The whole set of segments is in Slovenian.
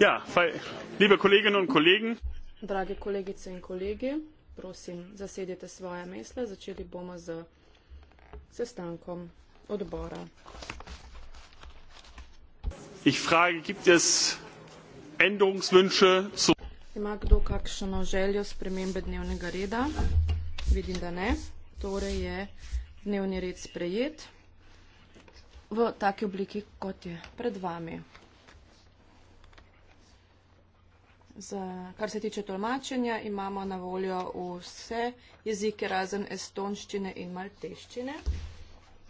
Ja, fej, liebe Kolleginnen und Kollegen. Drage kolegice in kolegi, prosim, zasedite svoje mesle. Začeli bomo z sestankom odbora. Ich frage, gibt es Änderungswünsche zu. Ima kdo kakšno željo spremembe dnevnega reda? Vidim, da ne. Torej je dnevni red sprejet v taki obliki, kot je pred vami. Za, kar se tiče tolmačenja, imamo na voljo vse jezike razen estonščine in malteščine.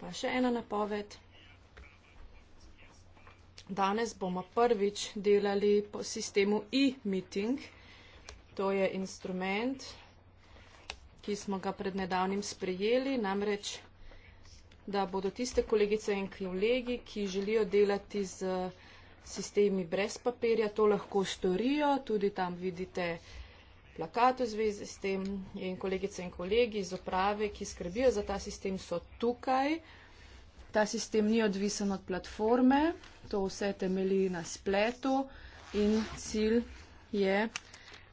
Pa še ena napoved. Danes bomo prvič delali po sistemu e-meeting. To je instrument, ki smo ga pred nedavnim sprejeli, namreč, da bodo tiste kolegice in kolegi, ki želijo delati z sistemi brez papirja to lahko storijo. Tudi tam vidite plakat v zvezi s tem in kolegice in kolegi iz uprave, ki skrbijo za ta sistem, so tukaj. Ta sistem ni odvisen od platforme, to vse temelji na spletu in cilj je,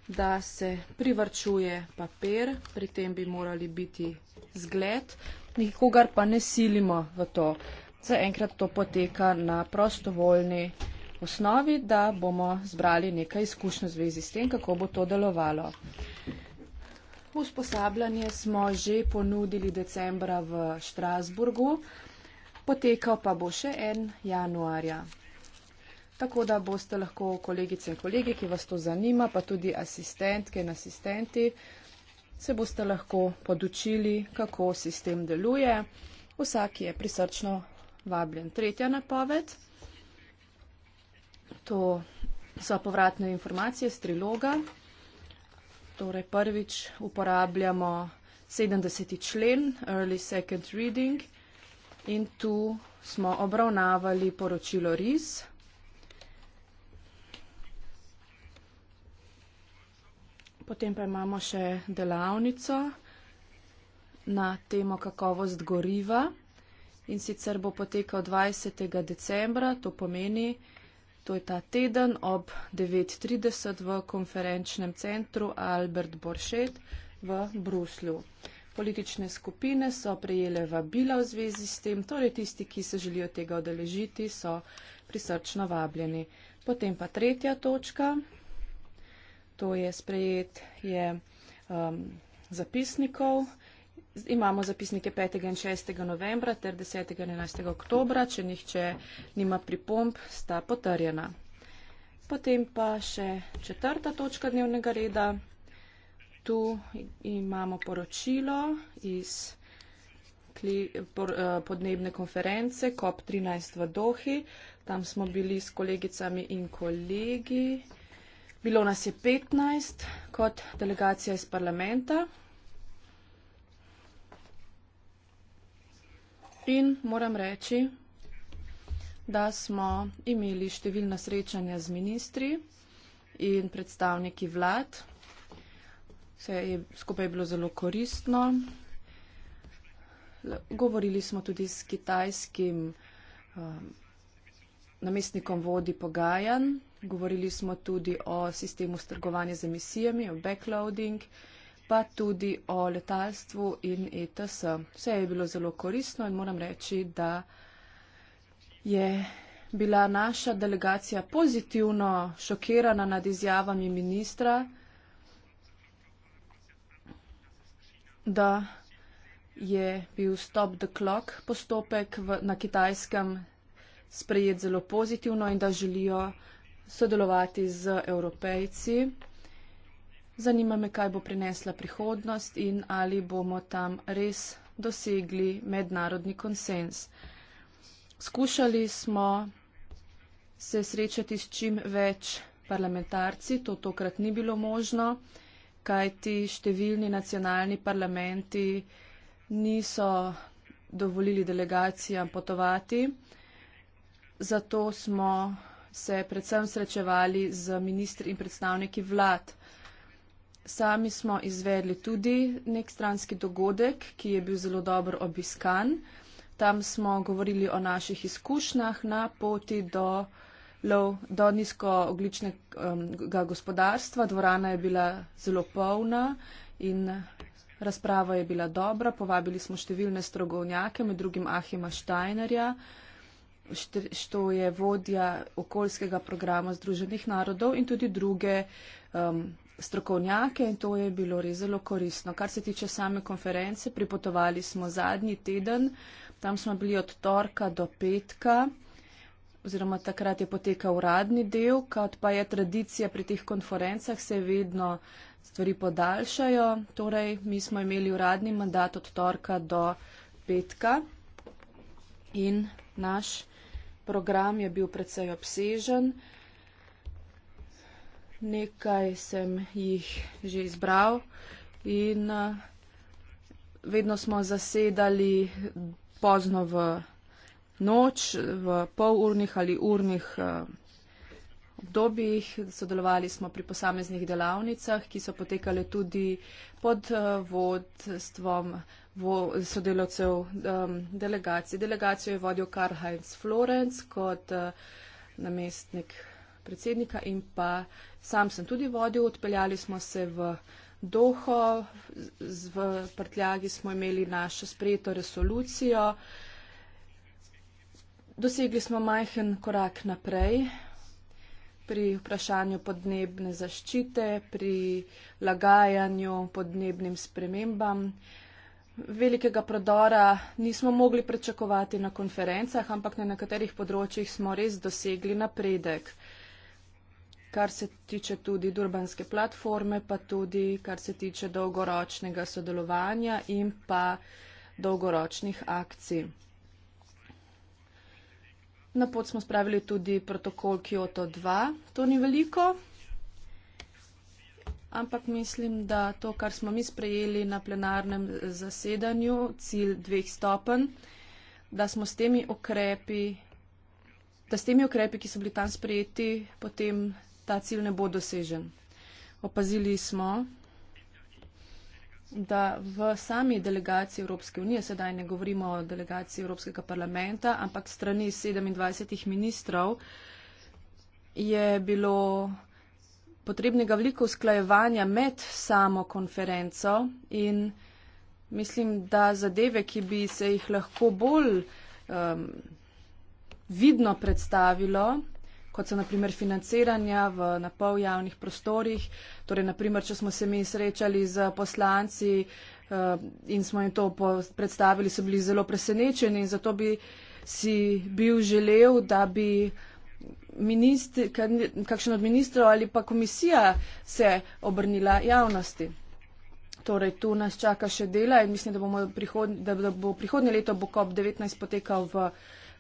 da se privrčuje papir, pri tem bi morali biti zgled, nikogar pa ne silimo v to. Zaenkrat to poteka na prostovoljni način osnovi, da bomo zbrali nekaj izkušnjo z vezi s tem, kako bo to delovalo. Usposabljanje smo že ponudili decembra v Štrasburgu, potekal pa bo še en januarja. Tako da boste lahko kolegice in kolegi, ki vas to zanima, pa tudi asistentke in asistenti, se boste lahko podučili, kako sistem deluje. Vsak je prisrčno vabljen. Tretja napoved. To so povratne informacije z triloga. Torej, prvič uporabljamo 70. člen, Early Second Reading, in tu smo obravnavali poročilo RIS. Potem pa imamo še delavnico na temo kakovost goriva in sicer bo potekal 20. decembra, to pomeni, To je ta teden ob 9.30 v konferenčnem centru Albert Boršet v Bruslju. Politične skupine so prejele vabila v zvezi s tem, torej tisti, ki se želijo tega odeležiti, so prisrčno vabljeni. Potem pa tretja točka, to je sprejet je um, zapisnikov. Imamo zapisnike 5. in 6. novembra ter 10. in 11. oktobra, če nihče nima pripomb, sta potrjena. Potem pa še četrta točka dnevnega reda. Tu imamo poročilo iz eh, podnebne konference COP13 v Dohi. Tam smo bili s kolegicami in kolegi. Bilo nas je 15 kot delegacija iz parlamenta. In moram reči, da smo imeli številna srečanja z ministri in predstavniki vlad. Vse je skupaj bilo zelo koristno. Govorili smo tudi s kitajskim um, namestnikom vodi pogajanj, govorili smo tudi o sistemu strgovanja z emisijami, o backloading pa tudi o letalstvu in ETS. Vse je bilo zelo koristno in moram reči, da je bila naša delegacija pozitivno šokirana nad izjavami ministra, da je bil stop the clock postopek v, na kitajskem sprejet zelo pozitivno in da želijo sodelovati z evropejci. Zanima me, kaj bo prinesla prihodnost in ali bomo tam res dosegli mednarodni konsens. Skušali smo se srečati s čim več parlamentarci, to tokrat ni bilo možno, kajti številni nacionalni parlamenti niso dovolili delegacijam potovati. Zato smo se predvsem srečevali z ministri in predstavniki vlad. Sami smo izvedli tudi nek stranski dogodek, ki je bil zelo dobro obiskan. Tam smo govorili o naših izkušnjah na poti do, do nizkooglične um, gospodarstva. Dvorana je bila zelo polna in razprava je bila dobra. Povabili smo številne strogovnjake, med drugim Ahima Štajnerja, što je vodja okoljskega programa Združenih narodov in tudi druge. Um, strokovnjake in to je bilo res zelo koristno. Kar se tiče same konference, pripotovali smo zadnji teden, tam smo bili od torka do petka oziroma takrat je potekal uradni del, kot pa je tradicija pri teh konferencah, se vedno stvari podaljšajo. Torej, mi smo imeli uradni mandat od torka do petka in naš program je bil predvsej obsežen nekaj sem jih že izbral in uh, vedno smo zasedali pozno v noč, v polurnih ali urnih. Uh, eh, Dobih, sodelovali smo pri posameznih delavnicah, ki so potekale tudi pod eh, vodstvom sodelovcev delegacije. Delegacijo je vodil Karl Heinz Florenc kot namestnik predsednika in pa sam sem tudi vodil. Odpeljali smo se v Doho, v prtljagi smo imeli našo sprejeto resolucijo. Dosegli smo majhen korak naprej pri vprašanju podnebne zaščite, pri lagajanju podnebnim spremembam. Velikega prodora nismo mogli pričakovati na konferencah, ampak na nekaterih področjih smo res dosegli napredek kar se tiče tudi durbanske platforme, pa tudi kar se tiče dolgoročnega sodelovanja in pa dolgoročnih akcij. Na pot smo spravili tudi protokol Kyoto 2, to ni veliko, ampak mislim, da to, kar smo mi sprejeli na plenarnem zasedanju, cilj dveh stopen, da smo s temi ukrepi, da s temi ukrepi, ki so bili tam sprejeti, potem ta cilj ne bo dosežen. Opazili smo, da v sami delegaciji Evropske unije, sedaj ne govorimo o delegaciji Evropskega parlamenta, ampak strani 27 ministrov je bilo potrebnega veliko usklajevanja med samo konferenco in mislim, da zadeve, ki bi se jih lahko bolj um, vidno predstavilo, kot so naprimer financiranja v napol javnih prostorih. Torej, naprimer, če smo se mi srečali z poslanci eh, in smo jim to predstavili, so bili zelo presenečeni in zato bi si bil želel, da bi ministri, kakšen od ministrov ali pa komisija se obrnila javnosti. Torej, tu nas čaka še dela in mislim, da, bomo prihodn da, da bo prihodnje leto bo COP19 potekal v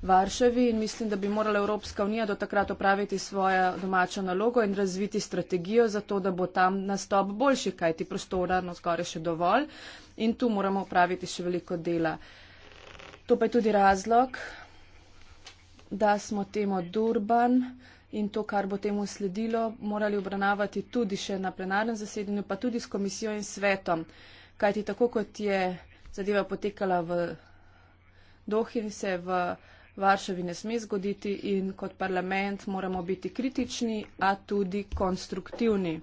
Varševi in mislim, da bi morala Evropska unija do takrat opraviti svojo domačo nalogo in razviti strategijo za to, da bo tam nastop boljši, kajti prostora na skoraj še dovolj in tu moramo opraviti še veliko dela. To pa je tudi razlog, da smo temo Durban in to, kar bo temu sledilo, morali obravnavati tudi še na plenarnem zasedanju, pa tudi s komisijo in svetom. Kajti tako kot je zadeva potekala v Dohin, se v Varšavi ne sme zgoditi in kot parlament moramo biti kritični, a tudi konstruktivni.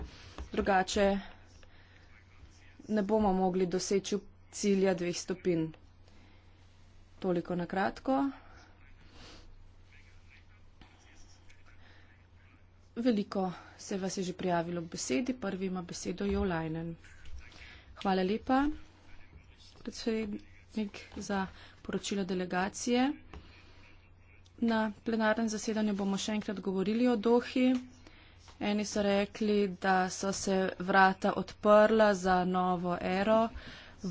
Drugače ne bomo mogli doseči cilja dveh stopin. Toliko na kratko. Veliko se vas je že prijavilo v besedi. Prvi ima besedo Jo Lajnen. Hvala lepa, predsednik, za poročilo delegacije. Na plenarnem zasedanju bomo še enkrat govorili o dohi. Eni so rekli, da so se vrata odprla za novo ero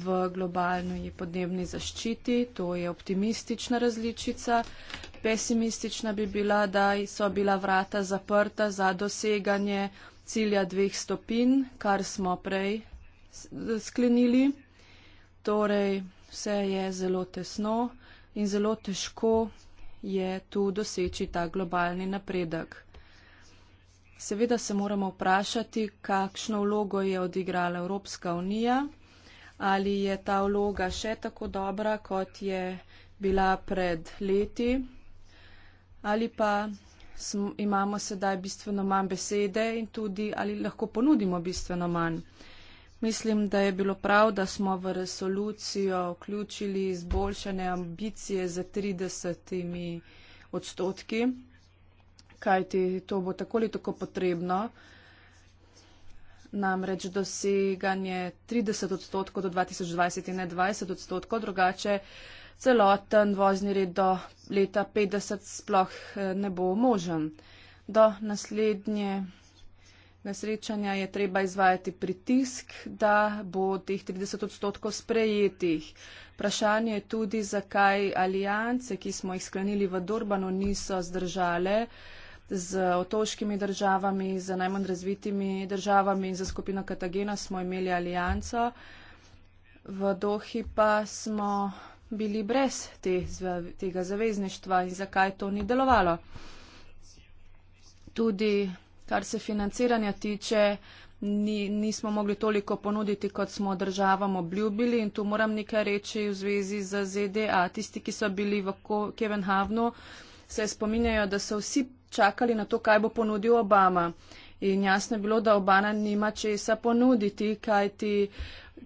v globalni podnebni zaščiti. To je optimistična različica. Pesimistična bi bila, da so bila vrata zaprta za doseganje cilja dveh stopin, kar smo prej sklenili. Torej, vse je zelo tesno in zelo težko je tu doseči ta globalni napredek. Seveda se moramo vprašati, kakšno vlogo je odigrala Evropska unija, ali je ta vloga še tako dobra, kot je bila pred leti, ali pa imamo sedaj bistveno manj besede in tudi ali lahko ponudimo bistveno manj. Mislim, da je bilo prav, da smo v resolucijo vključili izboljšanje ambicije za 30 odstotki, kajti to bo tako ali tako potrebno. Namreč doseganje 30 odstotkov do 2020 in ne 20 odstotkov, drugače celoten vozni red do leta 50 sploh eh, ne bo možen. Do naslednje na srečanja je treba izvajati pritisk, da bo teh 30 odstotkov sprejetih. Vprašanje je tudi, zakaj alijance, ki smo jih sklenili v Durbanu, niso zdržale z otoškimi državami, z najmanj razvitimi državami in za skupino Katagena smo imeli alijanco. V Dohi pa smo bili brez te, tega zavezništva in zakaj to ni delovalo. Tudi kar se financiranja tiče, ni, nismo mogli toliko ponuditi, kot smo državam obljubili. In tu moram nekaj reči v zvezi z ZDA. Tisti, ki so bili v Kevenhavnu, se spominjajo, da so vsi čakali na to, kaj bo ponudil Obama. In jasno je bilo, da Obama nima česa ponuditi, kajti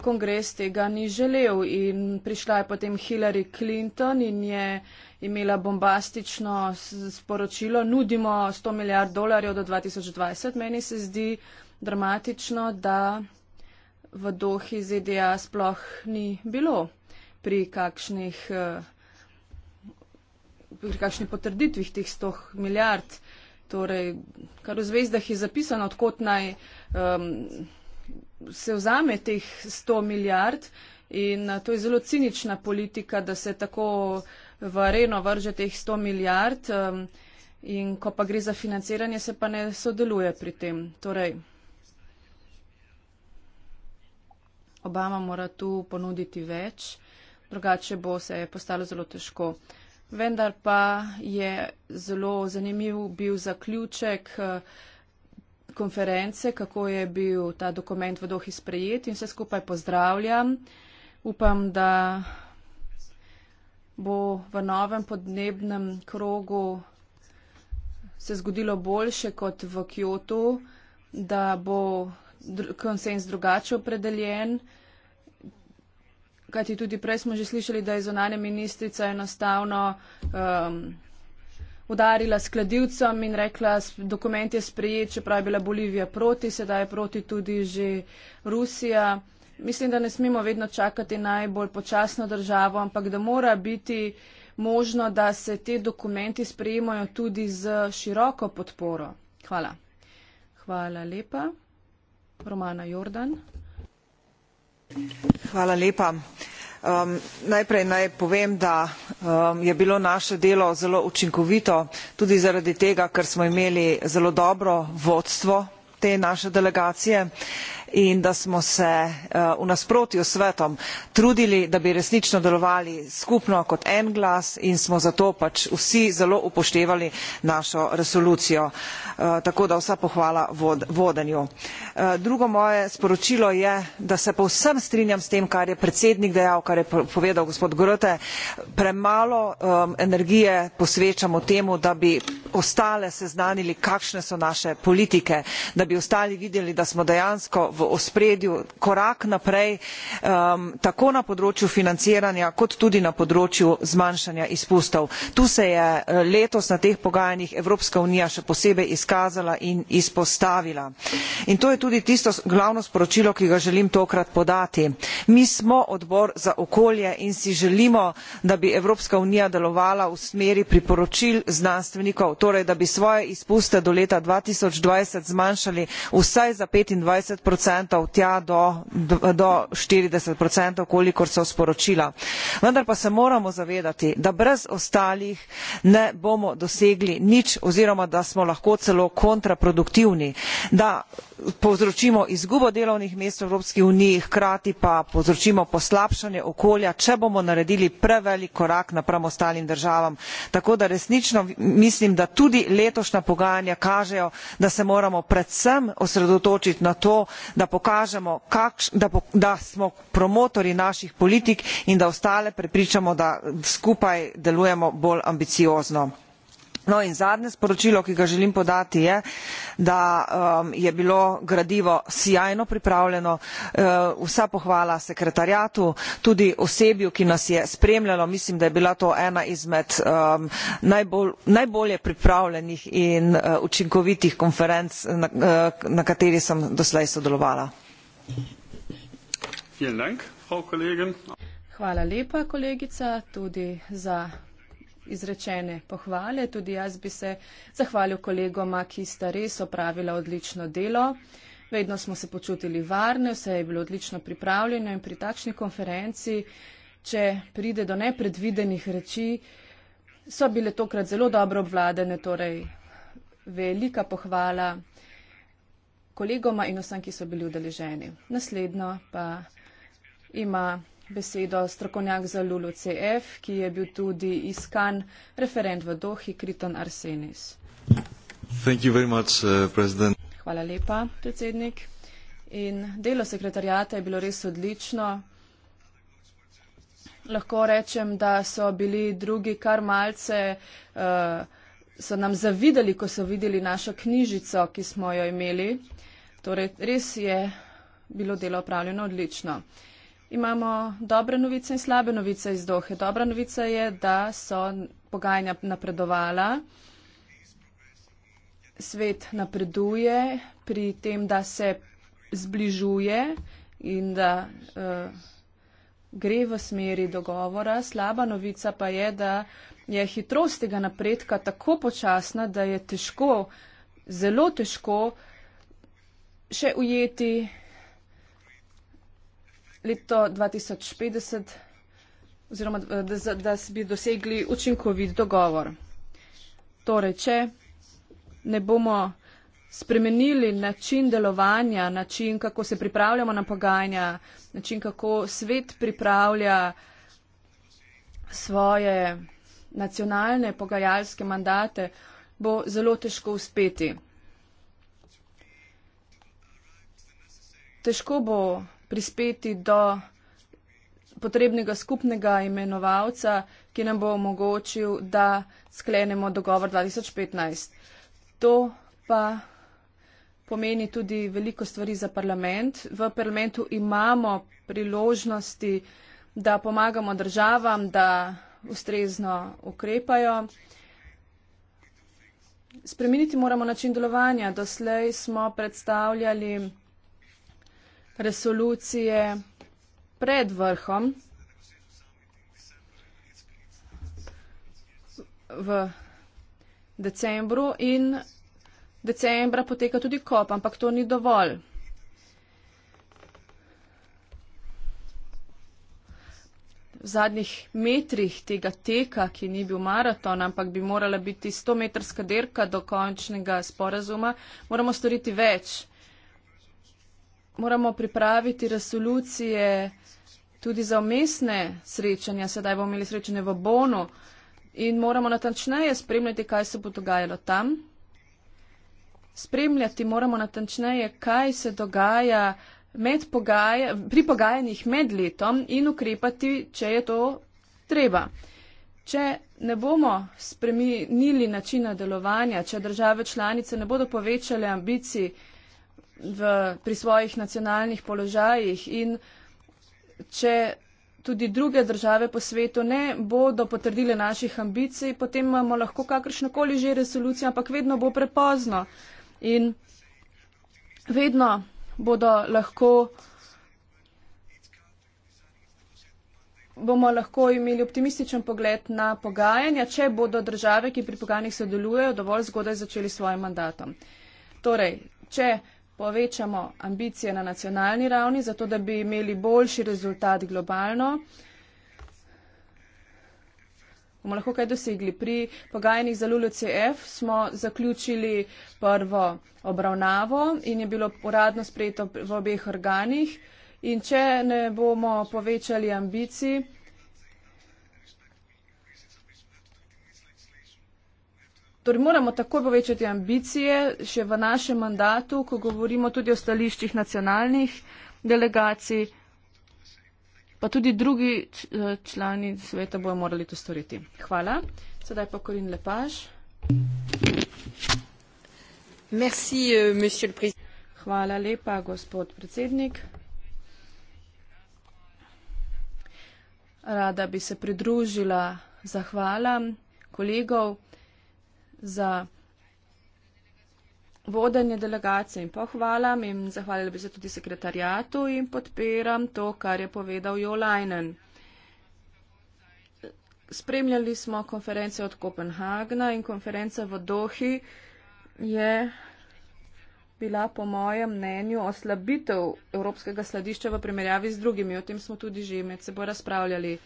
kongres tega ni želel. In prišla je potem Hillary Clinton in je imela bombastično sporočilo, nudimo 100 milijard dolarjev do 2020. Meni se zdi dramatično, da v dohi ZDA sploh ni bilo pri kakšnih eh, pri kakšni potrditvih teh 100 milijard, torej kar v zvezdah je zapisano, odkot naj um, se vzame teh 100 milijard in eh, to je zelo cinična politika, da se tako uh, v areno vrže teh 100 milijard um, in ko pa gre za financiranje, se pa ne sodeluje pri tem. Torej, Obama mora tu ponuditi več, drugače bo se postalo zelo težko. Vendar pa je zelo zanimiv bil zaključek eh, konference, kako je bil ta dokument v dohi sprejet in vse skupaj pozdravljam. Upam, da bo v novem podnebnem krogu se zgodilo boljše kot v Kjotu, da bo konsens drugače opredeljen. Kajti tudi prej smo že slišali, da je zonanja ministrica enostavno um, udarila s kladivcem in rekla, dokument je sprejet, čeprav je bila Bolivija proti, sedaj je proti tudi že Rusija mislim, da ne smemo vedno čakati najbolj počasno državo, ampak da mora biti možno, da se te dokumenti sprejemajo tudi z široko podporo. Hvala. Hvala lepa. Romana Jordan. Hvala lepa. Um, najprej naj povem, da um, je bilo naše delo zelo učinkovito, tudi zaradi tega, ker smo imeli zelo dobro vodstvo te naše delegacije in da smo se eh, v nasprotju s svetom trudili da bi resnično delovali skupno kot en glas in smo zato pač vsi zelo upoštevali našo resolucijo eh, tako da vsa pohvala vodenju. Eh, drugo moje sporočilo je da se povsem strinjam s tem kar je predsednik dejal kar je povedal gospod grote premalo energije posvečamo temu da bi ostale seznanili kakšne so naše politike da bi ostali videli da smo dejansko v ospredju korak naprej um, tako na področju financiranja kot tudi na področju zmanjšanja izpustov. tu se je eh, letos na teh pogajanjih evropska unija še posebej izkazala in izpostavila. in to je tudi tisto glavno sporočilo ki ga želim tokrat podati. mi smo odbor za okolje in si želimo da bi evropska unija delovala v smeri priporočil znanstvenikov torej da bi svoje izpuste do leta dva tisoč dvajset zmanjšali vsaj za petindvajset tja do štirideset kolikor so sporočila vendar pa se moramo zavedati da brez ostalih ne bomo dosegli nič oziroma da smo lahko celo kontraproduktivni da povzročimo izgubo delovnih mest v evropski uniji hkrati pa povzročimo poslabšanje okolja če bomo naredili prevelik korak napram ostalim državam tako da resnično mislim da tudi letošnja pogajanja kažejo da se moramo predvsem osredotočiti na to da pokažemo da smo promotorji naših politik in da ostale prepričamo da skupaj delujemo bolj ambiciozno. No in zadnje sporočilo, ki ga želim podati, je, da um, je bilo gradivo sijajno pripravljeno. Uh, vsa pohvala sekretarjatu, tudi osebju, ki nas je spremljalo. Mislim, da je bila to ena izmed um, najbol, najbolje pripravljenih in uh, učinkovitih konferenc, na, uh, na kateri sem doslej sodelovala. Hvala lepa, kolegica, tudi za izrečene pohvale. Tudi jaz bi se zahvalil kolegoma, ki sta res opravila odlično delo. Vedno smo se počutili varne, vse je bilo odlično pripravljeno in pri takšni konferenci, če pride do nepredvidenih reči, so bile tokrat zelo dobro obvladene, torej velika pohvala kolegoma in vsem, ki so bili udeleženi. Naslednjo pa ima besedo strokovnjak za Lulu CF, ki je bil tudi iskan referent v Dohi, Kriton Arsenis. Much, uh, Hvala lepa, predsednik. In delo sekretarjata je bilo res odlično. Lahko rečem, da so bili drugi kar malce, uh, so nam zavideli, ko so videli našo knjižico, ki smo jo imeli. Torej, res je bilo delo opravljeno odlično. Uh, Imamo dobre novice in slabe novice iz Dohe. Dobra novica je, da so pogajanja napredovala, svet napreduje pri tem, da se zbližuje in da uh, gre v smeri dogovora. Slaba novica pa je, da je hitrost tega napredka tako počasna, da je težko, zelo težko še ujeti leto 2050, oziroma eh, da, da, da bi dosegli učinkovit dogovor. Torej, če ne bomo spremenili način delovanja, način, kako se pripravljamo na pogajanja, način, kako svet pripravlja svoje nacionalne pogajalske mandate, bo zelo težko uspeti. Težko bo prispeti do potrebnega skupnega imenovalca, ki nam bo omogočil, da sklenemo dogovor 2015. To pa pomeni tudi veliko stvari za parlament. V parlamentu imamo priložnosti, da pomagamo državam, da ustrezno ukrepajo. Spremeniti moramo način delovanja. Doslej smo predstavljali resolucije pred vrhom v decembru in decembra poteka tudi kop, ampak to ni dovolj. V zadnjih metrih tega teka, ki ni bil maraton, ampak bi morala biti 100-metrska dirka do končnega sporazuma, moramo storiti več moramo pripraviti resolucije tudi za omestne srečanja. Sedaj bomo imeli srečanje v Bonu in moramo natančneje spremljati, kaj se bo dogajalo tam. Spremljati moramo natančneje, kaj se dogaja med pogaja, pri pogajanjih med letom in ukrepati, če je to treba. Če ne bomo spremenili načina delovanja, če države članice ne bodo povečale ambicij, v, pri svojih nacionalnih položajih in če tudi druge države po svetu ne bodo potrdile naših ambicij, potem imamo lahko kakršnokoli že resolucijo, ampak vedno bo prepozno in vedno bodo lahko. bomo lahko imeli optimističen pogled na pogajanja, če bodo države, ki pri pogajanjih sodelujejo, dovolj zgodaj začeli s svojim mandatom. Torej, če povečamo ambicije na nacionalni ravni, zato da bi imeli boljši rezultat globalno. Bomo lahko kaj dosegli. Pri pogajanjih za LULCF smo zaključili prvo obravnavo in je bilo uradno sprejeto v obeh organih. In če ne bomo povečali ambicij, Torej, moramo takoj povečati ambicije, še v našem mandatu, ko govorimo tudi o stališčih nacionalnih delegacij, pa tudi drugi eh, člani sveta bojo morali to storiti. Hvala. Sedaj pa Korin Lepaž. Merci, euh, Hvala lepa, gospod predsednik. Rada bi se pridružila zahvalam kolegov za vodenje delegacije in pohvalam in zahvalila bi se tudi sekretarjatu in podpiram to, kar je povedal Jo Leinen. Spremljali smo konference od Kopenhagna in konference v Dohi je bila po mojem mnenju oslabitev Evropskega sladišča v primerjavi z drugimi. O tem smo tudi že med seboj razpravljali.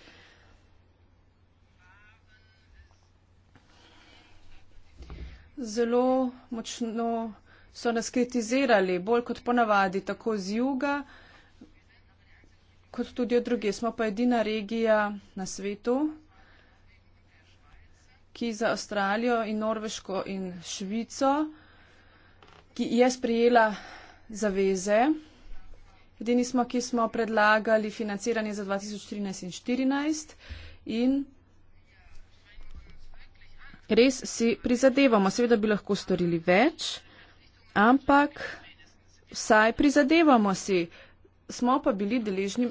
zelo močno so nas kritizirali, bolj kot ponavadi, tako z juga, kot tudi od druge. Smo pa edina regija na svetu, ki za Avstralijo in Norveško in Švico, ki je sprijela zaveze. Edini smo, ki smo predlagali financiranje za 2013 in 2014 in res si prizadevamo. Seveda bi lahko storili več, ampak vsaj prizadevamo si. Smo pa bili deležni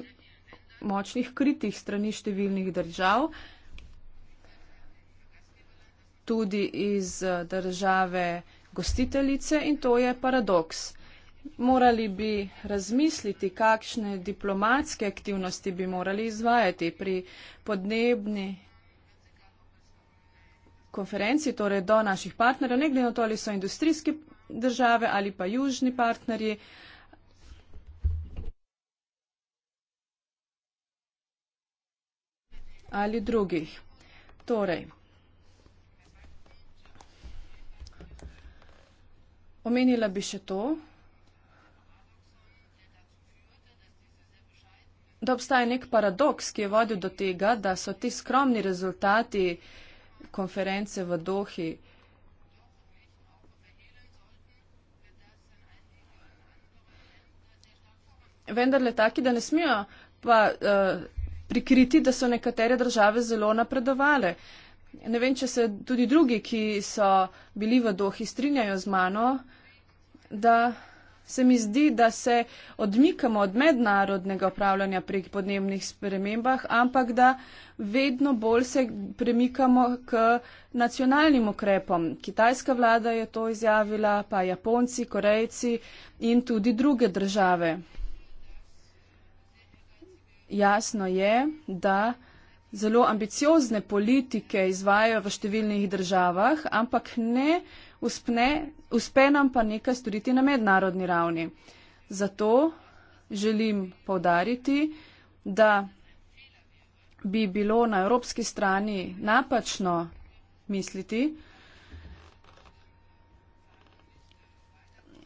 močnih kritih strani številnih držav, tudi iz eh, države gostiteljice in to je paradoks. Morali bi razmisliti, kakšne diplomatske aktivnosti bi morali izvajati pri podnebni konferenci, torej do naših partnerjev, ne glede na to, ali so industrijske države ali pa južni partnerji. ali drugih. Torej, omenila bi še to, da obstaja nek paradoks, ki je vodil do tega, da so ti skromni rezultati eh, konference v Dohi. Vendar le taki, da ne smijo pa uh, prikriti, da so nekatere države zelo napredovale. Ne vem, če se tudi drugi, ki so bili v Dohi, strinjajo z mano, da se mi zdi, da se odmikamo od mednarodnega upravljanja pri podnebnih spremembah, ampak da vedno bolj se premikamo k nacionalnim ukrepom. Kitajska vlada je to izjavila, pa Japonci, Korejci in tudi druge države. Jasno je, da. Zelo ambiciozne politike izvajajo v številnih državah, ampak ne uspne, uspe nam pa nekaj storiti na mednarodni ravni. Zato želim povdariti, da bi bilo na evropski strani napačno misliti,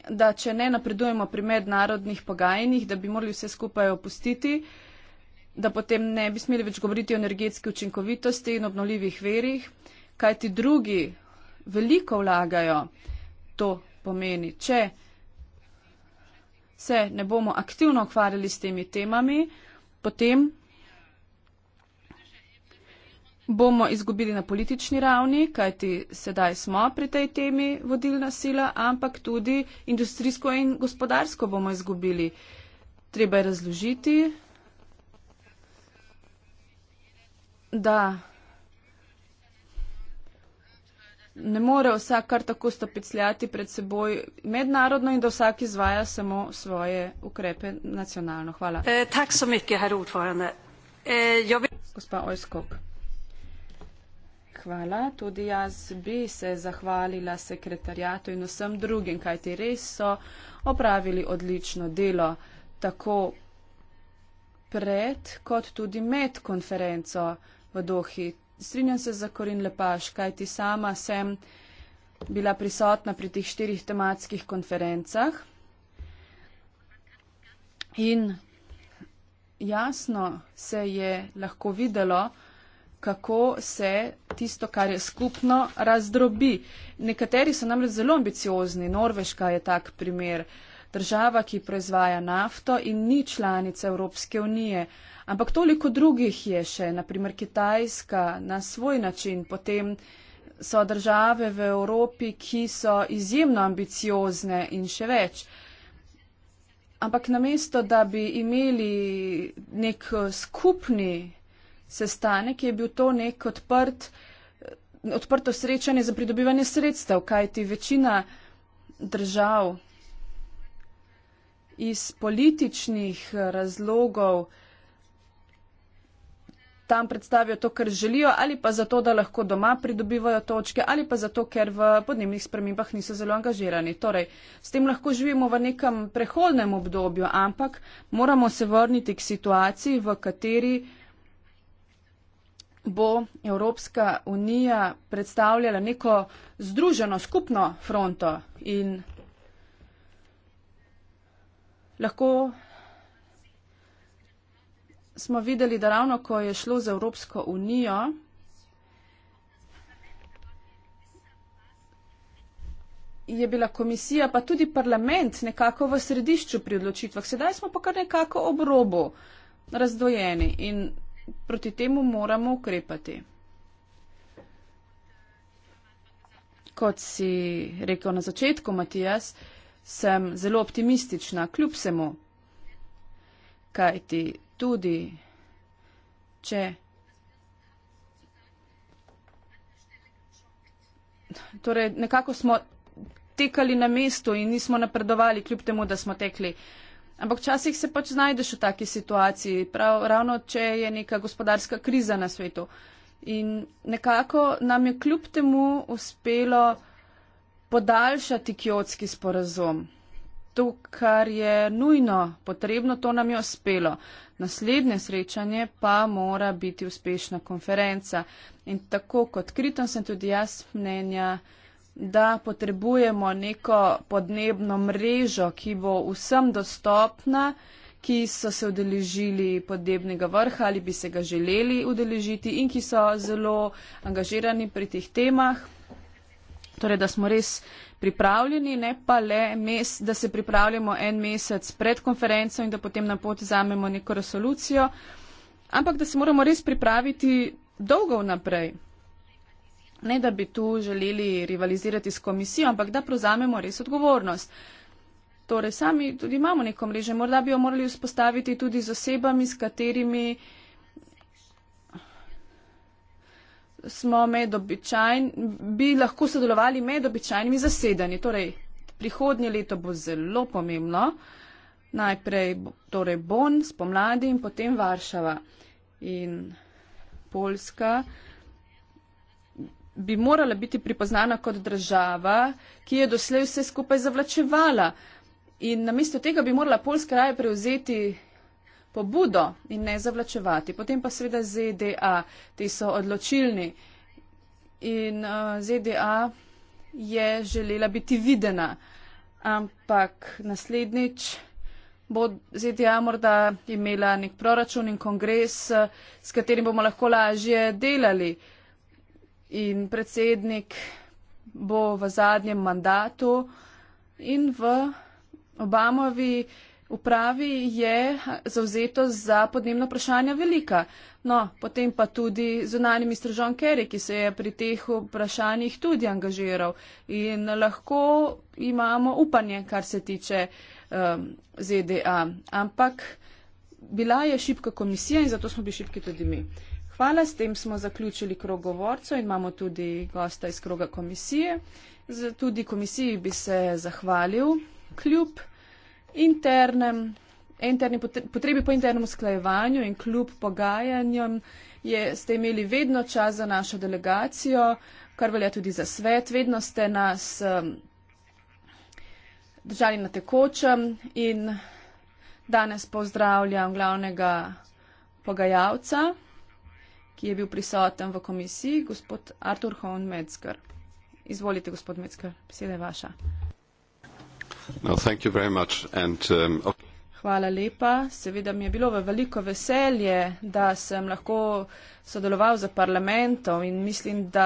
da če ne napredujemo pri mednarodnih pogajanjih, da bi morali vse skupaj opustiti, da potem ne bi smeli več govoriti o energetski učinkovitosti in obnoljivih verjih, kajti drugi veliko vlagajo. To pomeni, če se ne bomo aktivno ukvarjali s temi temami, potem bomo izgubili na politični ravni, kajti sedaj smo pri tej temi vodilna sila, ampak tudi industrijsko in gospodarsko bomo izgubili. Treba je razložiti, da ne more vsak kar tako stopicljati pred seboj mednarodno in da vsak izvaja samo svoje ukrepe nacionalno. Hvala. Eh, eh, Gospa Ojskog. Hvala. Tudi jaz bi se zahvalila sekretarjatu in vsem drugim, kajti res so opravili odlično delo tako pred kot tudi med konferenco v Dohi strinjam se za Korin Lepaš, kajti sama sem bila prisotna pri teh štirih tematskih konferencah. In jasno se je lahko videlo, kako se tisto, kar je skupno, razdrobi. Nekateri so namreč zelo ambiciozni. Norveška je tak primer. Država, ki proizvaja nafto in ni članica Evropske unije. Ampak toliko drugih je še, naprimer Kitajska na svoj način, potem so države v Evropi, ki so izjemno ambiciozne in še več. Ampak namesto, da bi imeli nek eh, skupni sestanek, je bil to nek odprt, eh, odprto srečanje za pridobivanje sredstev, kajti večina držav iz političnih eh, razlogov, tam predstavijo to, kar želijo, ali pa zato, da lahko doma pridobivajo točke, ali pa zato, ker v podnebnih spremembah niso zelo angažirani. Torej, s tem lahko živimo v nekem prehodnem obdobju, ampak moramo se vrniti k situaciji, v kateri bo Evropska unija predstavljala neko združeno, skupno fronto in lahko smo videli, da ravno ko je šlo za Evropsko unijo, je bila komisija, pa tudi parlament nekako v središču pri odločitvah. Sedaj smo pa kar nekako ob robu razdvojeni in proti temu moramo ukrepati. Kot si rekel na začetku, Matijas, sem zelo optimistična, kljub vsemu, kaj ti tudi, če torej nekako smo tekali na mestu in nismo napredovali, kljub temu, da smo tekli. Ampak včasih se pač znajdeš v taki situaciji, prav, ravno če je neka gospodarska kriza na svetu. In nekako nam je kljub temu uspelo podaljšati kjotski sporazum. To, kar je nujno potrebno, to nam je uspelo. Uh, naslednje srečanje pa mora biti uspešna konferenca. In tako kot Kriton sem tudi jaz mnenja, da potrebujemo neko podnebno mrežo, ki bo vsem dostopna, ki so se udeležili podnebnega vrha ali bi se ga želeli udeležiti in ki so zelo angažirani pri teh temah. Torej, da smo res pripravljeni, ne pa le, mes, da se pripravljamo en mesec pred konferenco in da potem na pot zamemo neko resolucijo, ampak da se moramo res pripraviti dolgo vnaprej. Ne, da bi tu želeli rivalizirati s komisijo, ampak da prozamemo res odgovornost. Torej, sami tudi imamo neko mrežo, morda bi jo morali vzpostaviti tudi z osebami, s katerimi. smo med običajn, bi lahko sodelovali med običajnimi zasedanji. Torej, prihodnje leto bo zelo pomembno. Najprej torej Bon spomladi in potem Varšava. In Poljska bi morala biti pripoznana kot država, ki je doslej vse skupaj zavlačevala. In namesto tega bi morala Poljska raje prevzeti pobudo in ne zavlačevati. Potem pa seveda ZDA, ti so odločilni. In uh, eh, ZDA je želela biti videna, ampak naslednjič bo ZDA morda imela nek proračun in kongres, s katerim bomo lahko lažje delali. In predsednik bo v zadnjem mandatu in v Obamovi uh, upravi je zauzetost za podnebno vprašanje velika. No, potem pa tudi zunani mistr John Kerry, ki se je pri teh vprašanjih tudi angažiral. In lahko imamo upanje, kar se tiče um, ZDA. Ampak bila je šipka komisija in zato smo bili šipki tudi mi. Hvala, s tem smo zaključili krog govorcev in imamo tudi gosta iz kroga komisije. Z, tudi komisiji bi se zahvalil. Kljub internem, interni potrebi po internem usklajevanju in kljub pogajanjem je, ste imeli vedno čas za našo delegacijo, kar velja tudi za svet. Vedno ste nas um, držali na tekočem in danes pozdravljam glavnega pogajalca, ki je bil prisoten v komisiji, gospod Artur Hohn Metzger. Izvolite, gospod Metzger, beseda je vaša. Um, Hvala lepa. Seveda mi je bilo v veliko veselje, da sem lahko sodeloval za parlamentom in mislim, da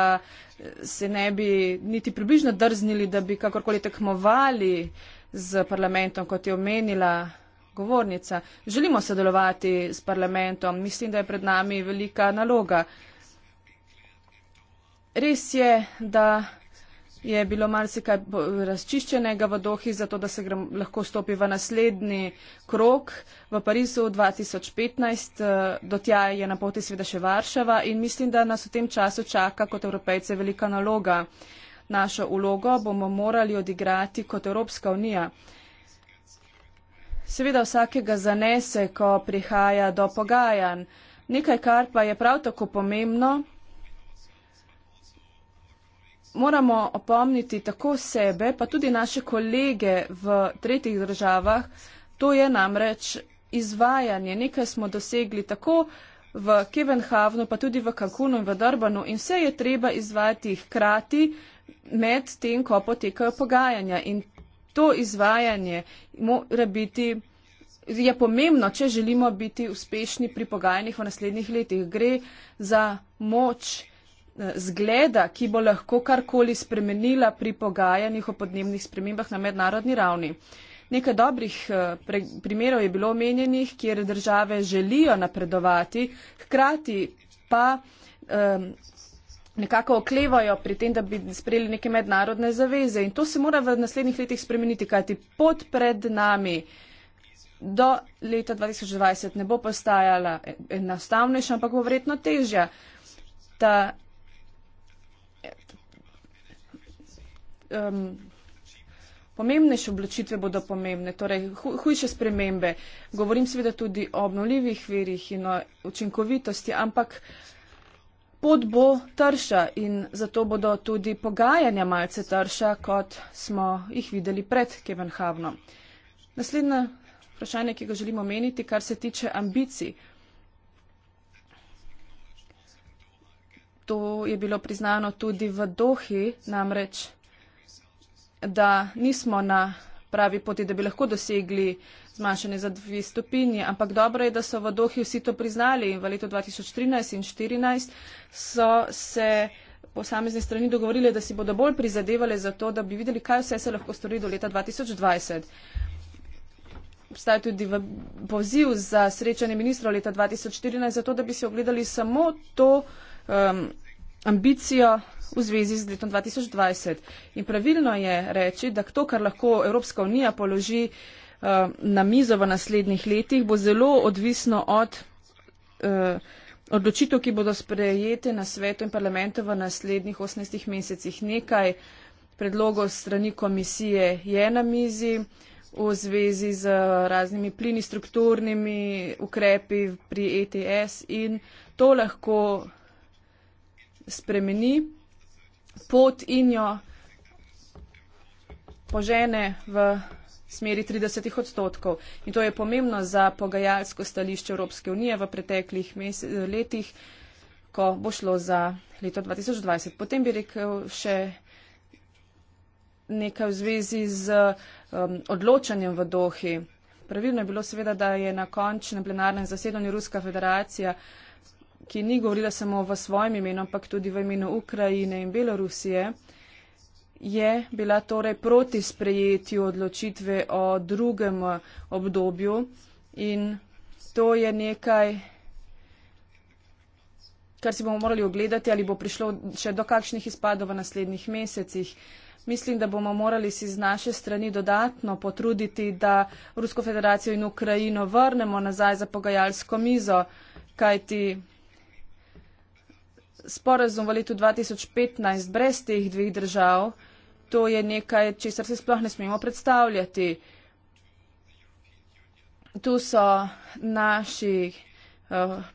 se ne bi niti približno drznili, da bi kakorkoli tekmovali z parlamentom, kot je omenila govornica. Želimo sodelovati s parlamentom. Mislim, da je pred nami velika naloga. Res je, da Je bilo marsikaj razčiščenega v Dohi, zato da se gram, lahko stopi v naslednji krok v Parizu 2015. Eh, do tja je na poti sveda še Varšava in mislim, da nas v tem času čaka kot evropejce velika naloga. Našo ulogo bomo morali odigrati kot Evropska unija. Seveda vsakega zanese, ko prihaja do pogajanj. Nekaj, kar pa je prav tako pomembno, moramo opomniti tako sebe, pa tudi naše kolege v tretjih državah, to je namreč izvajanje. Nekaj smo dosegli tako v Kevenhavnu, pa tudi v Kankunu in v Drbanu in vse je treba izvajati hkrati med tem, ko potekajo pogajanja. In to izvajanje mora biti. Je pomembno, če želimo biti uspešni pri pogajanjih v naslednjih letih. Gre za moč. Eh, zgleda, ki bo lahko karkoli spremenila pri pogajanjih o podnebnih spremembah na mednarodni ravni. Nekaj dobrih eh, pre, primerov je bilo omenjenih, kjer države želijo napredovati, hkrati pa um, nekako oklevajo pri tem, da bi sprejeli neke mednarodne zaveze. In to se mora v naslednjih letih spremeniti, kajti pot pred nami do leta 2020 ne bo postajala enostavnejša, ampak bo verjetno težja. Ta um, pomembnejše obločitve bodo pomembne, torej hujše spremembe. Govorim seveda tudi o obnovljivih verjih in o učinkovitosti, ampak pot bo trša in zato bodo tudi pogajanja malce trša, kot smo jih videli pred Kevenhavnom. Naslednje vprašanje, ki ga želimo omeniti, kar se tiče ambicij. To je bilo priznano tudi v Dohi, namreč da nismo na pravi poti, da bi lahko dosegli zmanjšanje za dve stopinji, ampak dobro je, da so v Dohi vsi to priznali in v letu 2013 in 2014 so se posamezne strani dogovorili, da si bodo bolj prizadevali za to, da bi videli, kaj vse se lahko stori do leta 2020. Obstaja tudi poziv za srečanje ministrov leta 2014, zato da bi si ogledali samo to. Um, ambicijo v zvezi z letom 2020. In pravilno je reči, da to, kar lahko Evropska unija položi uh, na mizo v naslednjih letih, bo zelo odvisno od uh, odločitev, ki bodo sprejete na svetu in parlamentu v naslednjih 18 mesecih. Nekaj predlogov strani komisije je na mizi v zvezi z raznimi plini strukturnimi ukrepi pri ETS in to lahko spremeni pot in jo požene v smeri 30 odstotkov. In to je pomembno za pogajalsko stališče Evropske unije v preteklih letih, ko bo šlo za leto 2020. Potem bi rekel še nekaj v zvezi z um, odločanjem v Dohi. Pravilno je bilo seveda, da je na končnem plenarnem zasedanju Ruska federacija uh, ki ni govorila samo v svojem imenu, ampak tudi v imenu Ukrajine in Belorusije, je bila torej proti sprejetju odločitve o drugem obdobju in to je nekaj, kar si bomo morali ogledati, ali bo prišlo še do kakšnih izpadov v naslednjih mesecih. Mislim, da bomo morali si z naše strani dodatno potruditi, da Rusko federacijo in Ukrajino vrnemo nazaj za pogajalsko mizo, kajti sporazum v letu 2015 brez teh dveh držav, to je nekaj, česar se sploh ne smemo predstavljati. Tu so naši eh,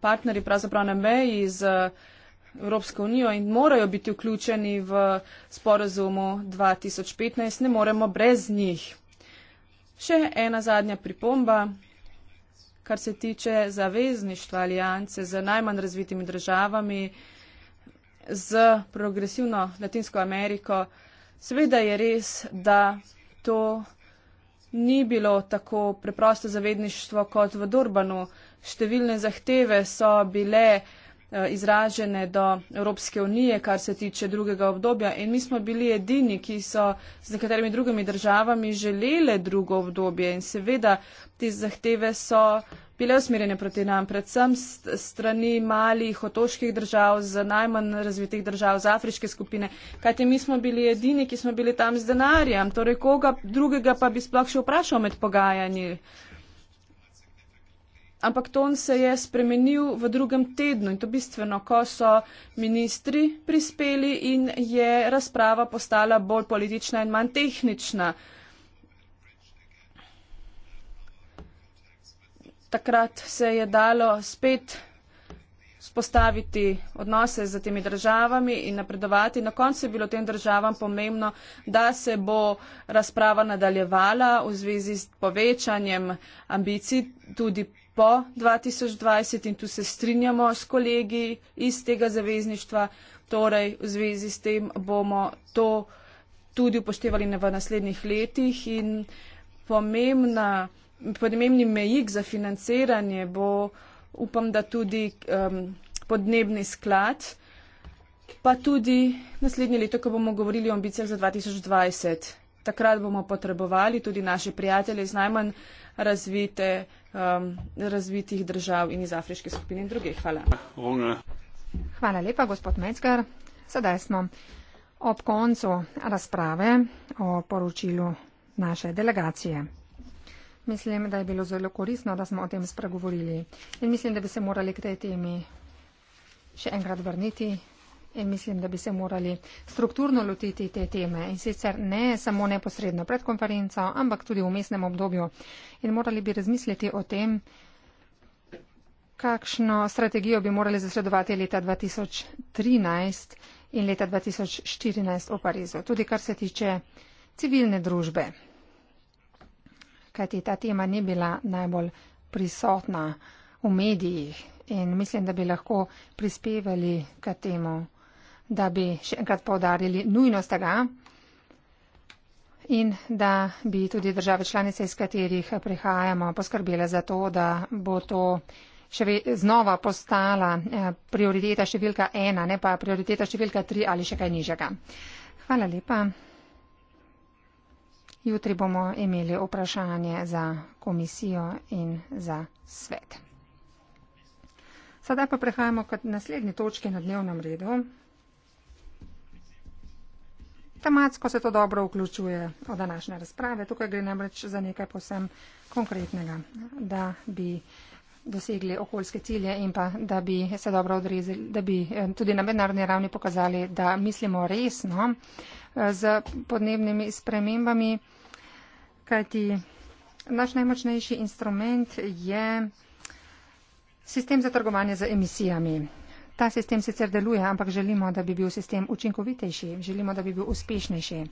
partneri pravzaprav na meji z eh, Evropsko unijo in morajo biti vključeni v sporazumu 2015, ne moremo brez njih. Še ena zadnja pripomba, kar se tiče zavezništva alijance z najmanj razvitimi državami z progresivno Latinsko Ameriko. Seveda je res, da to ni bilo tako preprosto zavedništvo kot v Durbanu. Številne zahteve so bile eh, izražene do Evropske unije, kar se tiče drugega obdobja. In mi smo bili edini, ki so z nekaterimi drugimi državami želeli drugo obdobje. In seveda, te zahteve so bile usmerjene proti nam, predvsem strani malih otoških držav, z najmanj razvitih držav, z afriške skupine. Kajte, mi smo bili edini, ki smo bili tam z denarjem, torej koga drugega pa bi sploh še vprašal med pogajanji. Ampak ton se je spremenil v drugem tednu in to bistveno, ko so ministri prispeli in je razprava postala bolj politična in manj tehnična. takrat se je dalo spet spostaviti odnose z temi državami in napredovati. Na koncu je bilo tem državam pomembno, da se bo razprava nadaljevala v zvezi s povečanjem ambicij tudi po 2020 in tu se strinjamo s kolegi iz tega zavezništva. Torej, v zvezi s tem bomo to tudi upoštevali v naslednjih letih in pomembna podnebni mejik za financiranje bo, upam, da tudi um, podnebni sklad, pa tudi naslednje leto, ko bomo govorili o ambicijah za 2020. Takrat bomo potrebovali tudi naše prijatelje iz najmanj razvite, um, razvitih držav in iz afriške skupine in drugih. Hvala. Hvala lepa, gospod Metzger. Sedaj smo ob koncu razprave o poročilu naše delegacije. Mislim, da je bilo zelo koristno, da smo o tem spregovorili. In mislim, da bi se morali k tej temi še enkrat vrniti. In mislim, da bi se morali strukturno lotiti te teme. In sicer ne samo neposredno pred konferenco, ampak tudi v mestnem obdobju. In morali bi razmisliti o tem, kakšno strategijo bi morali zasledovati leta 2013 in leta 2014 v Parizu. Tudi kar se tiče civilne družbe kajti ta tema ni bila najbolj prisotna v medijih in mislim, da bi lahko prispevali k temu, da bi še enkrat povdarili nujnost tega in da bi tudi države članice, iz katerih prihajamo, poskrbele za to, da bo to še znova postala eh, prioriteta številka ena, ne pa prioriteta številka tri ali še kaj nižjega. Hvala lepa. Jutri bomo imeli vprašanje za komisijo in za svet. Sedaj pa prehajamo k naslednji točki na dnevnem redu. Tematsko se to dobro vključuje v današnje razprave. Tukaj gre namreč za nekaj posem konkretnega, da bi dosegli okoljske cilje in pa da bi se dobro odrezili, da bi eh, tudi na mednarodni ravni pokazali, da mislimo resno. No? z podnebnimi spremembami, kajti naš najmočnejši instrument je sistem za trgovanje z emisijami. Ta sistem sicer deluje, ampak želimo, da bi bil sistem učinkovitejši, želimo, da bi bil uspešnejši.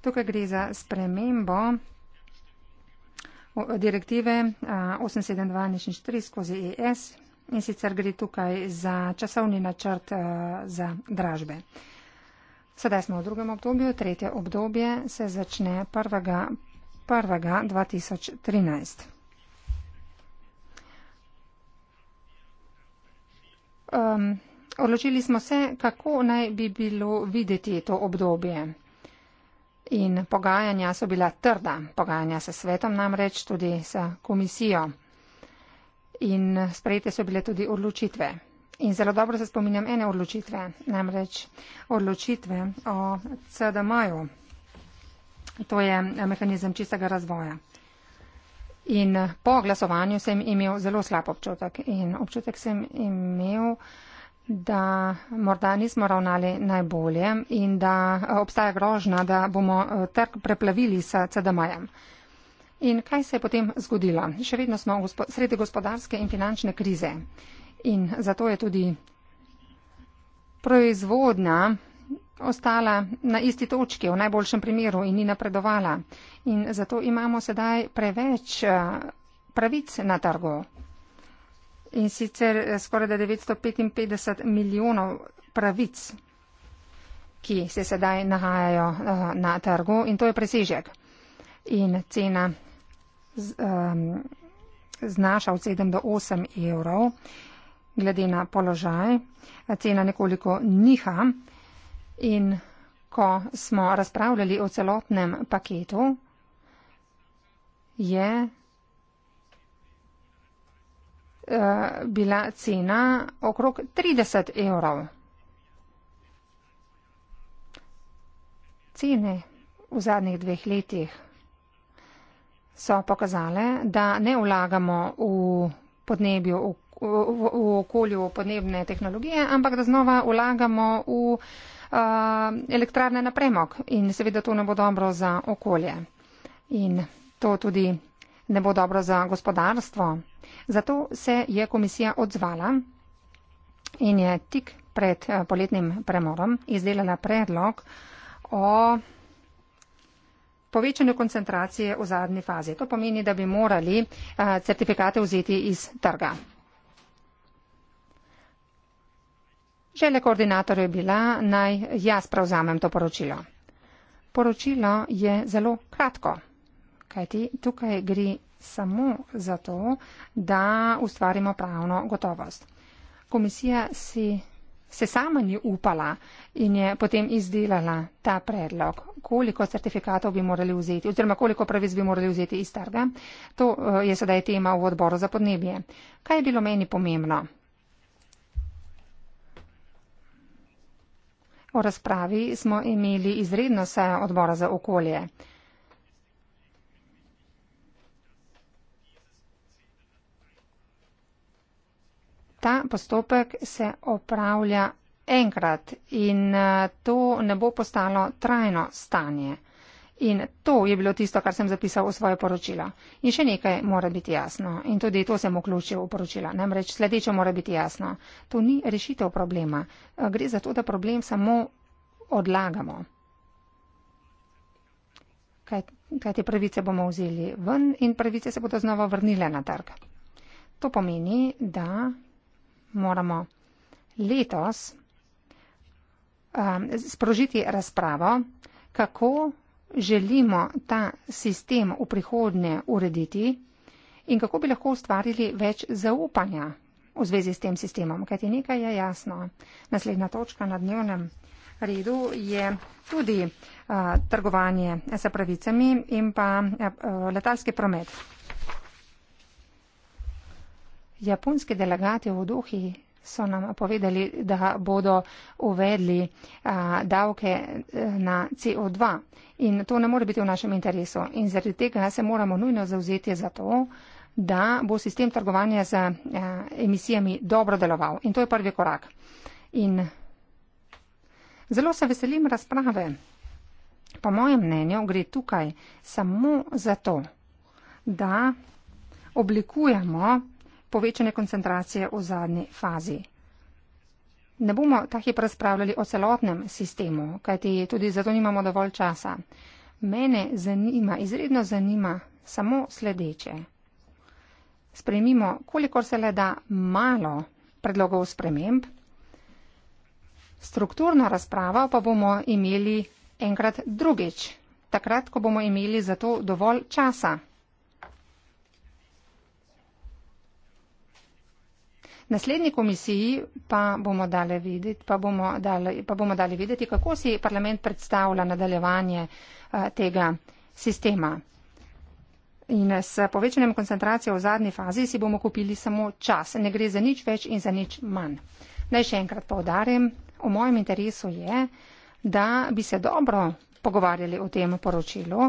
Tukaj gre za spremembo direktive 872-4 skozi ES in sicer gre tukaj za časovni načrt za dražbe. Sedaj smo v drugem obdobju, tretje obdobje se začne 1.1.2013. Um, odločili smo se, kako naj bi bilo videti to obdobje. In pogajanja so bila trda, pogajanja se svetom namreč, tudi s komisijo. In sprejete so bile tudi odločitve. In zelo dobro se spominjam ene odločitve, namreč odločitve o CDM-ju. To je mehanizem čistega razvoja. In po glasovanju sem imel zelo slab občutek in občutek sem imel, da morda nismo ravnali najbolje in da obstaja grožna, da bomo eh, trg preplavili s CDM-jem. In kaj se je potem zgodilo? Še vedno smo gospo sredi gospodarske in finančne krize. Uh, in zato je tudi proizvodnja ostala na isti točki v najboljšem primeru in ni napredovala. In zato imamo sedaj preveč eh, pravic na trgu. In sicer eh, skoraj 955 milijonov pravic, ki se sedaj nahajajo eh, na trgu in to je presežek. In cena z, um, znaša od 7 do 8 evrov glede na položaj, cena nekoliko niha in ko smo razpravljali o celotnem paketu, je eh, bila cena okrog 30 evrov. Cene v zadnjih dveh letih so pokazale, da ne vlagamo v podnebju, v v, v okolju podnebne tehnologije, ampak da znova vlagamo v uh, elektrarne na premog in seveda to ne bo dobro za okolje in to tudi ne bo dobro za gospodarstvo. Zato se je komisija odzvala in je tik pred poletnim premorom izdelala predlog o povečanju koncentracije v zadnji fazi. To pomeni, da bi morali certifikate vzeti iz trga. Želja koordinatorja je bila, naj jaz prevzamem to poročilo. Poročilo je zelo kratko, kajti tukaj gre samo za to, da ustvarimo pravno gotovost. Komisija si, se sama ni upala in je potem izdelala ta predlog, koliko certifikatov bi morali vzeti oziroma koliko pravic bi morali vzeti iz trga. To eh, je sedaj tema v odboru za podnebje. Kaj je bilo meni pomembno? O razpravi smo imeli izredno sejo odbora za okolje. Ta postopek se opravlja enkrat in eh, to ne bo postalo trajno stanje. In to je bilo tisto, kar sem zapisal v svoje poročilo. In še nekaj mora biti jasno. In tudi to sem vključil v poročilo. Namreč sledeče mora biti jasno. To ni rešitev problema. Eh, gre za to, da problem samo odlagamo. Kaj, kaj te pravice bomo vzeli ven in pravice se bodo znova vrnile na trg. To pomeni, da moramo letos um, sprožiti razpravo, kako želimo ta sistem v prihodnje urediti in kako bi lahko ustvarili več zaupanja v zvezi s tem sistemom, kajti nekaj je jasno. Naslednja točka na dnevnem redu je tudi uh, trgovanje s pravicami in pa uh, letalski promet. Japonski delegati v Dohi so nam povedali, da bodo uvedli davke e, na CO2. In to ne more biti v našem interesu. In zaradi tega se moramo nujno zauzeti za to, da bo sistem trgovanja z emisijami dobro deloval. In to je prvi korak. In zelo se veselim razprave. Po mojem mnenju gre tukaj samo za to, da oblikujemo povečanje koncentracije v zadnji fazi. Ne bomo ta hip razpravljali o celotnem sistemu, kajti tudi zato nimamo dovolj časa. Mene zanima, izredno zanima samo sledeče. Spremimo, kolikor se le da malo predlogov sprememb. Strukturno razpravo pa bomo imeli enkrat drugič, takrat, ko bomo imeli za to dovolj časa. Naslednji komisiji pa bomo dali videti, pa bomo dali, pa bomo dali videti, kako si parlament predstavlja nadaljevanje eh, tega sistema. In s povečanjem koncentracije v zadnji fazi si bomo kupili samo čas. Ne gre za nič več in za nič manj. Naj še enkrat povdarim, v mojem interesu je, da bi se dobro pogovarjali o tem poročilu.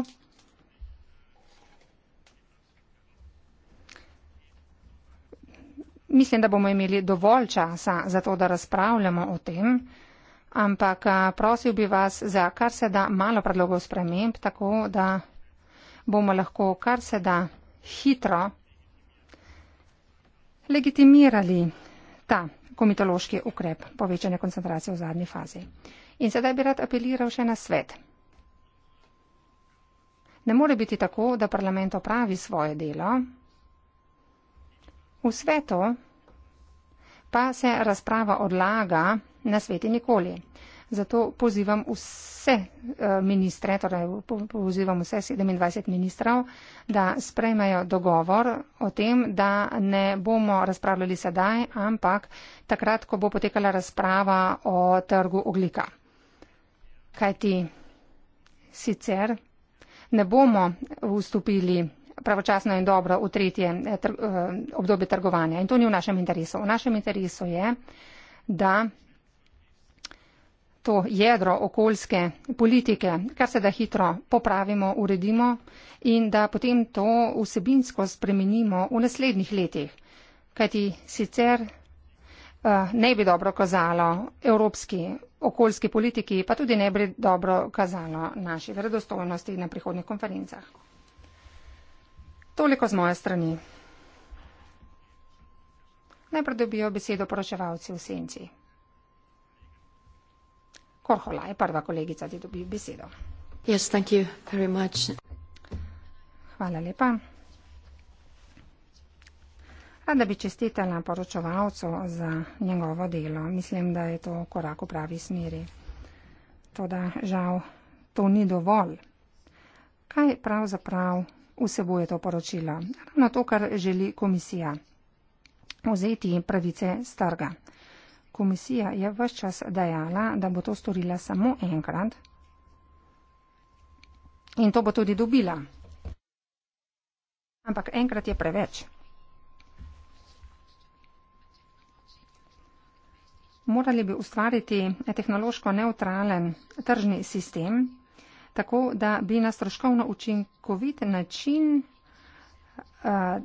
mislim, da bomo imeli dovolj časa za to, da razpravljamo o tem, ampak prosil bi vas za kar se da malo predlogov sprememb, tako da bomo lahko kar se da hitro legitimirali ta komitološki ukrep povečanja koncentracije v zadnji fazi. In sedaj bi rad apeliral še na svet. Ne more biti tako, da parlament opravi svoje delo. V svetu pa se razprava odlaga na sveti nikoli. Zato pozivam vse eh, ministre, torej pozivam vse 27 ministrov, da sprejmejo dogovor o tem, da ne bomo razpravljali sedaj, ampak takrat, ko bo potekala razprava o trgu oglika. Kajti sicer ne bomo vstopili pravočasno in dobro v tretje eh, tr eh, obdobje trgovanja. In to ni v našem interesu. V našem interesu je, da to jedro okoljske politike kar se da hitro popravimo, uredimo in da potem to vsebinsko spremenimo v naslednjih letih. Kajti sicer eh, ne bi dobro kazalo evropski okoljski politiki, pa tudi ne bi dobro kazalo naši verodostojnosti na prihodnih konferencah. Toliko z moje strani. Najprej dobijo besedo poročevalci v senci. Korhola je prva kolegica, ki dobi besedo. Yes, Hvala lepa. Rada bi čestitela poročevalcu za njegovo delo. Mislim, da je to korak v pravi smeri. Toda žal, to ni dovolj. Kaj pravzaprav? Prav vsebuje to poročilo. Ravno to, kar želi komisija. Ozeti pravice starga. Komisija je vse čas dejala, da bo to storila samo enkrat in to bo tudi dobila. Ampak enkrat je preveč. Morali bi ustvariti tehnološko neutralen tržni sistem, tako da bi na stroškovno učinkovit način eh,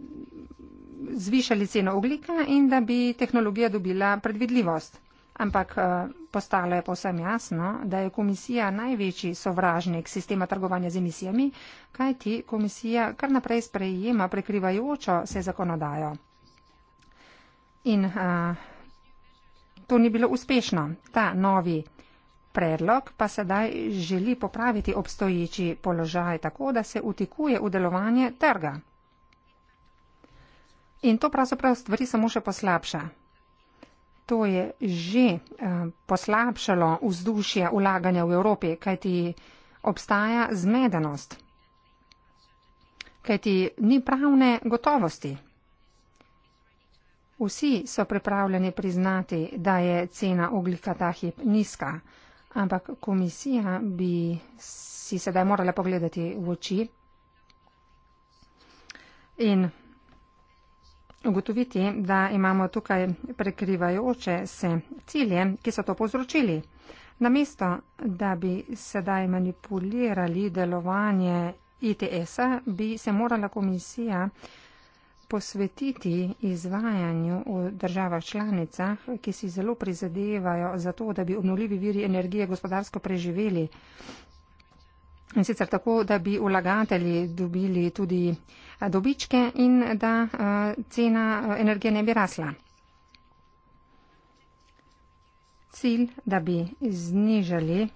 zvišali ceno oglika in da bi tehnologija dobila predvidljivost. Ampak eh, postalo je povsem jasno, da je komisija največji sovražnik sistema trgovanja z emisijami, kajti komisija kar naprej sprejema prekrivajočo se zakonodajo. In a, eh, to ni bilo uspešno. Ta novi Predlog pa sedaj želi popraviti obstoječi položaj tako, da se utikuje v delovanje trga. In to pravzaprav stvari samo še poslabša. To je že eh, poslabšalo vzdušje ulaganja v Evropi, kajti obstaja zmedenost, kajti ni pravne gotovosti. Vsi so pripravljeni priznati, da je cena oglika ta hip nizka. Ampak komisija bi si sedaj morala pogledati v oči in ugotoviti, da imamo tukaj prekrivajoče se cilje, ki so to povzročili. Namesto, da bi sedaj manipulirali delovanje ITS-a, bi se morala komisija posvetiti izvajanju v državah članicah, ki si zelo prizadevajo za to, da bi obnovljivi viri energije gospodarsko preživeli. In sicer tako, da bi vlagatelji dobili tudi dobičke in da cena energije ne bi rasla. Cilj, da bi znižali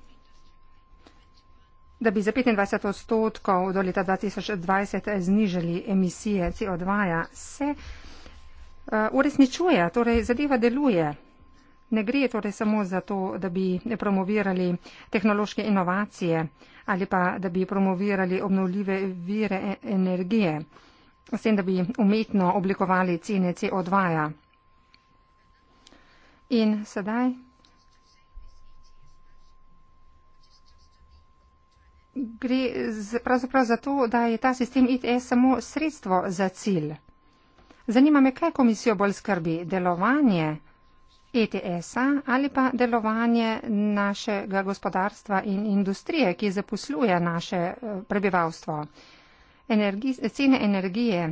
Da bi za 25 odstotkov do leta 2020 znižali emisije CO2, -ja, se eh, uresničuje, torej zadeva deluje. Ne gre torej samo za to, da bi promovirali tehnološke inovacije ali pa da bi promovirali obnovljive vire e-, energije, s tem, da bi umetno oblikovali cene CO2. -ja. In sedaj gre z, pravzaprav za to, da je ta sistem ITS e samo sredstvo za cilj. Zanima me, kaj komisijo bolj skrbi - delovanje ETS-a ali pa delovanje našega gospodarstva in industrije, ki zaposluje naše eh, prebivalstvo. Energi, cene energije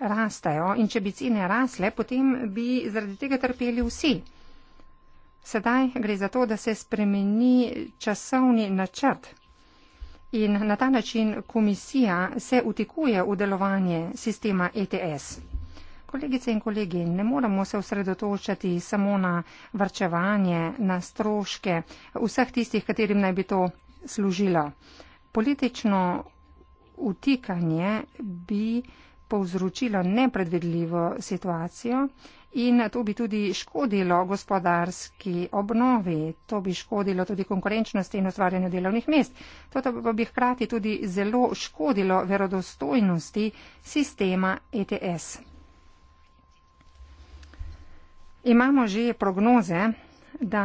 rastejo in če bi cene rasle, potem bi zaradi tega trpeli vsi. Sedaj gre za to, da se spremeni časovni načrt in na ta način komisija se utikuje v delovanje sistema ETS. Kolegice in kolegi, ne moramo se osredotočati samo na vrčevanje, na stroške vseh tistih, katerim naj bi to služilo. Politično utikanje bi povzročilo nepredvidljivo situacijo in to bi tudi škodilo gospodarski obnovi, to bi škodilo tudi konkurenčnosti in ustvarjanju delovnih mest, to pa bi hkrati tudi zelo škodilo verodostojnosti sistema ETS. Imamo že prognoze, da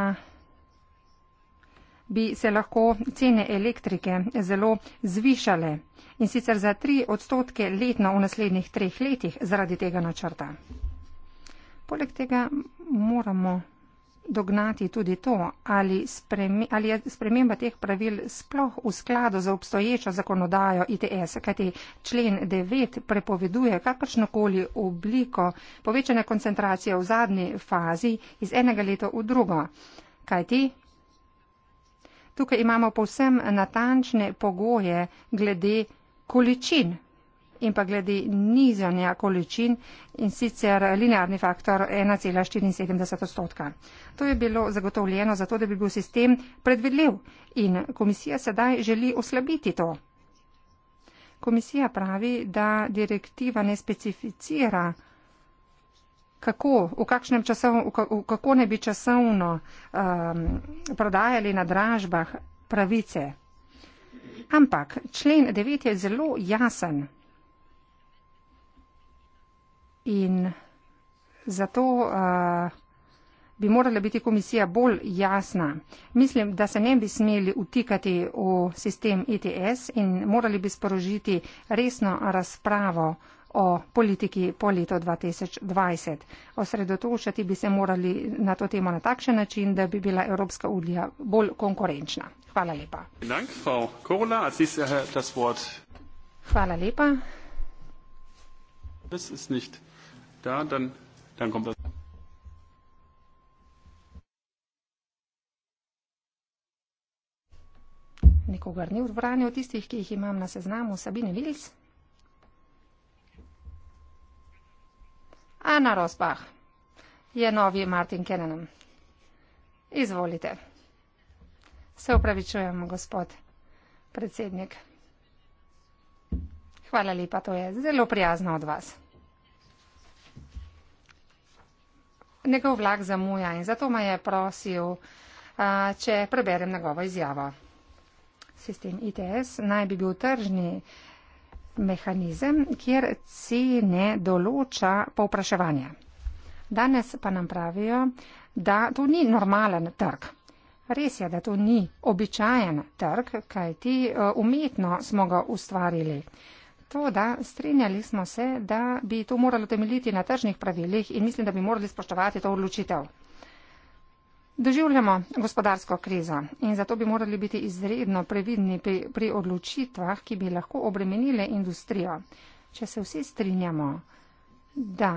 bi se lahko cene elektrike zelo zvišale in sicer za tri odstotke letno v naslednjih treh letih zaradi tega načrta. Poleg tega moramo dognati tudi to, ali, spremi, ali je sprememba teh pravil sploh v skladu za obstoječo zakonodajo ITS, kajti člen 9 prepoveduje kakršnokoli obliko povečane koncentracije v zadnji fazi iz enega leta v drugo, kajti Tukaj imamo povsem natančne pogoje glede količin in pa glede nizanja količin in sicer linearni faktor 1,74 odstotka. To je bilo zagotovljeno zato, da bi bil sistem predvidljiv in komisija sedaj želi oslabiti to. Komisija pravi, da direktiva ne specificira kako, v kakšnem časov, v kako ne bi časovno um, prodajali na dražbah pravice. Ampak člen 9 je zelo jasen in zato uh, bi morala biti komisija bolj jasna. Mislim, da se ne bi smeli utikati v sistem ETS in morali bi sporožiti resno razpravo o politiki po leto 2020. Osredotočati bi se morali na to temo na takšen način, da bi bila Evropska unija bolj konkurenčna. Hvala lepa. Hvala lepa. Nikogar ni v dvorani od tistih, ki jih imam na seznamu, Sabine Vils. Ana Rosbach je novi Martin Kennenem. Izvolite. Se upravičujem, gospod predsednik. Hvala lepa, to je zelo prijazno od vas. Njegov vlak zamuja in zato me je prosil, če preberem njegovo izjavo. Sistem ITS naj bi bil tržni mehanizem, kjer cene določa povpraševanje. Danes pa nam pravijo, da to ni normalen trg. Res je, da to ni običajen trg, kajti eh, umetno smo ga ustvarili. Toda strinjali smo se, da bi to moralo temeljiti na tržnih pravilih in mislim, da bi morali spoštovati to odločitev. Doživljamo gospodarsko krizo in zato bi morali biti izredno previdni pri, pri odločitvah, ki bi lahko obremenile industrijo. Če se vsi strinjamo, da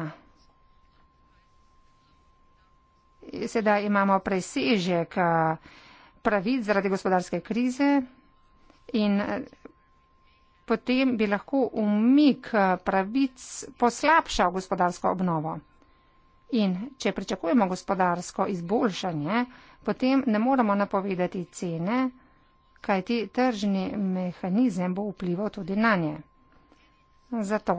sedaj imamo presežek eh, pravic zaradi gospodarske krize in eh, potem bi lahko umik eh, pravic poslabšal gospodarsko obnovo. In če pričakujemo gospodarsko izboljšanje, potem ne moremo napovedati cene, kajti tržni mehanizem bo vplival tudi na nje. Zato.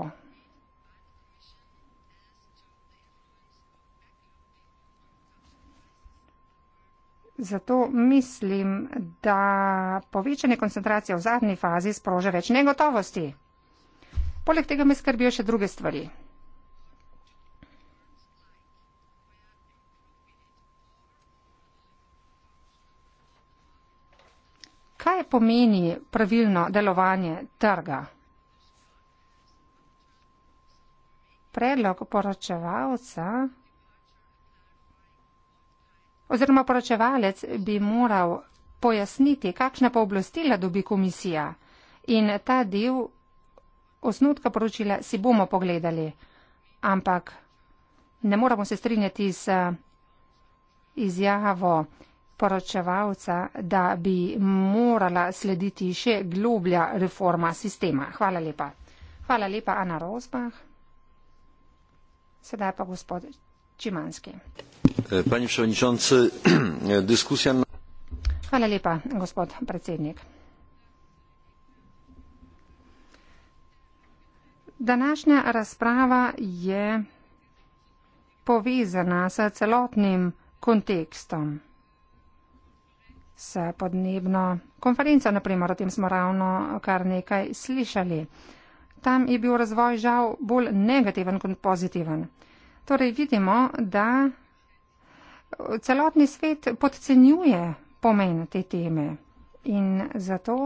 Zato mislim, da povečanje koncentracije v zadnji fazi sproža več negotovosti. Poleg tega me skrbijo še druge stvari. kaj pomeni pravilno delovanje trga? Predlog poročevalca oziroma poročevalec bi moral pojasniti, kakšna pooblastila dobi komisija in ta del osnutka poročila si bomo pogledali, ampak ne moramo se strinjati z eh, izjavo poročevalca, da bi morala slediti še globlja reforma sistema. Hvala lepa. Hvala lepa, Ana Rozbah. Sedaj pa gospod Čimanski. Eh, Hvala lepa, gospod predsednik. Današnja razprava je povezana s celotnim kontekstom se podnebno konferenco, naprimer, o tem smo ravno kar nekaj slišali. Tam je bil razvoj žal bolj negativen kot pozitiven. Torej vidimo, da celotni svet podcenjuje pomen te teme in zato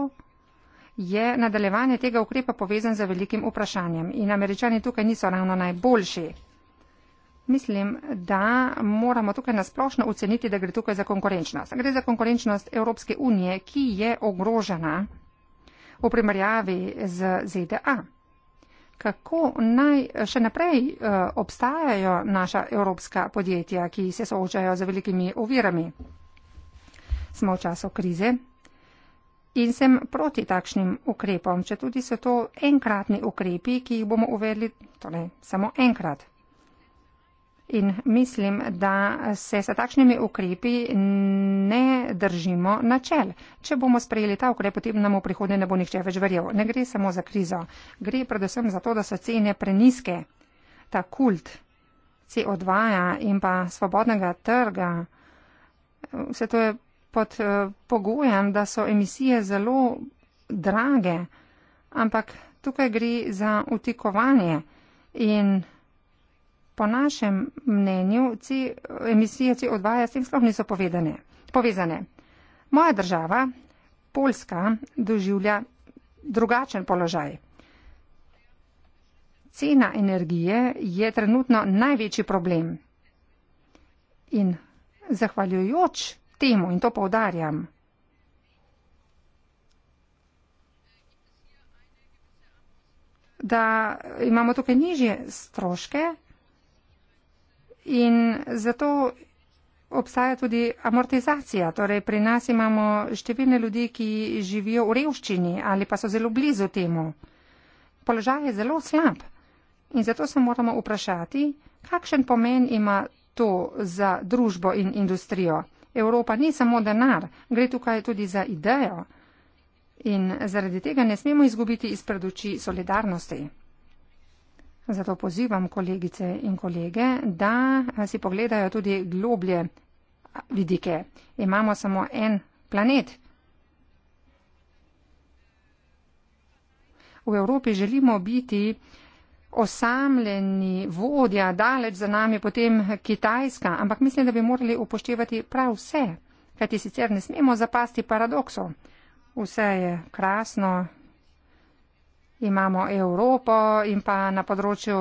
je nadaljevanje tega ukrepa povezan z velikim vprašanjem in američani tukaj niso ravno najboljši. Mislim, da moramo tukaj nasplošno oceniti, da gre tukaj za konkurenčnost. Gre za konkurenčnost Evropske unije, ki je ogrožena v primerjavi z ZDA. Kako naj še naprej eh, obstajajo naša evropska podjetja, ki se soočajo z velikimi ovirami? Smo v času krize in sem proti takšnim ukrepom, če tudi so to enkratni ukrepi, ki jih bomo uvedli torej, samo enkrat in mislim, da se sa takšnimi ukrepi ne držimo načel. Če bomo sprejeli ta ukrep, potem nam v prihodnje ne bo nihče več verjel. Ne gre samo za krizo, gre predvsem za to, da so cene preniske. Ta kult CO2 ja, in pa svobodnega trga, vse to je pod eh, pogojem, da so emisije zelo drage, ampak tukaj gre za utikovanje. In po našem mnenju ci, emisije CO2 s tem sploh niso povedane, povezane. Moja država, Poljska, doživlja drugačen položaj. Cena energije je trenutno največji problem. In zahvaljujoč temu, in to povdarjam, da imamo tukaj nižje stroške, In zato obstaja tudi amortizacija. Torej, pri nas imamo številne ljudi, ki živijo v revščini ali pa so zelo blizu temu. Položaj je zelo slab. In zato se moramo vprašati, kakšen pomen ima to za družbo in industrijo. Evropa ni samo denar, gre tukaj tudi za idejo. In zaradi tega ne smemo izgubiti izpred oči solidarnosti. Zato pozivam kolegice in kolege, da eh, si pogledajo tudi globlje vidike. Imamo samo en planet. V Evropi želimo biti osamljeni vodja, daleč za nami potem Kitajska, ampak mislim, da bi morali upoštevati prav vse, kajti sicer ne smemo zapasti paradoksov. Vse je krasno, imamo Evropo in pa na, področju,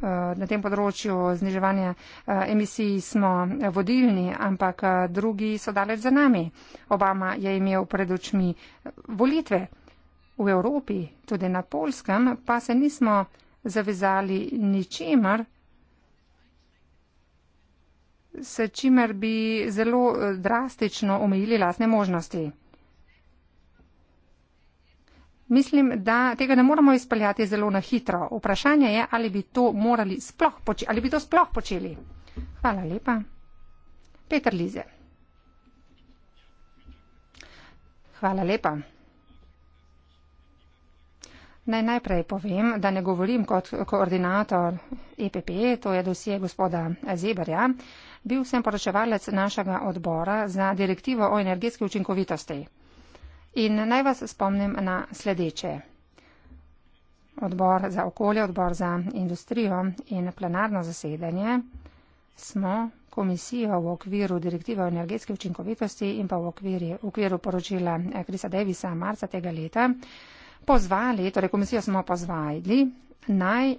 eh, na tem področju zniževanja eh, emisij smo vodilni, ampak eh, drugi so daleč za nami. Obama je imel pred očmi volitve v Evropi, tudi na Polskem, pa se nismo zavezali ničemer, s čimer bi zelo drastično omejili lasne možnosti. Mislim, da tega ne moramo izpeljati zelo na hitro. Vprašanje je, ali bi to morali sploh početi, ali bi to sploh počeli. Hvala lepa. Peter Lize. Hvala lepa. Naj najprej povem, da ne govorim kot koordinator EPP, to je dosje gospoda Zebrja. Bil sem poročevalec našega odbora za direktivo o energetski učinkovitosti. In naj vas spomnim na sledeče. Odbor za okolje, odbor za industrijo in plenarno zasedanje smo komisijo v okviru direktive o energetski učinkovitosti in pa v okviru, v okviru poročila Krisa Davisa marca tega leta pozvali, torej komisijo smo pozvali, naj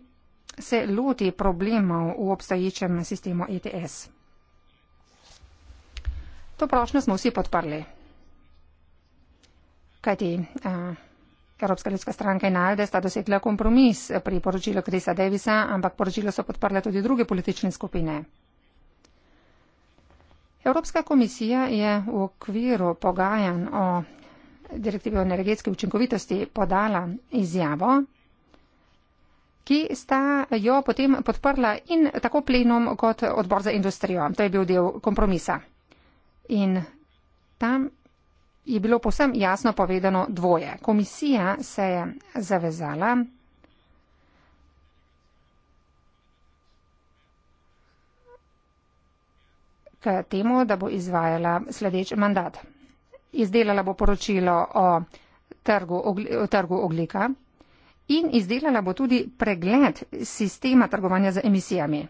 se loti problemov v obstoječem sistemu ETS. To prošnjo smo vsi podprli kajti uh, Evropska ljudska stranka in Alde sta dosegla kompromis pri poročilu Krisa Davisa, ampak poročilo so podprle tudi druge politične skupine. Evropska komisija je v okviru pogajanj o direktivi o energetski učinkovitosti podala izjavo, ki sta jo potem podprla in tako plenom kot odbor za industrijo. To je bil del kompromisa. In tam je bilo posem jasno povedano dvoje. Komisija se je zavezala, K temu, da bo izvajala sledeč mandat. Izdelala bo poročilo o trgu, o trgu oglika in izdelala bo tudi pregled sistema trgovanja z emisijami.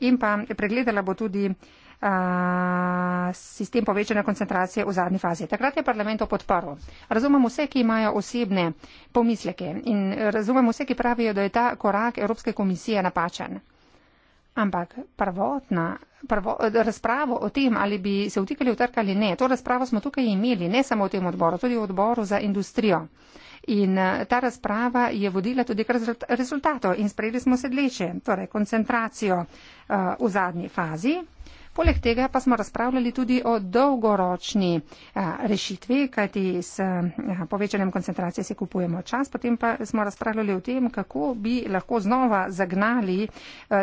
In pa pregledala bo tudi uh, uh, sistem povečanja koncentracije v zadnji fazi. Takrat je parlament to podporil. Razumem vse, ki imajo osebne pomisleke in razumem vse, ki pravijo, da je ta korak Evropske komisije napačen. Ampak prvotna prvo, razpravo o tem, ali bi se vtikali v trg ali ne, to razpravo smo tukaj imeli, ne samo v tem odboru, tudi v odboru za industrijo. In ta razprava je vodila tudi k rezultatu in sprejeli smo sedleče, torej koncentracijo uh, v zadnji fazi. Uh, Poleg tega pa smo razpravljali tudi o dolgoročni rešitvi, kajti s povečanjem koncentracije si kupujemo čas, potem pa smo razpravljali o tem, kako bi lahko znova zagnali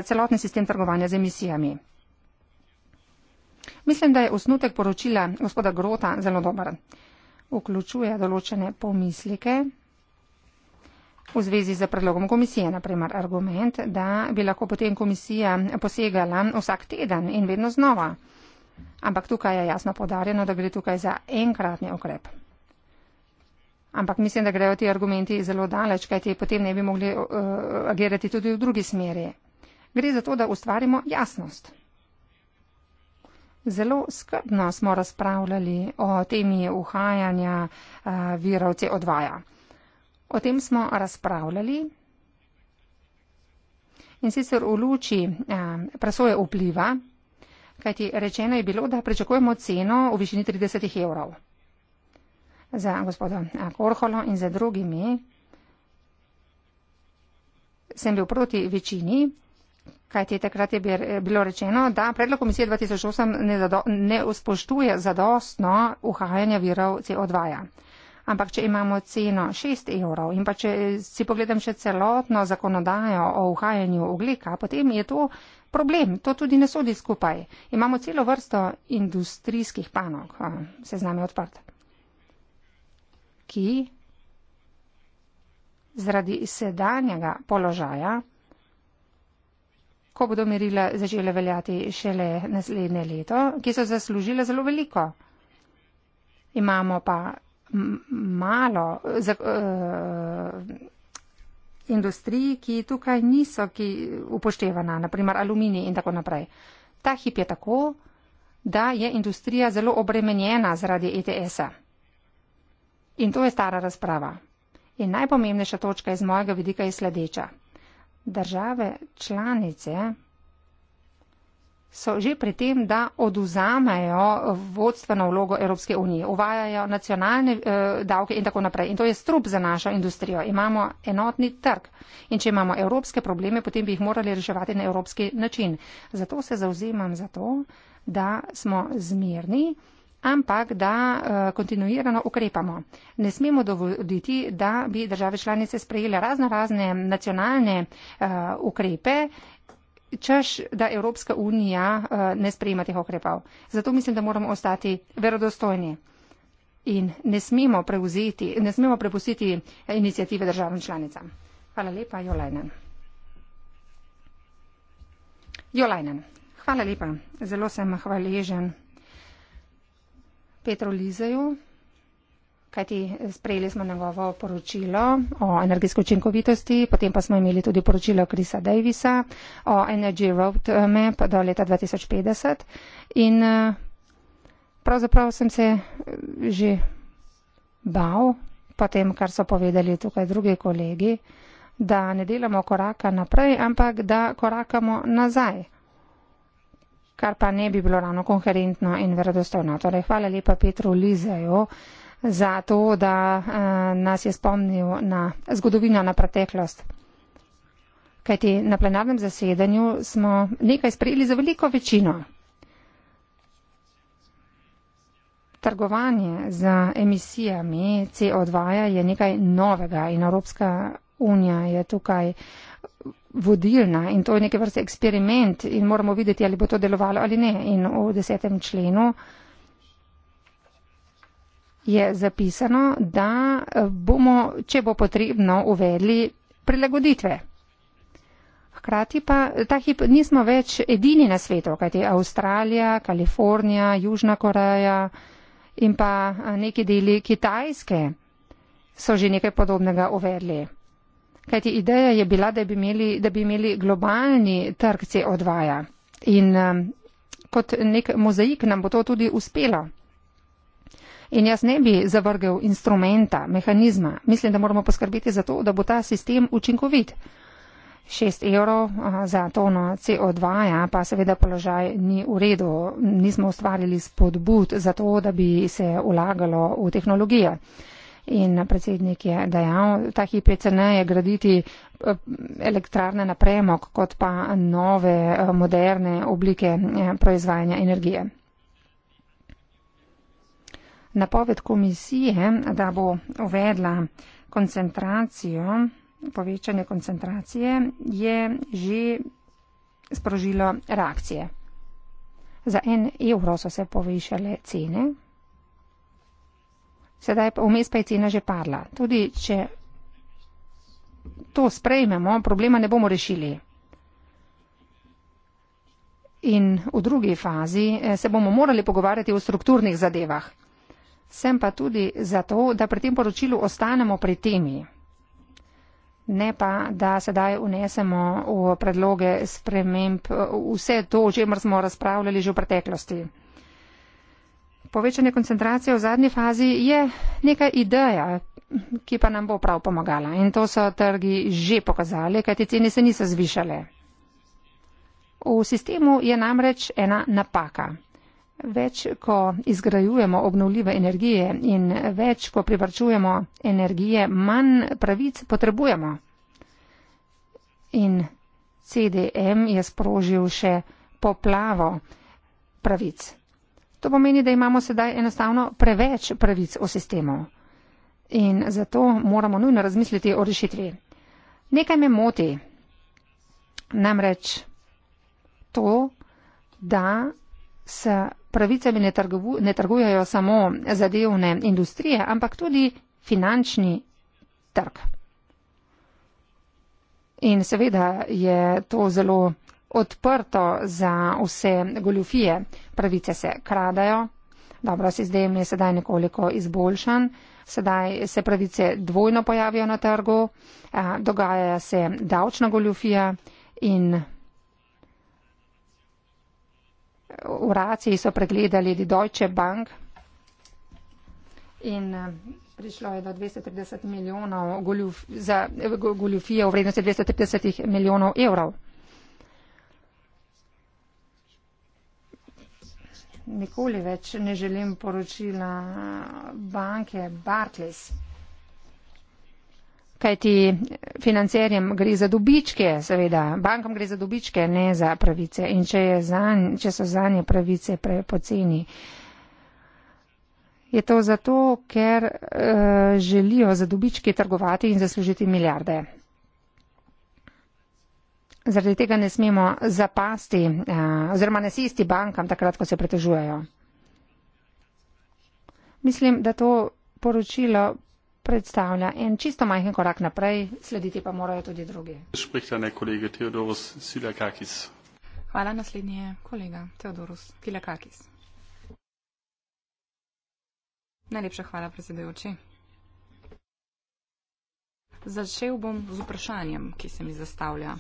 celotni sistem trgovanja z emisijami. Mislim, da je osnutek poročila gospoda Grota zelo dober. Vključuje določene pomislike. V zvezi z predlogom komisije, naprimer argument, da bi lahko potem komisija posegala vsak teden in vedno znova. Ampak tukaj je jasno podarjeno, da gre tukaj za enkratni okrep. Ampak mislim, da grejo ti argumenti zelo daleč, kajti potem ne bi mogli uh, agirati tudi v drugi smeri. Gre za to, da ustvarimo jasnost. Zelo skrbno smo razpravljali o temi uhajanja uh, virov C2. -ja. O tem smo razpravljali in sicer v luči eh, presoje vpliva, kajti rečeno je bilo, da pričakujemo ceno v višini 30 evrov za gospodo eh, Korholo in za drugimi. Sem bil proti večini, kajti takrat je eh, bilo rečeno, da predlog komisije 2008 ne, zado, ne uspoštuje zadostno uhajanja virov CO2. -ja ampak če imamo ceno 6 evrov in pa če si pogledam še celotno zakonodajo o uhajanju oglika, potem je to problem, to tudi ne sodi skupaj. Imamo celo vrsto industrijskih panog, se z nami odprt, ki zaradi sedanjega položaja, ko bodo merila začele veljati šele naslednje leto, ki so zaslužile zelo veliko. Imamo pa malo za, uh, industrij, ki tukaj niso ki upoštevana, naprimer aluminij in tako naprej. Ta hip je tako, da je industrija zelo obremenjena zaradi ETS-a. In to je stara razprava. In najpomembnejša točka iz mojega vidika je sledeča. Države članice so že pri tem, da oduzamejo vodstveno vlogo Evropske unije, uvajajo nacionalne eh, davke in tako naprej. In to je strup za našo industrijo. Imamo enotni trg. In če imamo evropske probleme, potem bi jih morali reševati na evropski način. Zato se zauzemam za to, da smo zmirni, ampak da eh, kontinuirano ukrepamo. Ne smemo dovoditi, da bi države članice sprejele razno razne nacionalne eh, ukrepe češ, da Evropska unija eh, ne sprejema teh okrepov. Zato mislim, da moramo ostati verodostojni in ne smemo, preuziti, ne smemo prepustiti inicijative državam članicam. Hvala lepa, Jolajnen. Jolajnen, hvala lepa. Zelo sem hvaležen Petru Lizeju kajti sprejeli smo njegovo poročilo o energetsko učinkovitosti, potem pa smo imeli tudi poročilo Krisa Davisa o Energy Roadmap do leta 2050 in eh, pravzaprav sem se eh, že bal po tem, kar so povedali tukaj drugi kolegi, da ne delamo koraka naprej, ampak da korakamo nazaj kar pa ne bi bilo ravno koherentno in verodostojno. Torej, hvala lepa Petru Lizeju, uh, za to, da eh, nas je spomnil na zgodovino, na preteklost. Kajti na plenarnem zasedanju smo nekaj sprejeli za veliko večino. Trgovanje z emisijami CO2 je nekaj novega in Evropska unija je tukaj vodilna in to je neke vrste eksperiment in moramo videti, ali bo to delovalo ali ne. In v desetem členu uh, je zapisano, da eh, bomo, če bo potrebno, uvedli prilagoditve. Hkrati pa eh, ta hip nismo več edini na svetu, kajti Avstralija, Kalifornija, Južna Koreja in pa eh, neki deli Kitajske so že nekaj podobnega uvedli. Kajti ideja je bila, da bi imeli, da bi imeli globalni trg CO2 ja. in um, kot nek mozaik nam bo to tudi uspelo. In jaz ne bi zavrgel instrumenta, mehanizma. Mislim, da moramo poskrbeti za to, da bo ta sistem učinkovit. 6 evrov za tono CO2, ja, pa seveda položaj ni v redu. Nismo ustvarili spodbud za to, da bi se ulagalo v tehnologijo. In predsednik je dejal, ta hip je ceneje graditi eh, elektrarne na premog, kot pa nove, eh, moderne oblike eh, proizvajanja energije. Napoved komisije, da bo uvedla koncentracijo, povečanje koncentracije, je že sprožilo reakcije. Za en evro so se povišale cene, sedaj pa vmes pa je cena že padla. Tudi če to sprejmemo, problema ne bomo rešili. In v drugi fazi eh, se bomo morali pogovarjati o strukturnih zadevah sem pa tudi zato, da pri tem poročilu ostanemo pri temi, ne pa, da sedaj unesemo v predloge sprememb vse to, o čemer smo razpravljali že v preteklosti. Povečanje koncentracije v zadnji fazi je neka ideja, ki pa nam bo prav pomagala in to so trgi že pokazali, kajti cene se niso zvišale. V sistemu je namreč ena napaka več, ko izgrajujemo obnovljive energije in več, ko privrčujemo energije, manj pravic potrebujemo. In CDM je sprožil še poplavo pravic. To pomeni, da imamo sedaj enostavno preveč pravic v sistemu. In zato moramo nujno razmisliti o rešitvi. Nekaj me moti. Namreč to, da se pravicami ne, trgu, ne trgujejo samo zadevne industrije, ampak tudi finančni trg. In seveda je to zelo odprto za vse goljufije. Pravice se kradajo, dobro sistem je sedaj nekoliko izboljšan, sedaj se pravice dvojno pojavijo na trgu, dogaja se davčna goljufija in v raciji so pregledali Deutsche Bank in eh, prišlo je do 230 milijonov goljuf, za goljufije v vrednosti 230 milijonov evrov. Nikoli več ne želim poročila banke Barclays kajti financerjem gre za dobičke, seveda, bankam gre za dobičke, ne za pravice. In če, zanj, če so zanje pravice prepoceni, je to zato, ker uh, želijo za dobičke trgovati in zaslužiti milijarde. Zaradi tega ne smemo zapasti uh, oziroma ne sisti bankam takrat, ko se pretežujejo. Mislim, da to poročilo predstavlja en čisto majhen korak naprej, slediti pa morajo tudi drugi. Hvala, naslednji je kolega Teodorus Silakakis. Najlepša hvala, predsedujoči. Začel bom z vprašanjem, ki se mi zastavlja.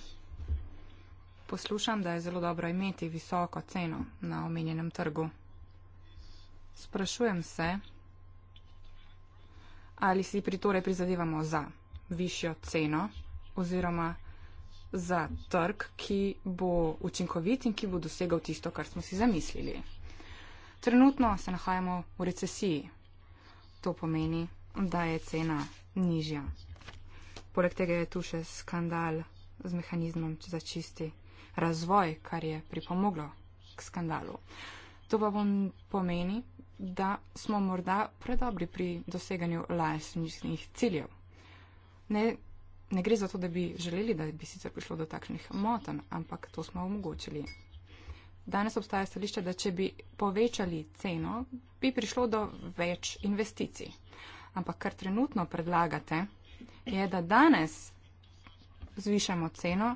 Poslušam, da je zelo dobro imeti visoko ceno na omenjenem trgu. Sprašujem se, Ali si pri torej prizadevamo za višjo ceno oziroma za trg, ki bo učinkovit in ki bo dosegal tisto, kar smo si zamislili. Trenutno se nahajamo v recesiji. To pomeni, da je cena nižja. Poleg tega je tu še skandal z mehanizmom za čisti razvoj, kar je pripomoglo k skandalu. To pa pomeni, da smo morda predobri pri doseganju lastnih ciljev. Ne, ne gre za to, da bi želeli, da bi sicer prišlo do takšnih moten, ampak to smo omogočili. Danes obstaja stališče, da če bi povečali ceno, bi prišlo do več investicij. Ampak kar trenutno predlagate, je, da danes zvišamo ceno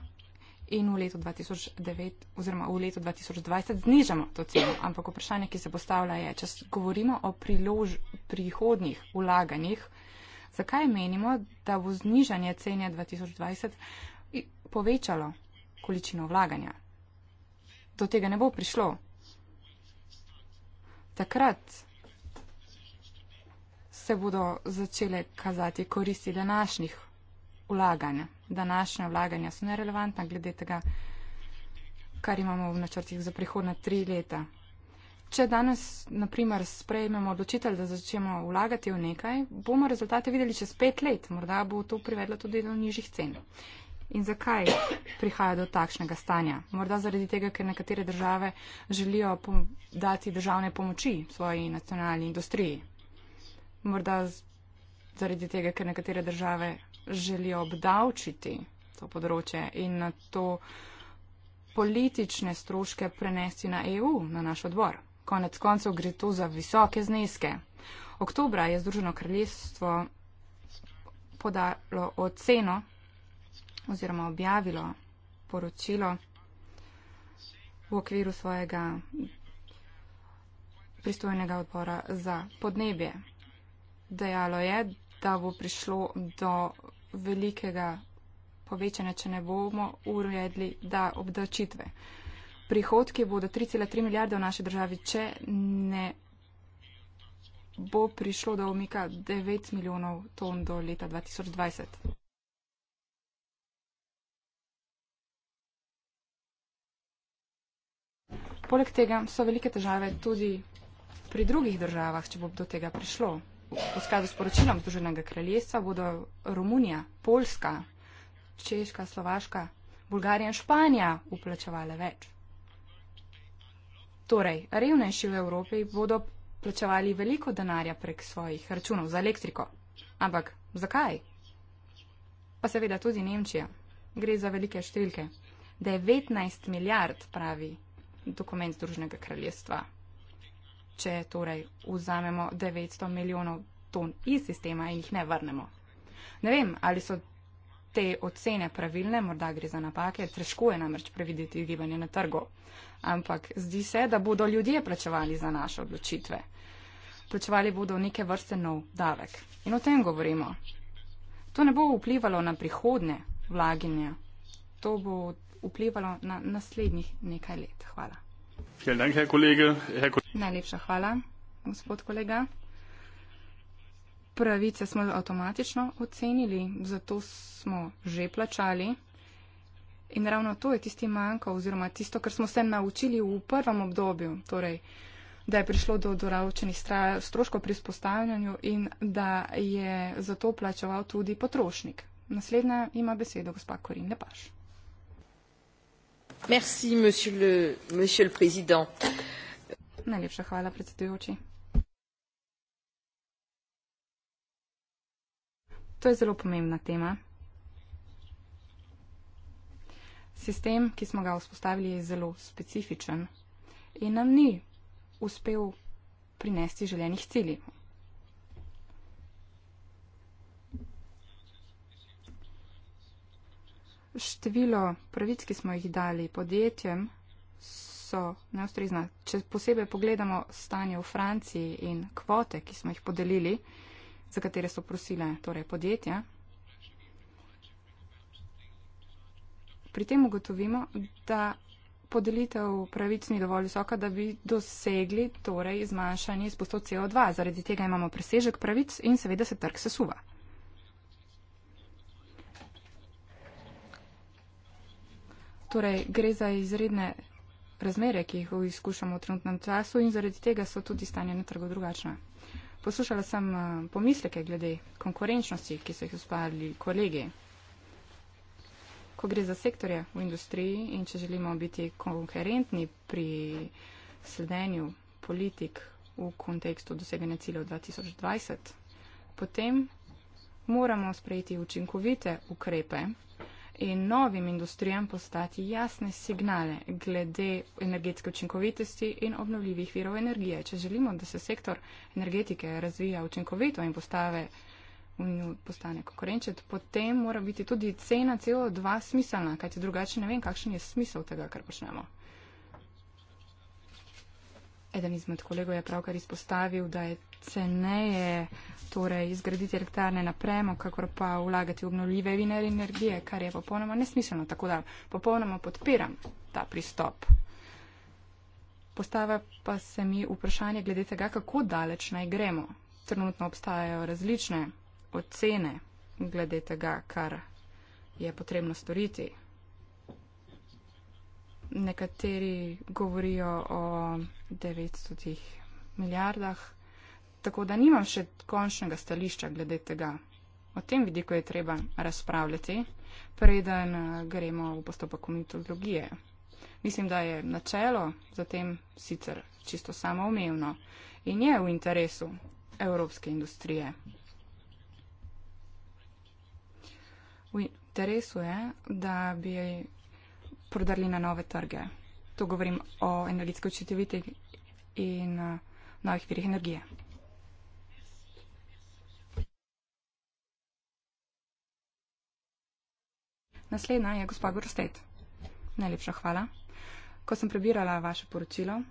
in v letu 2009 oziroma v letu 2020 znižamo to ceno. Ampak vprašanje, ki se postavlja je, če govorimo o prilož, prihodnih ulaganjih, zakaj menimo, da bo znižanje cene 2020 povečalo količino vlaganja? Do tega ne bo prišlo. Takrat se bodo začele kazati koristi današnjih vlaganja današnja vlaganja so nerelevantna glede tega, kar imamo v načrtih za prihodna tri leta. Če danes, na primer, sprejmemo odločitev, da začnemo vlagati v nekaj, bomo rezultate videli čez pet let. Morda bo to privedlo tudi do nižjih cen. In zakaj prihaja do takšnega stanja? Morda zaradi tega, ker nekatere države želijo dati državne pomoči svoji nacionalni industriji. Morda zaradi tega, ker nekatere države želi obdavčiti to področje in na to politične stroške prenesti na EU, na naš odbor. Konec koncev gre to za visoke zneske. Oktobra je Združeno kraljestvo podalo oceno oziroma objavilo poročilo v okviru svojega pristojnega odbora za podnebje. Dejalo je, da bo prišlo do velikega povečanja, če ne bomo uredili, da obdavčitve. Prihodki bodo 3,3 milijarde v naši državi, če ne bo prišlo do omika 9 milijonov ton do leta 2020. Poleg tega so velike težave tudi pri drugih državah, če bo do tega prišlo v skladu s poročilom Združenega kraljestva bodo Romunija, Poljska, Češka, Slovaška, Bulgarija in Španija uplačevale več. Torej, revnejši v Evropi bodo plačevali veliko denarja prek svojih računov za elektriko. Ampak zakaj? Pa seveda tudi Nemčija. Gre za velike številke. 19 milijard pravi dokument Združenega kraljestva če torej vzamemo 900 milijonov ton iz sistema in jih ne vrnemo. Ne vem, ali so te ocene pravilne, morda gre za napake, težko je namreč prevideti gibanje na trgu. Ampak zdi se, da bodo ljudje plačevali za naše odločitve. Plačevali bodo neke vrste nov davek. In o tem govorimo. To ne bo vplivalo na prihodne vlaginje. To bo vplivalo na naslednjih nekaj let. Hvala. Najlepša hvala, gospod kolega. Pravice smo avtomatično ocenili, zato smo že plačali. In ravno to je tisti manjko oziroma tisto, kar smo se naučili v prvem obdobju, torej, da je prišlo do doravčenih stroškov pri spostavljanju in da je zato plačeval tudi potrošnik. Naslednja ima besedo gospa Korin Lepaš monsieur le président madame la commissaire chers collègues l'union européenne est un système qui est très spécifique et qui ne nous a pas permis d'atteindre nos objectifs. število pravic, ki smo jih dali podjetjem, so neustrezna. Če posebej pogledamo stanje v Franciji in kvote, ki smo jih podelili, za katere so prosile torej, podjetja, pri tem ugotovimo, da podelitev pravic ni dovolj visoka, da bi dosegli torej, zmanjšanje izpustov CO2. Zaradi tega imamo presežek pravic in seveda se trg sesuva. Torej, gre za izredne razmere, ki jih izkušamo v trenutnem času in zaradi tega so tudi stanje na trgu drugačna. Poslušala sem eh, pomisleke glede konkurenčnosti, ki so jih ustvarili kolegi. Ko gre za sektorje v industriji in če želimo biti konkurentni pri sledenju politik v kontekstu doseganja ciljev 2020, potem moramo sprejeti učinkovite ukrepe in novim industrijam postati jasne signale glede energetske učinkovitosti in obnovljivih virov energije. Če želimo, da se sektor energetike razvija učinkovito in postave postane konkurenčen, potem mora biti tudi cena CO2 smiselna, kajti drugače ne vem, kakšen je smisel tega, kar počnemo. Eden izmed kolegov je pravkar izpostavil, da je ceneje torej, zgraditi elektrarne na premo, kakor pa vlagati v obnovljive vinere energije, kar je popolnoma nesmiselno. Tako da popolnoma podpiram ta pristop. Postava pa se mi vprašanje glede tega, kako daleč naj gremo. Trenutno obstajajo različne ocene glede tega, kar je potrebno storiti. Nekateri govorijo o 900 milijardah. Tako da nimam še končnega stališča glede tega. O tem vidiku je treba razpravljati, preden eh, gremo v postopek komitologije. Mislim, da je načelo zatem sicer čisto samoumevno in je v interesu evropske industrije. V interesu je, da bi prodali na nove trge. Tu govorim o energetsko učinkovitih in eh, novih virih energije. Naslednja je gospa Grostet. Najlepša hvala. Ko sem prebirala vaše poročilo,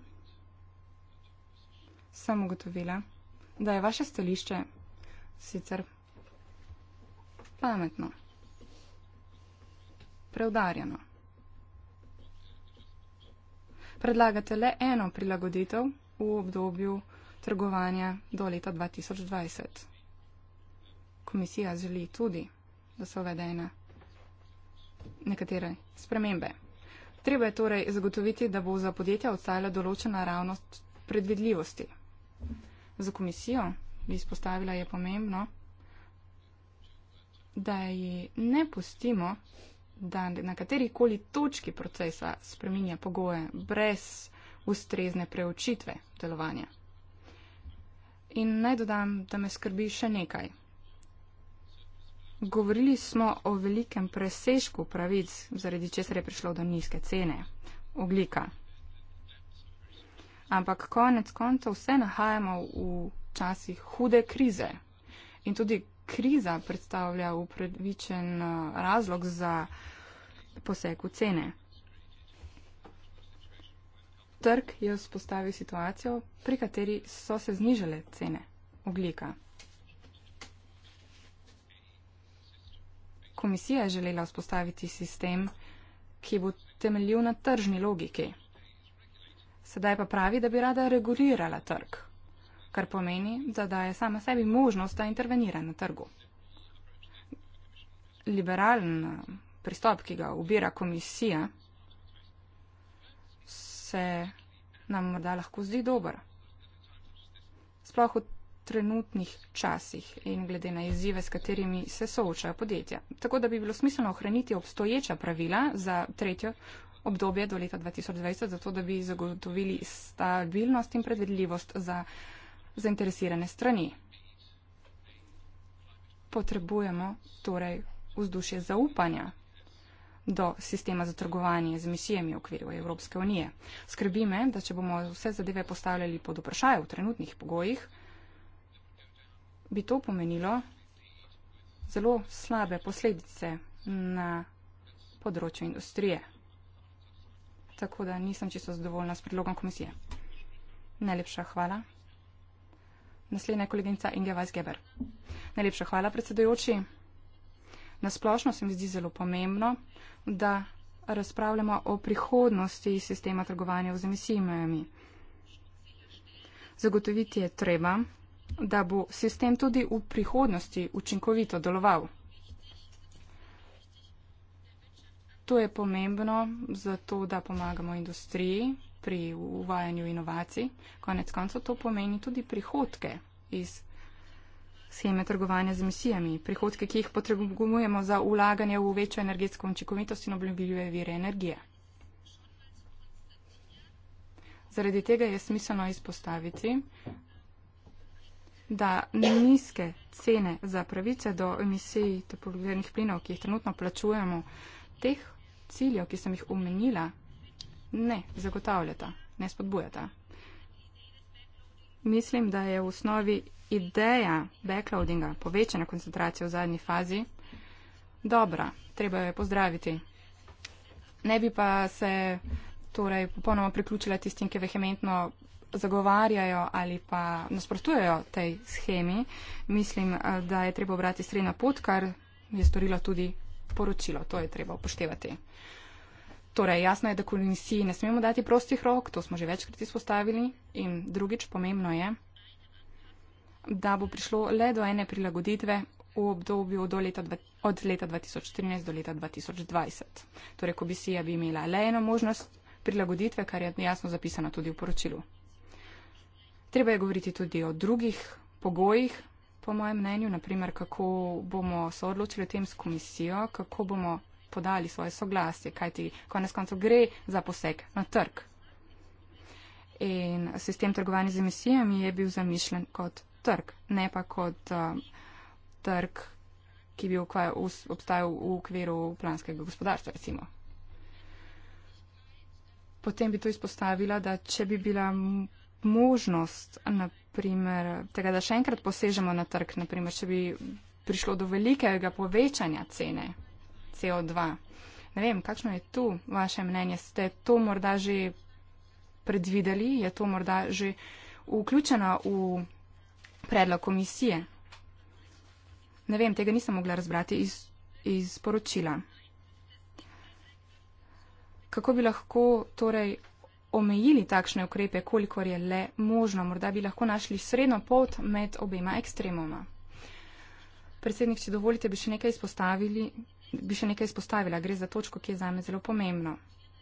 sem ugotovila, da je vaše stališče sicer pametno, preudarjeno predlagate le eno prilagoditev v obdobju trgovanja do leta 2020. Komisija želi tudi, da so uvedene nekatere spremembe. Treba je torej zagotoviti, da bo za podjetja odstajala določena ravnost predvidljivosti. Za komisijo, bi izpostavila, je pomembno, da ji ne pustimo da na kateri koli točki procesa spreminja pogoje brez ustrezne preučitve delovanja. In naj dodam, da me skrbi še nekaj. Govorili smo o velikem presežku pravic, zaradi česar je prišlo do nizke cene oglika. Ampak konec koncev vse nahajamo v časih hude krize. In tudi kriza predstavlja upravičen eh, razlog za poseg v cene. Trg je vzpostavil situacijo, pri kateri so se znižale cene oglika. Komisija je želela vzpostaviti sistem, ki bo temeljil na tržni logiki. Sedaj pa pravi, da bi rada regulirala trg kar pomeni, da daje sama sebi možnost, da intervenira na trgu. Liberalen eh, pristop, ki ga ubira komisija, se nam morda lahko zdi dober. Sploh v trenutnih časih in glede na izzive, s katerimi se soočajo podjetja. Tako da bi bilo smiselno ohraniti obstoječa pravila za tretjo obdobje do leta 2020, zato da bi zagotovili stabilnost in predvedljivost za zainteresirane strani. Potrebujemo torej vzdušje zaupanja do sistema za trgovanje z emisijami v okviru Evropske unije. Skrbi me, da če bomo vse zadeve postavljali pod vprašaj v trenutnih pogojih, bi to pomenilo zelo slabe posledice na področju industrije. Tako da nisem čisto zadovoljna s predlogom komisije. Najlepša hvala. Naslednja kolegenica Inge Weisgeber. Najlepša hvala, predsedujoči. Nasplošno se mi zdi zelo pomembno, da razpravljamo o prihodnosti sistema trgovanja z emisijami. Zagotoviti je treba, da bo sistem tudi v prihodnosti učinkovito deloval. To je pomembno zato, da pomagamo industriji, pri uvajanju inovacij, konec koncev to pomeni tudi prihodke iz scheme trgovanja z emisijami, prihodke, ki jih potrebujemo za ulaganje v večjo energetsko učinkovitost in obljubljive vire energije. Zaradi tega je smiselno izpostaviti, da nizke cene za pravice do emisij toplogrednih plinov, ki jih trenutno plačujemo, teh ciljev, ki sem jih omenila, ne zagotavljata, ne spodbujata. Mislim, da je v osnovi ideja backloadinga, povečana koncentracija v zadnji fazi, dobra, treba jo je pozdraviti. Ne bi pa se torej popolnoma priključila tistim, ki vehementno zagovarjajo ali pa nasprotujejo tej schemi. Mislim, da je treba obrati srednja pot, kar je storilo tudi poročilo. To je treba upoštevati. Torej, jasno je, da komisiji ne smemo dati prostih rok, to smo že večkrat izpostavili in drugič pomembno je, da bo prišlo le do ene prilagoditve v obdobju do leta, od leta 2013 do leta 2020. Torej, komisija bi imela le eno možnost prilagoditve, kar je jasno zapisano tudi v poročilu. Treba je govoriti tudi o drugih pogojih, po mojem mnenju, naprimer, kako bomo se odločili o tem s komisijo, kako bomo podali svoje soglasje, kajti konec koncev gre za poseg na trg. In sistem trgovanja z emisijami je bil zamišljen kot trg, ne pa kot um, trg, ki bi obstajal v okviru planskega gospodarstva, recimo. Potem bi to izpostavila, da če bi bila možnost naprimer, tega, da še enkrat posežemo na trg, naprimer, če bi prišlo do velikega povečanja cene CO2. Ne vem, kakšno je tu vaše mnenje? Ste to morda že predvideli? Je to morda že vključeno v predlog komisije? Ne vem, tega nisem mogla razbrati iz, iz poročila. Kako bi lahko torej omejili takšne ukrepe, kolikor je le možno? Morda bi lahko našli sredno pot med obema ekstremoma. Predsednik, če dovolite, bi še nekaj izpostavili, bi še nekaj izpostavila, gre za točko, ki je zame zelo pomembno.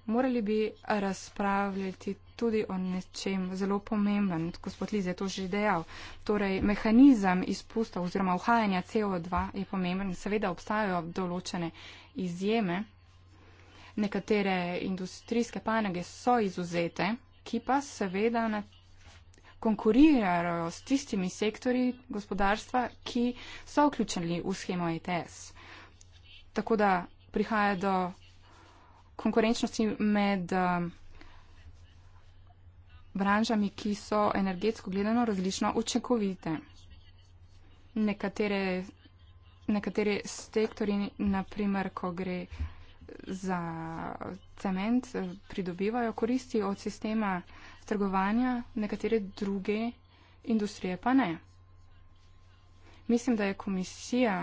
Morali bi razpravljati tudi o nečem zelo pomembnem, gospod Liz je to že dejal. Torej, mehanizem izpusta oziroma uhajanja CO2 je pomemben, seveda obstajajo določene izjeme, nekatere industrijske panoge so izuzete, ki pa seveda konkurirajo s tistimi sektori gospodarstva, ki so vključeni v schemo ETS tako da prihaja do konkurenčnosti med um, branžami, ki so energetsko gledano različno učinkovite. Nekatere, nekatere sektori, naprimer, ko gre za cement, pridobivajo koristi od sistema trgovanja, nekatere druge industrije pa ne. Mislim, da je komisija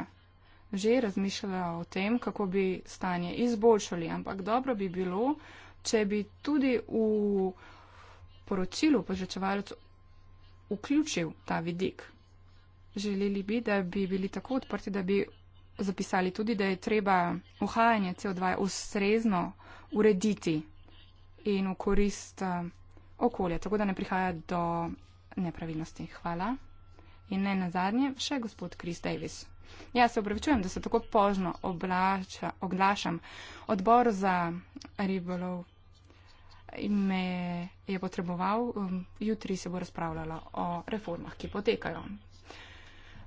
že razmišljala o tem, kako bi stanje izboljšali, ampak dobro bi bilo, če bi tudi v poročilu požrečevalec vključil ta vidik. Želeli bi, da bi bili tako odprti, da bi zapisali tudi, da je treba uhajanje CO2 ustrezno urediti in v korist eh, okolja, tako da ne prihaja do nepravilnosti. Hvala. In ne nazadnje, še gospod Chris Davis. Ja, se upravičujem, da se tako pozno oblača, oglašam. Odbor za ribolov me je potreboval, um, jutri se bo razpravljala o reformah, ki potekajo.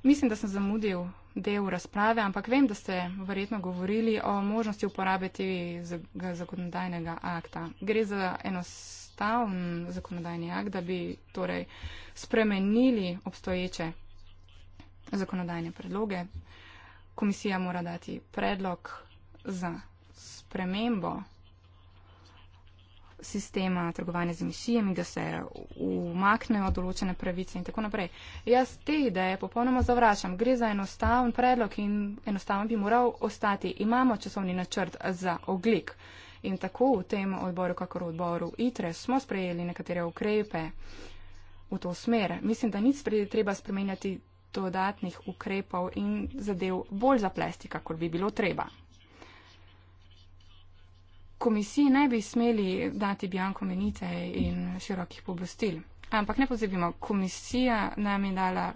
Mislim, da sem zamudil del razprave, ampak vem, da ste verjetno govorili o možnosti uporabe tega zakonodajnega akta. Gre za enostavn zakonodajni akt, da bi torej spremenili obstoječe zakonodajne predloge. Komisija mora dati predlog za spremembo sistema trgovanja z emisijami, da se umaknejo določene pravice in tako naprej. Jaz te ideje popolnoma zavračam. Gre za enostaven predlog in enostaven bi moral ostati. Imamo časovni načrt za oglik. In tako v tem odboru, kakor v odboru ITRE, smo sprejeli nekatere ukrepe v to smer. Mislim, da nic treba spremenjati dodatnih ukrepov in zadev bolj zaplesti, kakor bi bilo treba. Komisiji ne bi smeli dati bianko menice in širokih pobostil. Ampak ne pozabimo, komisija nam je dala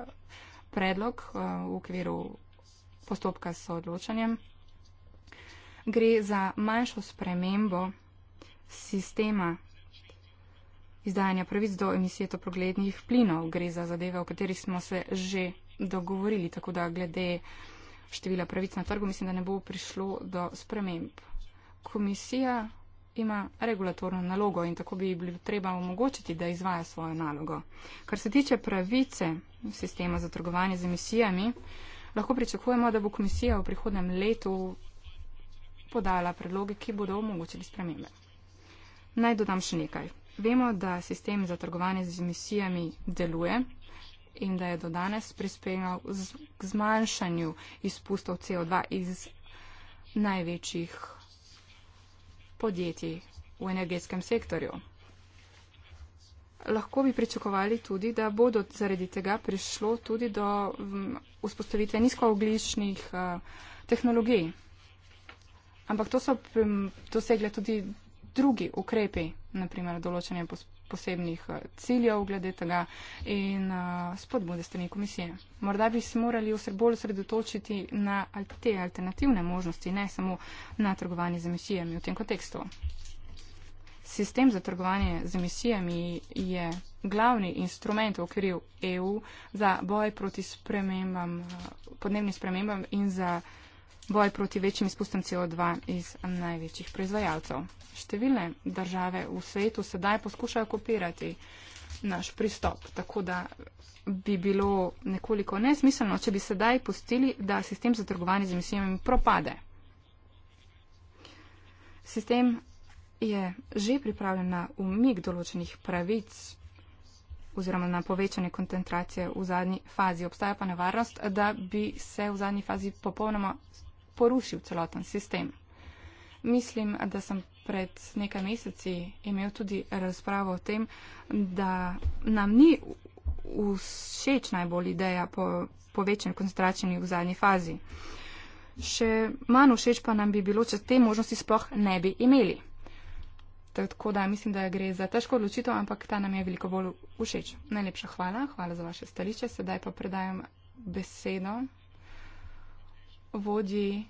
predlog eh, v okviru postopka s odločanjem. Gre za manjšo spremembo sistema izdajanja pravic do emisije toproglednih plinov. Gre za zadeve, o katerih smo se že dogovorili. Tako da glede števila pravic na trgu mislim, da ne bo prišlo do sprememb. Komisija ima regulatorno nalogo in tako bi bilo treba omogočiti, da izvaja svojo nalogo. Kar se tiče pravice sistema za trgovanje z emisijami, lahko pričakujemo, da bo komisija v prihodnem letu podala predloge, ki bodo omogočili spremembe. Naj dodam še nekaj. Vemo, da sistem za trgovanje z emisijami deluje, in da je do danes prispeval k zmanjšanju izpustov CO2 iz največjih podjetij v energetskem sektorju. Lahko bi pričakovali tudi, da bodo zaradi tega prišlo tudi do vzpostavitve nizkoogličnih eh, tehnologij. Ampak to so dosegle tudi drugi ukrepi, naprimer določene pospešitve posebnih eh, ciljev glede tega in uh, spodbude strani komisije. Morda bi se morali vse bolj sredotočiti na te alternativne možnosti, ne samo na trgovanje z emisijami v tem kontekstu. Sistem za trgovanje z emisijami je glavni instrument v okviru EU za boj proti spremembam, eh, podnebnim spremembam in za boj proti večjim izpustom CO2 iz največjih proizvajalcev. Številne države v svetu sedaj poskušajo kopirati naš pristop, tako da bi bilo nekoliko nesmiselno, če bi sedaj pustili, da sistem za trgovanje z emisijami propade. Sistem je že pripravljen na umik določenih pravic oziroma na povečanje koncentracije v zadnji fazi. Obstaja pa nevarnost, da bi se v zadnji fazi popolnoma porušil celoten sistem. Mislim, da sem pred nekaj meseci imel tudi razpravo o tem, da nam ni všeč najbolj ideja po povečanju koncentracije v zadnji fazi. Še manj všeč pa nam bi bilo, če te možnosti sploh ne bi imeli. Tako da mislim, da gre za težko odločitev, ampak ta nam je veliko bolj všeč. Najlepša hvala, hvala za vaše stališče. Sedaj pa predajam besedo vodji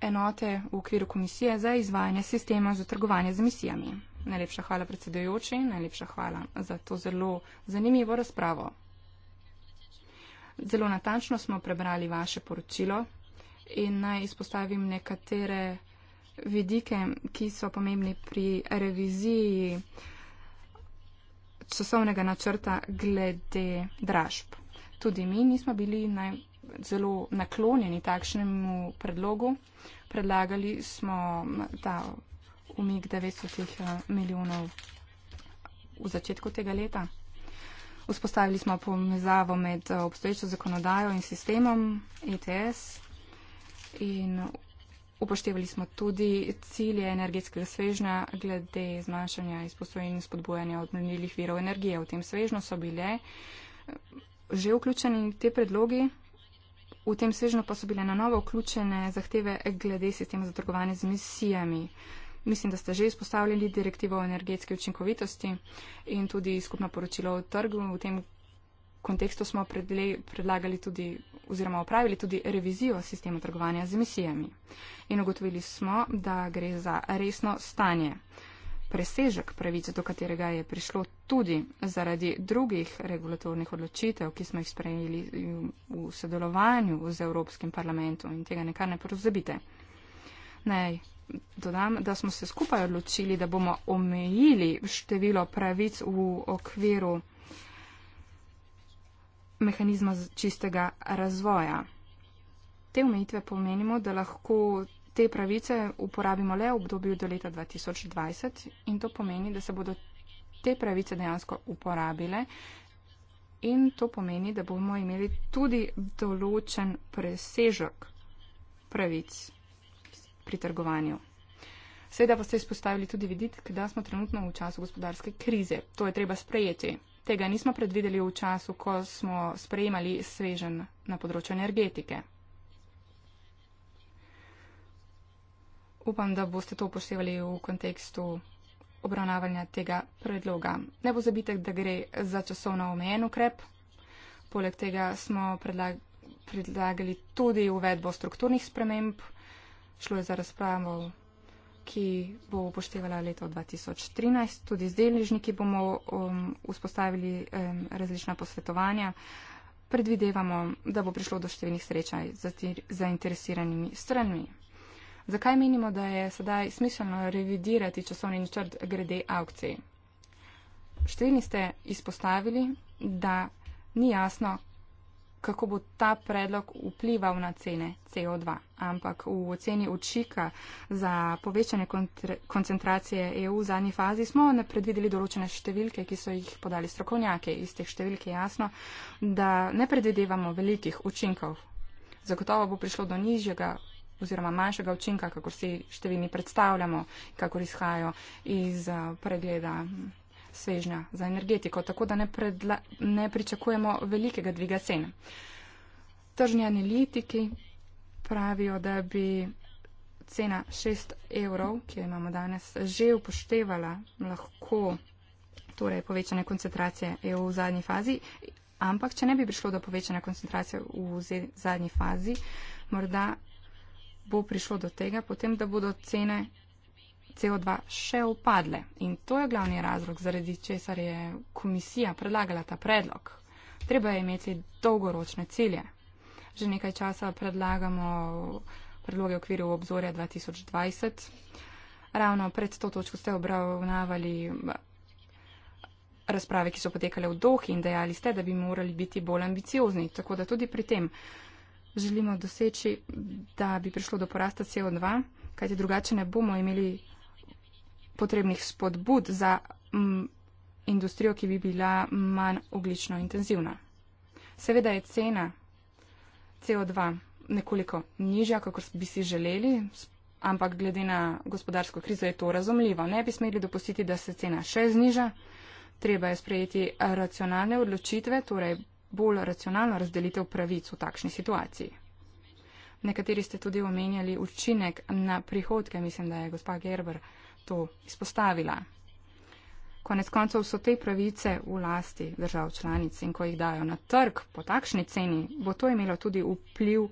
enote v okviru komisije za izvajanje sistema za trgovanje z emisijami. Najlepša hvala predsedujoči, najlepša hvala za to zelo zanimivo razpravo. Zelo natančno smo prebrali vaše poročilo in naj izpostavim nekatere vidike, ki so pomembni pri reviziji časovnega načrta glede dražb. Tudi mi nismo bili najbolj zelo naklonjeni takšnemu predlogu. Predlagali smo ta umik 900 eh, milijonov v začetku tega leta. Vzpostavili smo pomezavo med eh, obstoječo zakonodajo in sistemom ETS in upoštevali smo tudi cilje energetskega svežnja glede zmanjšanja izpustov in spodbujanja odmrnilih virov energije. V tem svežnju so bile eh, že vključeni te predlogi. V tem svežnju pa so bile na novo vključene zahteve glede sistema za trgovanje z emisijami. Mislim, da ste že izpostavljali direktivo o energetski učinkovitosti in tudi skupno poročilo o trgu. V tem kontekstu smo predlagali tudi oziroma opravili tudi revizijo sistema trgovanja z emisijami. In ugotovili smo, da gre za resno stanje presežek pravice, do katerega je prišlo tudi zaradi drugih regulatornih odločitev, ki smo jih sprejeli v sodelovanju z Evropskim parlamentom in tega nekaj ne prozabite. Naj dodam, da smo se skupaj odločili, da bomo omejili število pravic v okviru mehanizma čistega razvoja. Te omejitve pomenimo, da lahko te pravice uporabimo le v obdobju do leta 2020 in to pomeni, da se bodo te pravice dejansko uporabile in to pomeni, da bomo imeli tudi določen presežek pravic pri trgovanju. Seveda pa ste izpostavili tudi vidik, da smo trenutno v času gospodarske krize. To je treba sprejeti. Tega nismo predvideli v času, ko smo sprejemali svežen na področju energetike. upam, da boste to upoštevali v kontekstu obravnavanja tega predloga. Ne bo zabitek, da gre za časovno omejen ukrep. Poleg tega smo predlag predlagali tudi uvedbo strukturnih sprememb. Šlo je za razpravo, ki bo upoštevala leto 2013. Tudi z deležniki bomo um, vzpostavili um, različna posvetovanja. Predvidevamo, da bo prišlo do številnih srečaj z zainteresiranimi stranmi. Zakaj menimo, da je sedaj smiselno revidirati časovni načrt grede aukcij? Številni ste izpostavili, da ni jasno, kako bo ta predlog vplival na cene CO2, ampak v oceni očika za povečanje koncentracije EU v zadnji fazi smo predvideli določene številke, ki so jih podali strokovnjaki. Iz teh številk je jasno, da ne predvidevamo velikih učinkov. Zagotovo bo prišlo do nižjega oziroma manjšega učinka, kako si številni predstavljamo, kako izhajajo iz eh, pregleda svežnja za energetiko, tako da ne, predla, ne pričakujemo velikega dviga cen. Tržni analitiki pravijo, da bi cena 6 evrov, ki jo imamo danes, že upoštevala lahko torej povečane koncentracije EU v zadnji fazi, ampak če ne bi prišlo do povečane koncentracije v zadnji fazi, morda bo prišlo do tega, potem da bodo cene CO2 še upadle. In to je glavni razlog, zaradi česar je komisija predlagala ta predlog. Treba je imeti dolgoročne cilje. Že nekaj časa predlagamo predloge okvirjev obzorja 2020. Ravno pred to točko ste obravnavali eh, razprave, ki so potekale v dohi in dejali ste, da bi morali biti bolj ambiciozni. Tako da tudi pri tem želimo doseči, da bi prišlo do porasta CO2, kajti drugače ne bomo imeli potrebnih spodbud za m, mm, industrijo, ki bi bila manj oglično intenzivna. Seveda je cena CO2 nekoliko nižja, kako bi si želeli, ampak glede na gospodarsko krizo je to razumljivo. Ne bi smeli dopustiti, da se cena še zniža. Treba je sprejeti racionalne odločitve, torej bolj racionalno razdelitev pravic v takšni situaciji. Nekateri ste tudi omenjali učinek na prihodke, mislim, da je gospa Gerber to izpostavila. Konec koncev so te pravice v lasti držav članic in ko jih dajo na trg po takšni ceni, bo to imelo tudi vpliv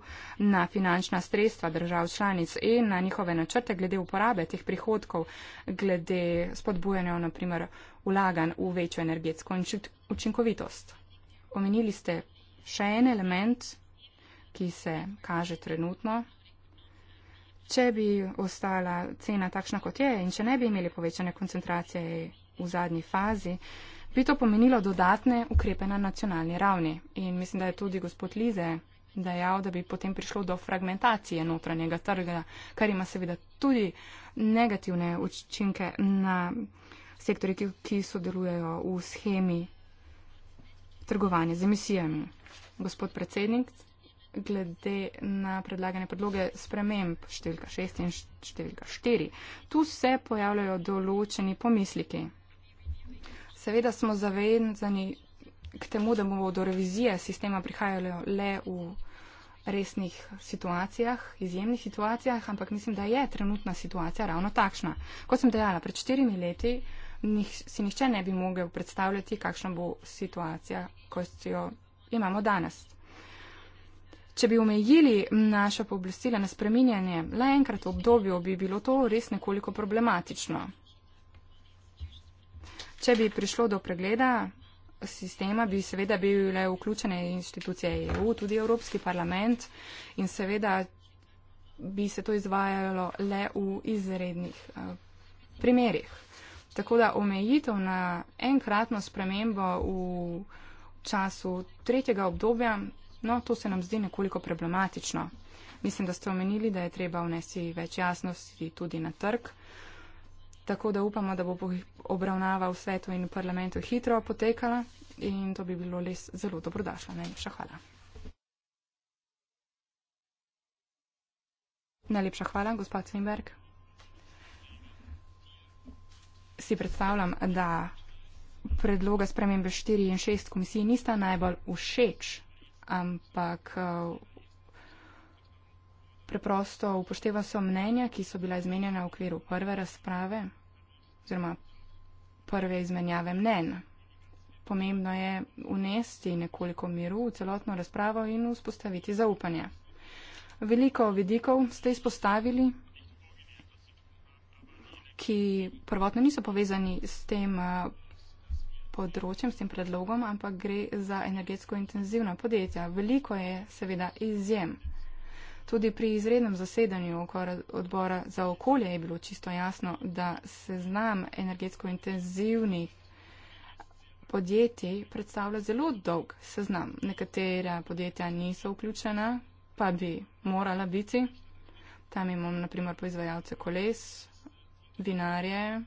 na finančna sredstva držav članic in na njihove načrte glede uporabe teh prihodkov, glede spodbujanja, naprimer, ulagan v večjo energetsko učinkovitost omenili ste še en element, ki se kaže trenutno. Če bi ostala cena takšna, kot je, in če ne bi imeli povečane koncentracije v zadnji fazi, bi to pomenilo dodatne ukrepe na nacionalni ravni. In mislim, da je tudi gospod Lize dejal, da bi potem prišlo do fragmentacije notranjega trga, kar ima seveda tudi negativne učinke na sektori, ki, ki sodelujejo v schemi trgovanje z emisijami. Gospod predsednik, glede na predlagane predloge sprememb številka 6 in številka 4, tu se pojavljajo določeni pomisliki. Seveda smo zavedeni k temu, da bomo do revizije sistema prihajali le v resnih situacijah, izjemnih situacijah, ampak mislim, da je trenutna situacija ravno takšna. Kot sem dejala, pred štirimi leti nih, si nihče ne bi mogel predstavljati, kakšna bo situacija, kot jo imamo danes. Če bi omejili naša pooblastila na spreminjanje le enkrat v obdobju, bi bilo to res nekoliko problematično. Če bi prišlo do pregleda sistema, bi seveda bile vključene inštitucije EU, tudi Evropski parlament in seveda bi se to izvajalo le v izrednih eh, primerih. Tako da omejitev na enkratno spremembo v času tretjega obdobja, no, to se nam zdi nekoliko problematično. Mislim, da ste omenili, da je treba vnesti več jasnosti tudi na trg. Tako da upamo, da bo obravnava v svetu in v parlamentu hitro potekala in to bi bilo res zelo dobrodošlo. Najlepša hvala. Najlepša hvala, gospod Svinberg si predstavljam, da predloga spremembe 4 in 6 komisiji nista najbolj všeč, ampak eh, preprosto upošteva so mnenja, ki so bila izmenjena v okviru prve razprave oziroma prve izmenjave mnen. Pomembno je unesti nekoliko miru v celotno razpravo in vzpostaviti zaupanje. Veliko vidikov ste izpostavili, ki prvotno niso povezani s tem eh, področjem, s tem predlogom, ampak gre za energetsko intenzivna podjetja. Veliko je seveda izjem. Tudi pri izrednem zasedanju odbora za okolje je bilo čisto jasno, da se znam energetsko intenzivnih podjetij predstavlja zelo dolg seznam. Nekatera podjetja niso vključena, pa bi morala biti. Tam imamo naprimer proizvajalce koles, vinarje,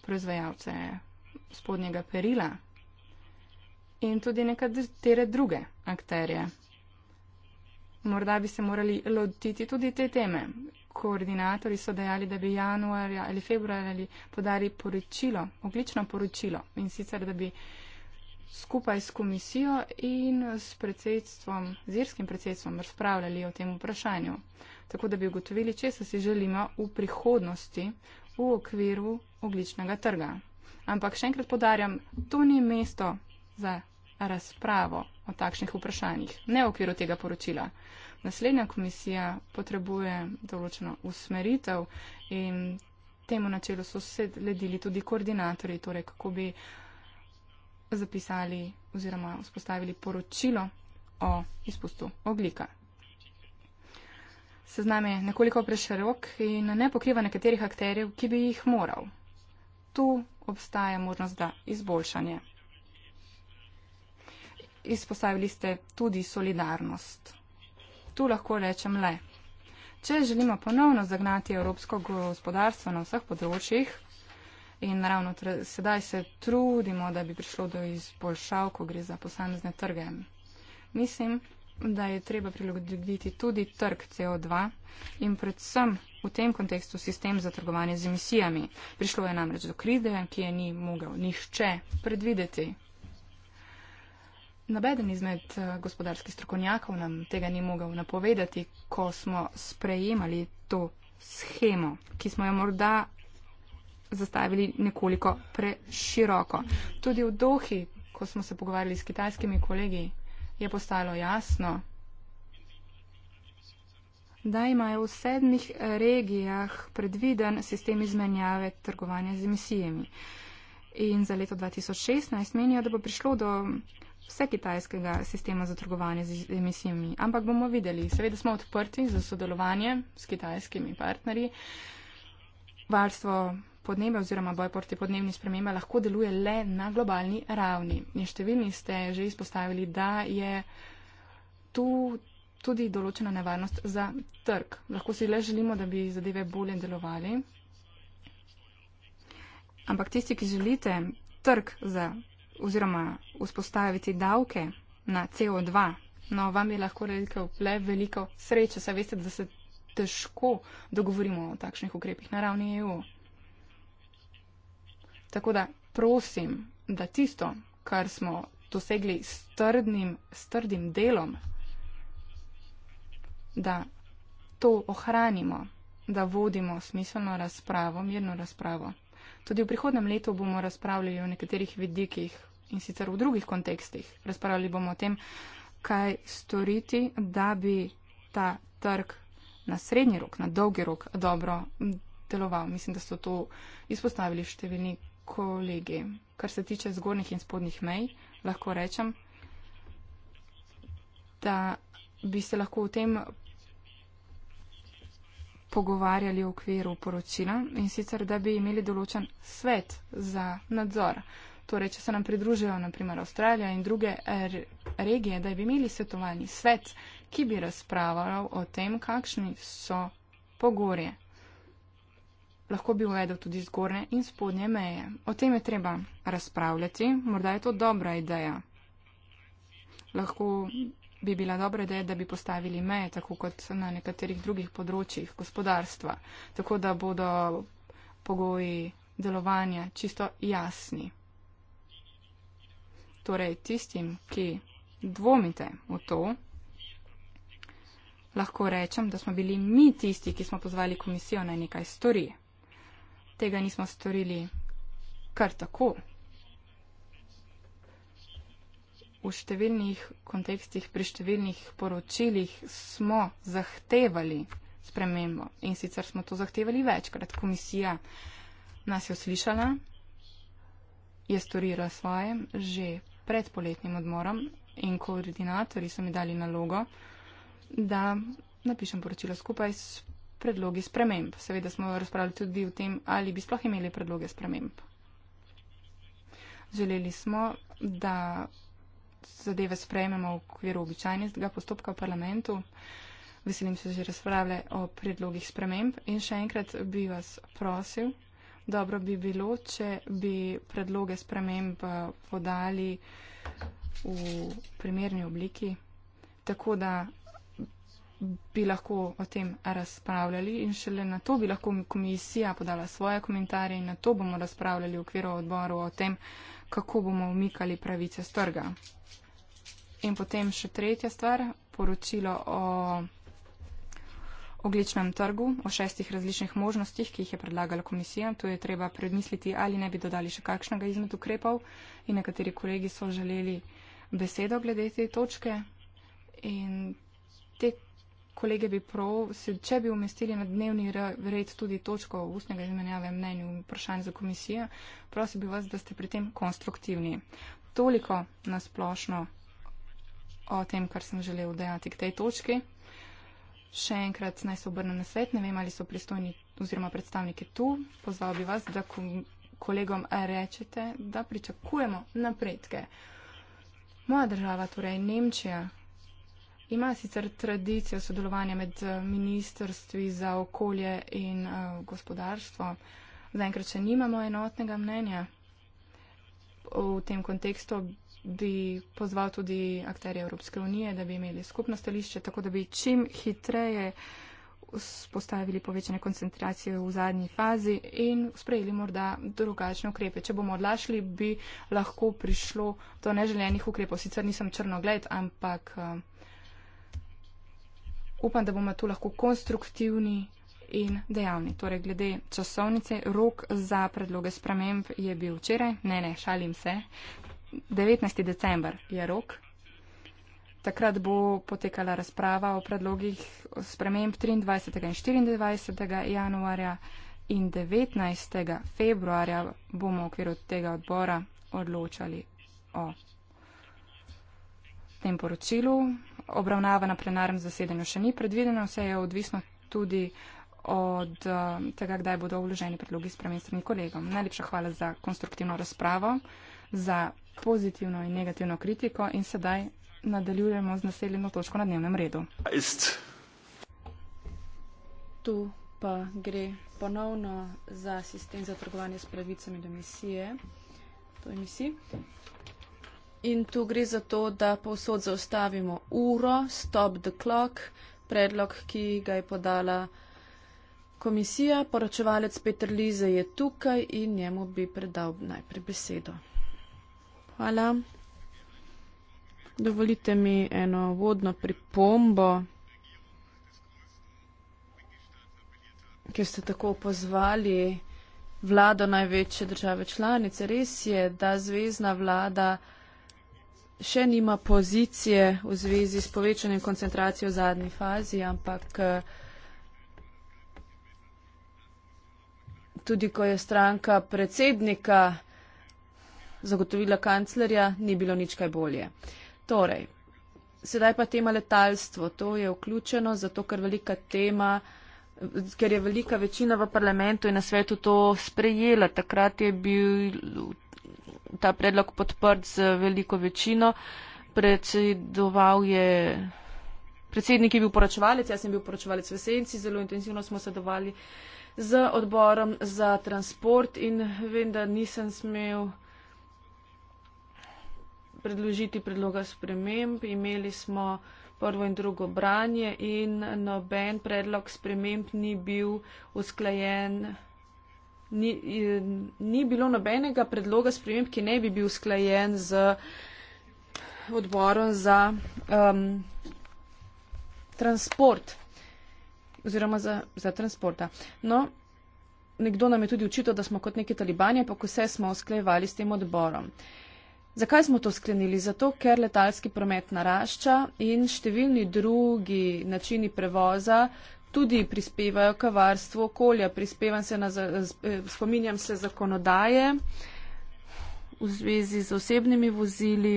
proizvajalce spodnjega perila in tudi nekatere druge akterje. Morda bi se morali lotiti tudi te teme. Koordinatori so dejali, da bi januarja ali februarja ali podali poročilo, oglično poročilo in sicer, da bi skupaj s komisijo in s predsedstvom, z irskim predsedstvom, razpravljali o tem vprašanju tako da bi ugotovili, če se si želimo v prihodnosti v okviru ogličnega trga. Ampak še enkrat podarjam, to ni mesto za razpravo o takšnih vprašanjih, ne v okviru tega poročila. Naslednja komisija potrebuje določeno usmeritev in temu načelu so se ledili tudi koordinatori, torej kako bi zapisali oziroma vzpostavili poročilo o izpustu oglika. Seznam je nekoliko preširok in ne pokriva nekaterih akterjev, ki bi jih moral. Tu obstaja možnost za izboljšanje. Izpostavili ste tudi solidarnost. Tu lahko rečem le, če želimo ponovno zagnati evropsko gospodarstvo na vseh področjih in ravno sedaj se trudimo, da bi prišlo do izboljšav, ko gre za posamezne trge. Mislim, da je treba prilagoditi tudi trg CO2 in predvsem v tem kontekstu sistem za trgovanje z emisijami. Prišlo je namreč do krize, ki je ni mogel nihče predvideti. Nabeden izmed eh, gospodarskih strokovnjakov nam tega ni mogel napovedati, ko smo sprejemali to schemo, ki smo jo morda zastavili nekoliko preširoko. Tudi v dohi, ko smo se pogovarjali s kitajskimi kolegi, je postalo jasno, da imajo v sedmih regijah predviden sistem izmenjave trgovanja z emisijami. In za leto 2016 menijo, da bo prišlo do vse kitajskega sistema za trgovanje z emisijami. Ampak bomo videli, seveda smo odprti za sodelovanje s kitajskimi partnerji. Varstvo podnebje oziroma boj proti podnebni spremembe lahko deluje le na globalni ravni. In številni ste že izpostavili, da je tu tudi določena nevarnost za trg. Lahko si le želimo, da bi zadeve bolje delovali. Ampak tisti, ki želite trg za oziroma vzpostaviti davke na CO2, no, vam je lahko rekel le veliko sreče. Saj veste, da se težko dogovorimo o takšnih ukrepih na ravni EU. Tako da prosim, da tisto, kar smo dosegli s trdnim, s trdim delom, da to ohranimo, da vodimo smiselno razpravo, mirno razpravo. Tudi v prihodnem letu bomo razpravljali o nekaterih vidikih in sicer v drugih kontekstih. Razpravljali bomo o tem, kaj storiti, da bi ta trg na srednji rok, na dolgi rok dobro deloval. Mislim, da so to izpostavili številni kolegi. Kar se tiče zgornjih in spodnjih mej, lahko rečem, da bi se lahko o tem pogovarjali v okviru poročila in sicer, da bi imeli določen svet za nadzor. Torej, če se nam pridružijo naprimer Avstralija in druge er, regije, da bi imeli svetovalni svet, ki bi razpravljal o tem, kakšni so pogorje lahko bi uvedel tudi zgornje in spodnje meje. O tem je treba razpravljati, morda je to dobra ideja. Lahko bi bila dobra ideja, da bi postavili meje, tako kot na nekaterih drugih področjih gospodarstva, tako da bodo pogoji delovanja čisto jasni. Torej, tistim, ki dvomite v to, lahko rečem, da smo bili mi tisti, ki smo pozvali komisijo naj nekaj stori tega nismo storili kar tako. V številnih kontekstih, pri številnih poročilih smo zahtevali spremembo in sicer smo to zahtevali večkrat. Komisija nas je oslišala, je storila svoje že pred poletnim odmorom in koordinatorji so mi dali nalogo, da napišem poročilo skupaj s predlogi sprememb. Seveda smo razpravljali tudi o tem, ali bi sploh imeli predloge sprememb. Želeli smo, da zadeve sprejmemo v okviru običajnega postopka v parlamentu. Veselim se že razprave o predlogih sprememb in še enkrat bi vas prosil, dobro bi bilo, če bi predloge sprememb eh, podali v primerni obliki, tako da bi lahko o tem razpravljali in šele na to bi lahko komisija podala svoje komentarje in na to bomo razpravljali v okviru odboru o tem, kako bomo umikali pravice z trga. In potem še tretja stvar, poročilo o ogličnem trgu, o šestih različnih možnostih, ki jih je predlagala komisija. Tu je treba predmisliti, ali ne bi dodali še kakšnega izmed ukrepov in nekateri kolegi so želeli besedo glede te točke. In te kolege bi prav, če bi umestili na dnevni red tudi točko ustnega izmenjave mnenju in vprašanj za komisijo, prosil bi vas, da ste pri tem konstruktivni. Toliko nasplošno o tem, kar sem želel dejati k tej točki. Še enkrat naj se obrne na svet, ne vem, ali so pristojni oziroma predstavniki tu. Pozval bi vas, da kolegom rečete, da pričakujemo napredke. Moja država, torej Nemčija, ima sicer tradicijo sodelovanja med eh, ministrstvi za okolje in uh, gospodarstvo. Zaenkrat, če nimamo enotnega mnenja, v tem kontekstu bi pozval tudi akterje Evropske unije, da bi imeli skupno stališče, tako da bi čim hitreje spostavili povečanje koncentracije v zadnji fazi in sprejeli morda drugačne ukrepe. Če bomo odlašli, bi lahko prišlo do neželenih ukrepov. Sicer nisem črnogled, ampak. Uh, upam, da bomo tu lahko konstruktivni in dejavni. Torej, glede časovnice, rok za predloge sprememb je bil včeraj, ne, ne, šalim se, 19. decembar je rok. Takrat bo potekala razprava o predlogih sprememb 23. in 24. januarja in 19. februarja bomo v okviru tega odbora odločali o tem poročilu. Obravnava na plenarnem zasedanju še ni predvidena, vse je odvisno tudi od eh, tega, kdaj bodo vloženi predlogi s premestrnim kolegom. Najlepša hvala za konstruktivno razpravo, za pozitivno in negativno kritiko in sedaj nadaljujemo z naseljeno točko na dnevnem redu. Tu pa gre ponovno za sistem za trgovanje s pravicami do misije. To je misija in tu gre za to, da povsod zaustavimo uro, stop the clock, predlog, ki ga je podala komisija. Poročevalec Petr Lize je tukaj in njemu bi predal najprej besedo. Hvala. Dovolite mi eno vodno pripombo, ker ste tako pozvali vlado največje države članice. Res je, da zvezdna vlada še nima pozicije v zvezi s povečanjem koncentracije v zadnji fazi, ampak eh, tudi ko je stranka predsednika zagotovila kanclerja, ni bilo nič kaj bolje. Torej, sedaj pa tema letalstvo. To je vključeno, zato ker velika tema. Ker je velika večina v parlamentu in na svetu to sprejela, takrat je bil ta predlog podprt z veliko večino. Predsedoval je, predsednik je bil poročevalec, jaz sem bil poročevalec v Senci, zelo intenzivno smo sedovali z odborom za transport in vem, da nisem smel predložiti predloga sprememb. Imeli smo prvo in drugo branje in noben predlog sprememb ni bil usklajen ni, ni bilo nobenega predloga sprememb, ki ne bi bil sklajen z odborom za um, transport oziroma za, za transporta. No, nekdo nam je tudi učito, da smo kot neki talibani, ampak vse smo usklajevali s tem odborom. Zakaj smo to sklenili? Zato, ker letalski promet narašča in številni drugi načini prevoza, tudi prispevajo k varstvu okolja. Prispevam se na, eh, spominjam se zakonodaje v zvezi z osebnimi vozili.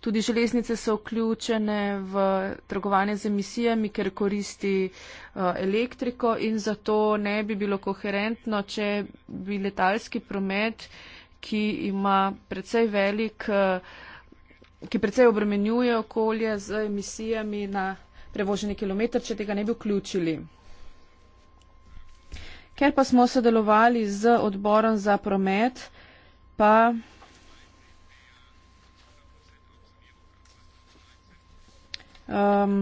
Tudi železnice so vključene v trgovanje z emisijami, ker koristi eh, elektriko in zato ne bi bilo koherentno, če bi letalski promet, ki ima precej velik, eh, ki precej obremenjuje okolje z emisijami na prevoženi kilometr, če tega ne bi vključili. Ker pa smo sodelovali z odborom za promet, pa. Um,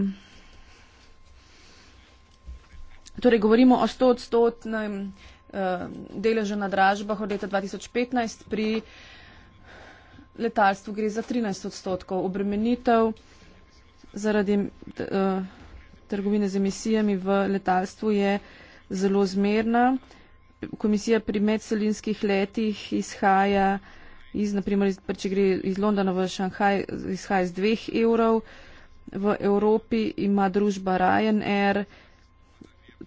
torej, govorimo o 100 odstotnem uh, um, deležu na dražbah od leta 2015, pri letalstvu gre za 13 odstotkov obremenitev zaradi eh, trgovine z emisijami v letalstvu je zelo zmerna. Komisija pri medcelinskih letih izhaja iz, naprimer, če gre iz Londona v Šanghaj, izhaja iz dveh evrov. V Evropi ima družba Ryanair,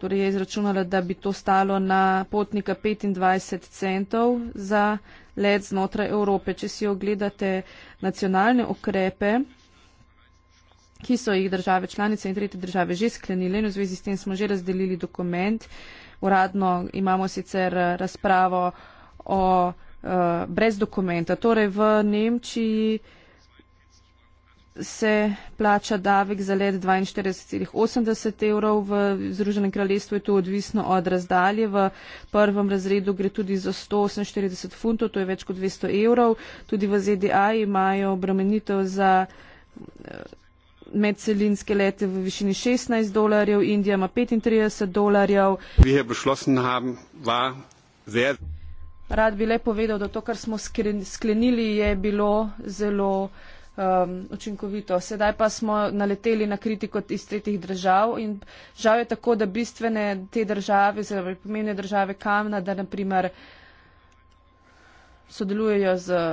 torej je izračunala, da bi to stalo na potnika 25 centov za let znotraj Evrope. Če si ogledate nacionalne okrepe, ki so jih države članice in tretje države že sklenile in v zvezi s tem smo že razdelili dokument. Uradno imamo sicer eh, razpravo o uh, brez dokumenta. Torej v Nemčiji se plača davek za let 42,80 evrov, v Združenem kraljestvu je to odvisno od razdalje, v prvem razredu gre tudi za 148 funtov, to je več kot 200 evrov, tudi v ZDA imajo obremenitev za. Uh, medcelinske lete v višini 16 dolarjev, Indija ima 35 dolarjev. Wir hier beschlossen haben, war sehr... Rad bi le povedal, da to, kar smo sklenili, je bilo zelo um, učinkovito. Sedaj pa smo naleteli na kritiko iz tretjih držav in žal je tako, da bistvene te države, zelo pomembne države Kamna, da naprimer sodelujejo z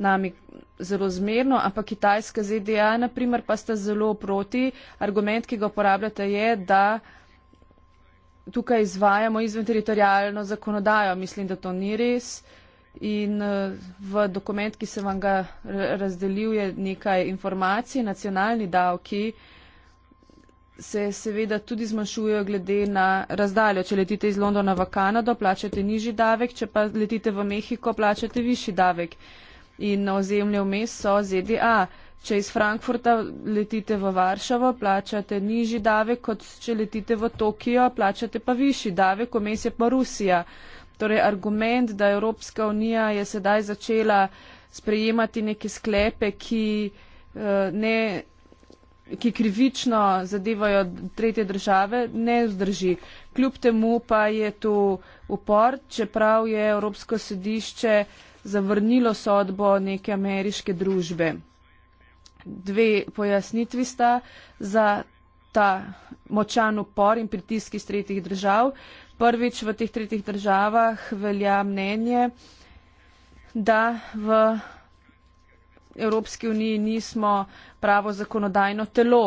nami zelo zmerno, ampak Kitajska ZDA, naprimer, pa sta zelo proti. Argument, ki ga uporabljate, je, da tukaj izvajamo izven teritorijalno zakonodajo. Mislim, da to ni res. In eh, v dokument, ki se vam ga razdelil, je nekaj informacij. Nacionalni davki se seveda tudi zmanjšujejo glede na razdaljo. Če letite iz Londona v Kanado, plačate nižji davek, če pa letite v Mehiko, plačate višji davek in na ozemlju mest so ZDA. Če iz Frankfurta letite v Varšavo, plačate nižji davek, kot če letite v Tokijo, plačate pa višji davek, vmes je pa Rusija. Torej argument, da Evropska unija je sedaj začela sprejemati neke sklepe, ki, eh, ne, ki krivično zadevajo tretje države, ne vzdrži. Kljub temu pa je tu upor, čeprav je Evropsko sodišče zavrnilo sodbo neke ameriške družbe. Dve pojasnitvi sta za ta močan upor in pritiski iz tretjih držav. Prvič v teh tretjih državah velja mnenje, da v Evropski uniji nismo pravo zakonodajno telo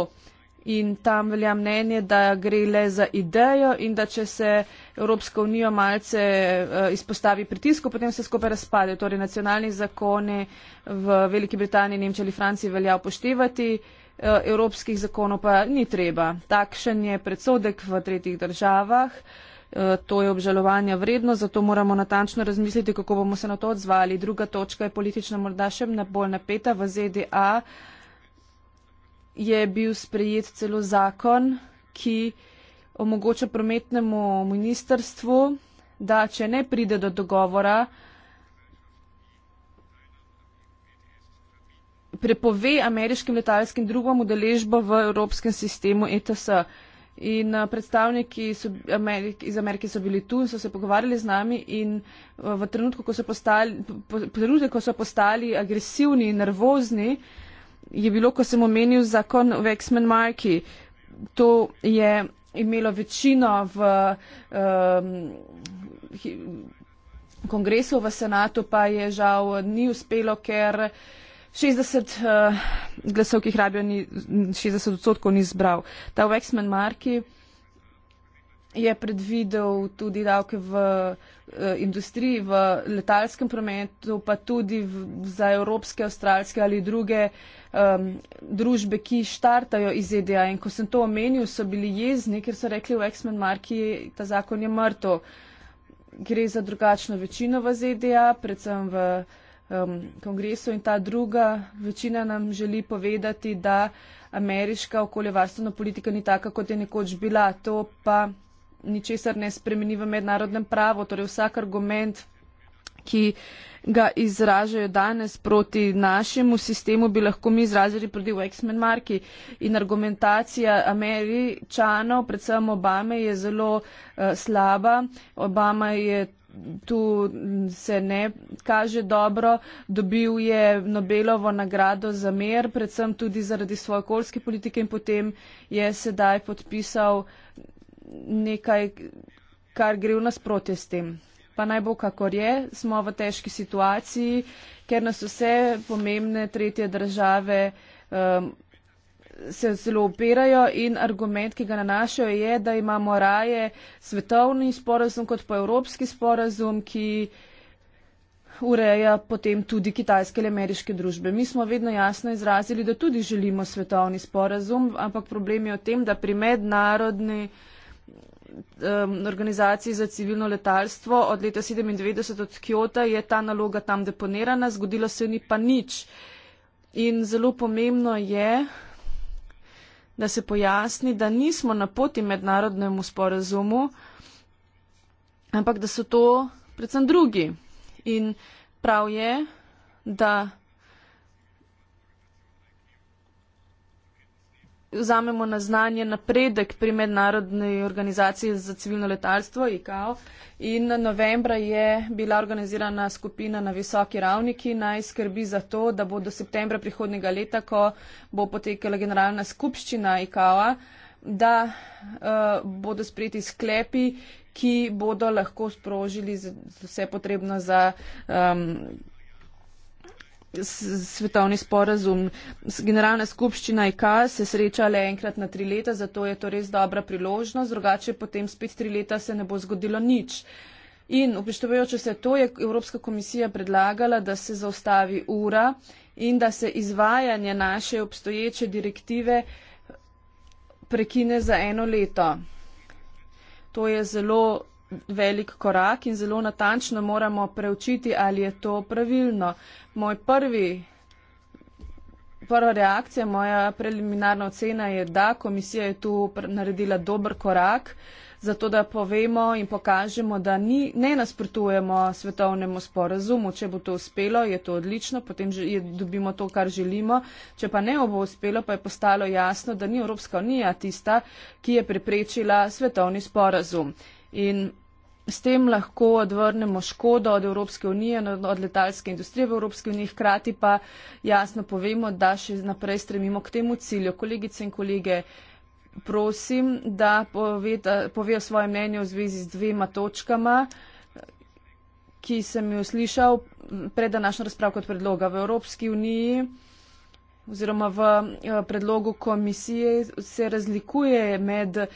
in tam velja mnenje, da gre le za idejo in da če se Evropska unija malce eh, izpostavi pritisku, potem se skupaj razpade. Torej, nacionalni zakone v Veliki Britaniji, Nemčiji ali Franciji velja upoštevati, eh, evropskih zakonov pa ni treba. Takšen je predsodek v tretjih državah. Eh, to je obžalovanja vredno, zato moramo natančno razmisliti, kako bomo se na to odzvali. Druga točka je politična morda še bolj napeta v ZDA je bil sprejet celo zakon, ki omogoča prometnemu ministrstvu, da če ne pride do dogovora, prepove ameriškim letalskim drugom udeležbo v evropskem sistemu ETS. In eh, predstavniki so, Amerike, iz Amerike so bili tu in so se pogovarjali z nami in eh, v trenutku, ko so postali, po, po, trenutku, ko so postali agresivni in nervozni, uh, je bilo, ko sem omenil zakon v X-Men Marki. To je imelo večino v um, kongresu, v senatu pa je žal ni uspelo, ker 60 uh, glasov, ki jih rabijo, ni, 60 odstotkov ni zbral. Ta v X-Men Marki je predvidel tudi davke v eh, industriji, v letalskem prometu, pa tudi v, za evropske, avstralske ali druge um, družbe, ki štartajo iz EDA. In ko sem to omenil, so bili jezni, ker so rekli v X-Men Marki, ta zakon je mrtev. Gre za drugačno večino v ZDA, predvsem v um, kongresu in ta druga večina nam želi povedati, da ameriška okoljevarstvena politika ni taka, kot je nekoč bila. To pa ničesar ne spremeni v mednarodnem pravu. Torej vsak argument, ki ga izražajo danes proti našemu sistemu, bi lahko mi izrazili proti Wexman Marki. In argumentacija Američanov, predvsem Obame, je zelo uh, slaba. Obama je. Tu mm, se ne kaže dobro. Dobil je Nobelovo nagrado za mer, predvsem tudi zaradi svoje okoljske politike in potem je sedaj podpisal nekaj, kar gre v nasprotje s tem. Pa naj bo kakor je, smo v težki situaciji, ker nas vse pomembne tretje države um, se zelo opirajo in argument, ki ga nanašajo, je, da imamo raje svetovni sporazum kot pa evropski sporazum, ki ureja potem tudi kitajske ali ameriške družbe. Mi smo vedno jasno izrazili, da tudi želimo svetovni sporazum, ampak problem je v tem, da pri mednarodni um, organizaciji za civilno letalstvo od leta 1997 od Kjota je ta naloga tam deponirana, zgodilo se ni pa nič. In zelo pomembno je, da se pojasni, da nismo na poti mednarodnemu sporazumu, ampak da so to predvsem drugi. In prav je, da. vzamemo na znanje napredek pri mednarodni organizaciji za civilno letalstvo, IKAO. In novembra je bila organizirana skupina na visoki ravni, ki naj skrbi za to, da bo do septembra prihodnega leta, ko bo potekala generalna skupščina IKAO-a, da uh, bodo sprejeti sklepi, ki bodo lahko sprožili vse potrebno za. Um, svetovni sporazum. Generalna skupščina IKA se sreča le enkrat na tri leta, zato je to res dobra priložnost, drugače potem spet tri leta se ne bo zgodilo nič. In upoštevajoče se to, je Evropska komisija predlagala, da se zaustavi ura in da se izvajanje naše obstoječe direktive prekine za eno leto. To je zelo velik korak in zelo natančno moramo preučiti, ali je to pravilno. Moj prvi, prva reakcija, moja preliminarna ocena je, da komisija je tu naredila dober korak, zato da povemo in pokažemo, da ni, ne nasprotujemo svetovnemu sporazumu. Če bo to uspelo, je to odlično, potem je, dobimo to, kar želimo. Če pa ne bo uspelo, pa je postalo jasno, da ni Evropska unija tista, ki je preprečila svetovni sporazum. In s tem lahko odvrnemo škodo od Evropske unije, no, od letalske industrije v Evropski uniji, hkrati pa jasno povemo, da še naprej stremimo k temu cilju. Kolegice in kolege, prosim, da povejo svoje mnenje v zvezi z dvema točkama, ki sem jo slišal pred današnjo razpravo kot predloga. V Evropski uniji oziroma v eh, predlogu komisije se razlikuje med eh,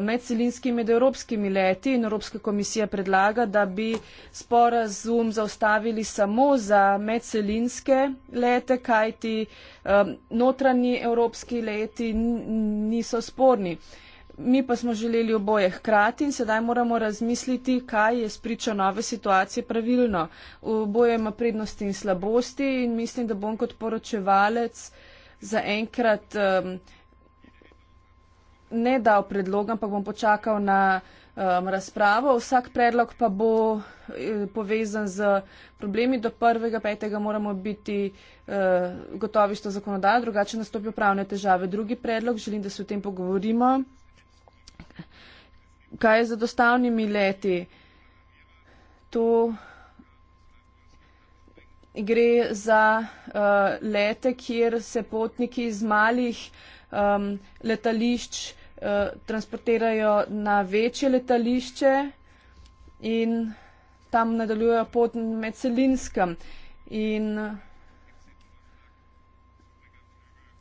medcelinskimi in evropskimi leti in Evropska komisija predlaga, da bi sporazum zaustavili samo za medcelinske lete, kajti eh, notranji evropski leti niso sporni mi pa smo želeli oboje hkrati in sedaj moramo razmisliti, kaj je spričo nove situacije pravilno. Oboje ima prednosti in slabosti in mislim, da bom kot poročevalec zaenkrat um, ne dal predlog, ampak bom počakal na um, razpravo. Vsak predlog pa bo uh, povezan z problemi. Do prvega petega moramo biti uh, gotovi, što zakonodaja, drugače nastopijo pravne težave. Drugi predlog, želim, da se o tem pogovorimo kaj je z dostavnimi leti. To gre za uh, lete, kjer se potniki iz malih um, letališč uh, transportirajo na večje letališče in tam nadaljujejo pot med celinskem. In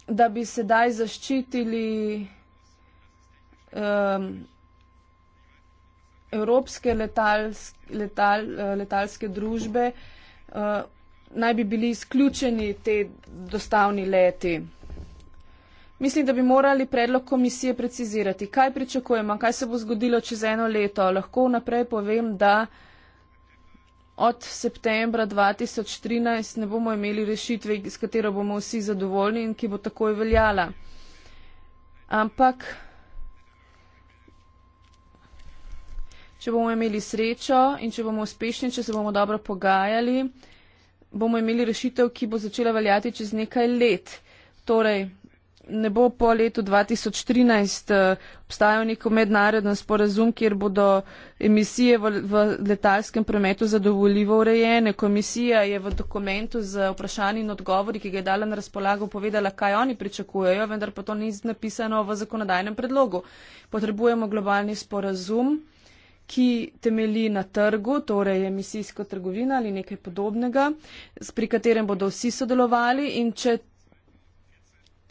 da bi sedaj zaščitili um, evropske letals, letal, eh, letalske družbe eh, naj bi bili izključeni te dostavni leti. Mislim, da bi morali predlog komisije precizirati, kaj pričakujemo, kaj se bo zgodilo čez eno leto. Lahko naprej povem, da od septembra 2013 ne bomo imeli rešitve, s katero bomo vsi zadovoljni in ki bo takoj veljala. Ampak če bomo imeli srečo in če bomo uspešni, če se bomo dobro pogajali, bomo imeli rešitev, ki bo začela veljati čez nekaj let. Torej, ne bo po letu 2013 eh, obstajal nek mednareden sporazum, kjer bodo emisije v, v letalskem prometu zadovoljivo urejene. Komisija je v dokumentu z vprašanji in odgovori, ki ga je dala na razpolago, povedala, kaj oni pričakujejo, vendar pa to ni napisano v zakonodajnem predlogu. Potrebujemo globalni sporazum ki temeli na trgu, torej je misijsko trgovina ali nekaj podobnega, pri katerem bodo vsi sodelovali in če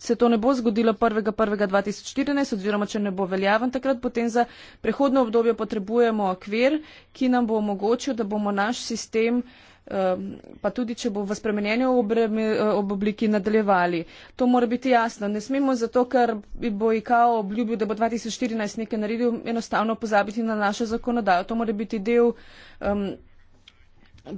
se to ne bo zgodilo 1.1.2014 oziroma če ne bo veljaven takrat, potem za prehodno obdobje potrebujemo okvir, ki nam bo omogočil, da bomo naš sistem uh, pa tudi, če bo v spremenjenju eh, ob obliki nadaljevali. To mora biti jasno. Ne smemo zato, ker bi bo IKO obljubil, da bo 2014 nekaj naredil, enostavno pozabiti na našo zakonodajo. To mora biti del. Um,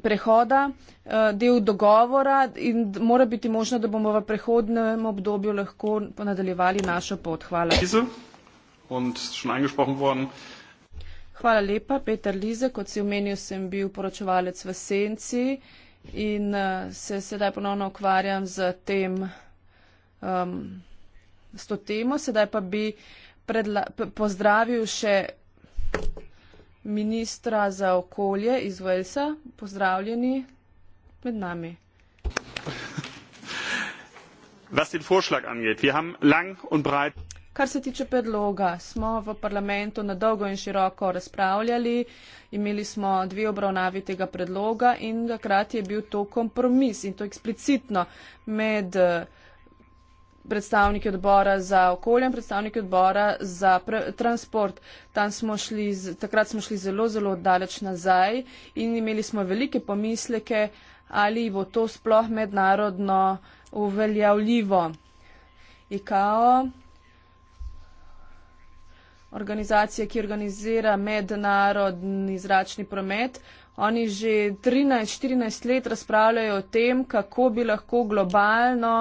prehoda, eh, del dogovora in mora biti možno, da bomo v prehodnem obdobju lahko nadaljevali našo pot. Hvala. Krize, Hvala lepa, Peter Lize. Kot si omenil, sem bil poročevalec v Senci in eh, se sedaj ponovno ukvarjam z tem, um, s to temo. Sedaj pa bi predla, pozdravil še ministra za okolje iz Walesa. Pozdravljeni med nami. Was den Vorschlag angeht, wir haben lang und breit. Kar se tiče predloga, smo v parlamentu na dolgo in široko razpravljali, imeli smo dve obravnavi tega predloga in takrat je bil to kompromis in to eksplicitno med eh, predstavniki odbora za okolje in predstavniki odbora za pre, transport. Smo šli, takrat smo šli zelo, zelo daleč nazaj in imeli smo velike pomisleke, ali bo to sploh mednarodno uveljavljivo. IKAO organizacije, ki organizira mednarodni zračni promet. Oni že 13-14 let razpravljajo o tem, kako bi lahko globalno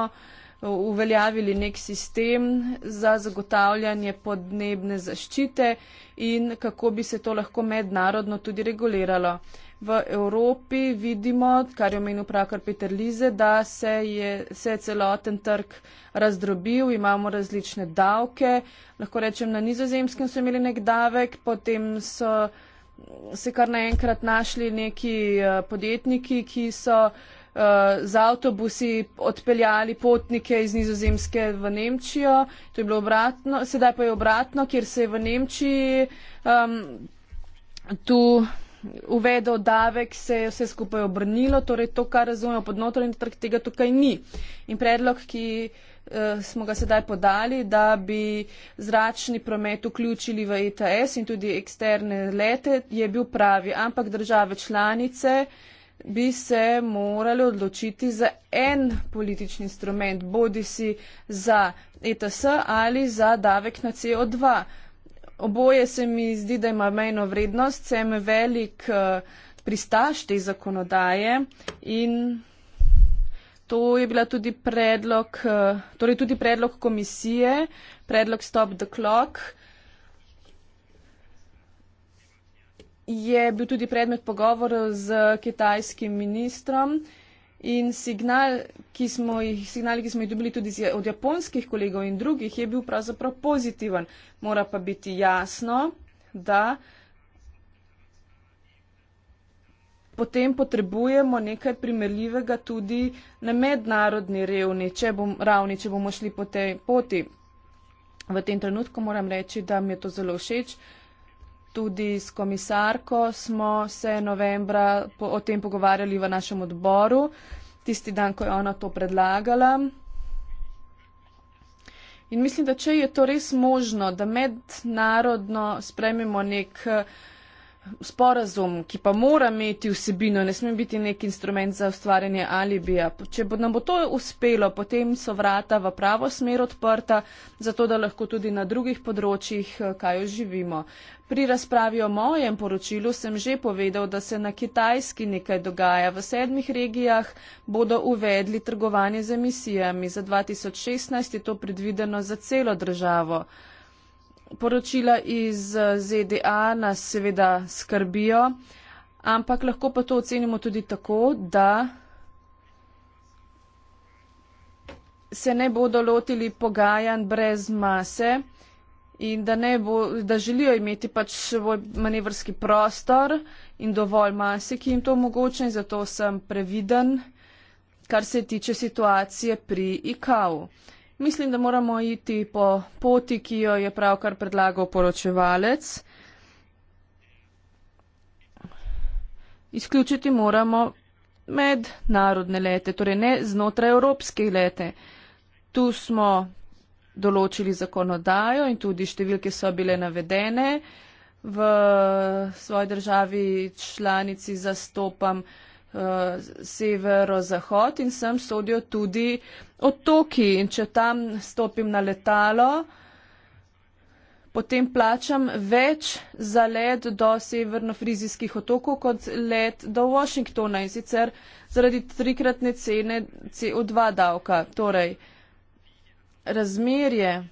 uveljavili nek sistem za zagotavljanje podnebne zaščite in kako bi se to lahko mednarodno tudi reguliralo v Evropi vidimo, kar je omenil pravkar Peter Lize, da se je, se je celoten trg razdrobil, imamo različne davke. Lahko rečem, na nizozemskem so imeli nek davek, potem so se kar naenkrat našli neki eh, podjetniki, ki so eh, z avtobusi odpeljali potnike iz nizozemske v Nemčijo. To je bilo obratno, sedaj pa je obratno, kjer se je v Nemčiji um, tu uvedel davek, se je vse skupaj obrnilo, torej to, kar razumemo pod notranji trg, tega tukaj ni. In predlog, ki uh, smo ga sedaj podali, da bi zračni promet vključili v ETS in tudi eksterne lete, je bil pravi. Ampak države članice bi se morali odločiti za en politični instrument, bodi si za ETS ali za davek na CO2 oboje se mi zdi, da ima mejno vrednost, sem velik uh, pristaš te zakonodaje in to je bila tudi predlog, uh, torej tudi predlog komisije, predlog Stop the Clock. Je bil tudi predmet pogovorov z kitajskim ministrom. Uh, In signal, ki smo jih, signali, ki smo jih dobili tudi ja, od japonskih kolegov in drugih, je bil pravzaprav pozitiven. Mora pa biti jasno, da potem potrebujemo nekaj primerljivega tudi na mednarodni revni, če bom, ravni, če bomo šli po tej poti. V tem trenutku moram reči, da mi je to zelo všeč. Uh, tudi s komisarko smo se novembra po, o tem pogovarjali v našem odboru, tisti dan, ko je ona to predlagala. In mislim, da če je to res možno, da mednarodno sprememo nek eh, sporazum, ki pa mora imeti vsebino, ne sme biti nek instrument za ustvarjanje alibija. Če bo, nam bo to uspelo, potem so vrata v pravo smer odprta, zato da lahko tudi na drugih področjih eh, kaj oživimo. Pri razpravi o mojem poročilu sem že povedal, da se na Kitajski nekaj dogaja. V sedmih regijah bodo uvedli trgovanje z emisijami. Za 2016 je to predvideno za celo državo. Poročila iz ZDA nas seveda skrbijo, ampak lahko pa to ocenimo tudi tako, da se ne bodo lotili pogajanj brez mase in da, bo, da želijo imeti pač svoj manevrski prostor in dovolj mase, ki jim to omogoča in zato sem previden, kar se tiče situacije pri IKAV. Mislim, da moramo iti po poti, ki jo je pravkar predlagal poročevalec. Izključiti moramo mednarodne lete, torej ne znotraj evropske lete. Tu smo določili zakonodajo in tudi številke so bile navedene. V svoji državi članici zastopam uh, severo-zahod in sem sodijo tudi otoki. In če tam stopim na letalo, potem plačam več za let do severno-frizijskih otokov kot let do Washingtona in sicer zaradi trikratne cene CO2 davka. Torej, uh, razmerje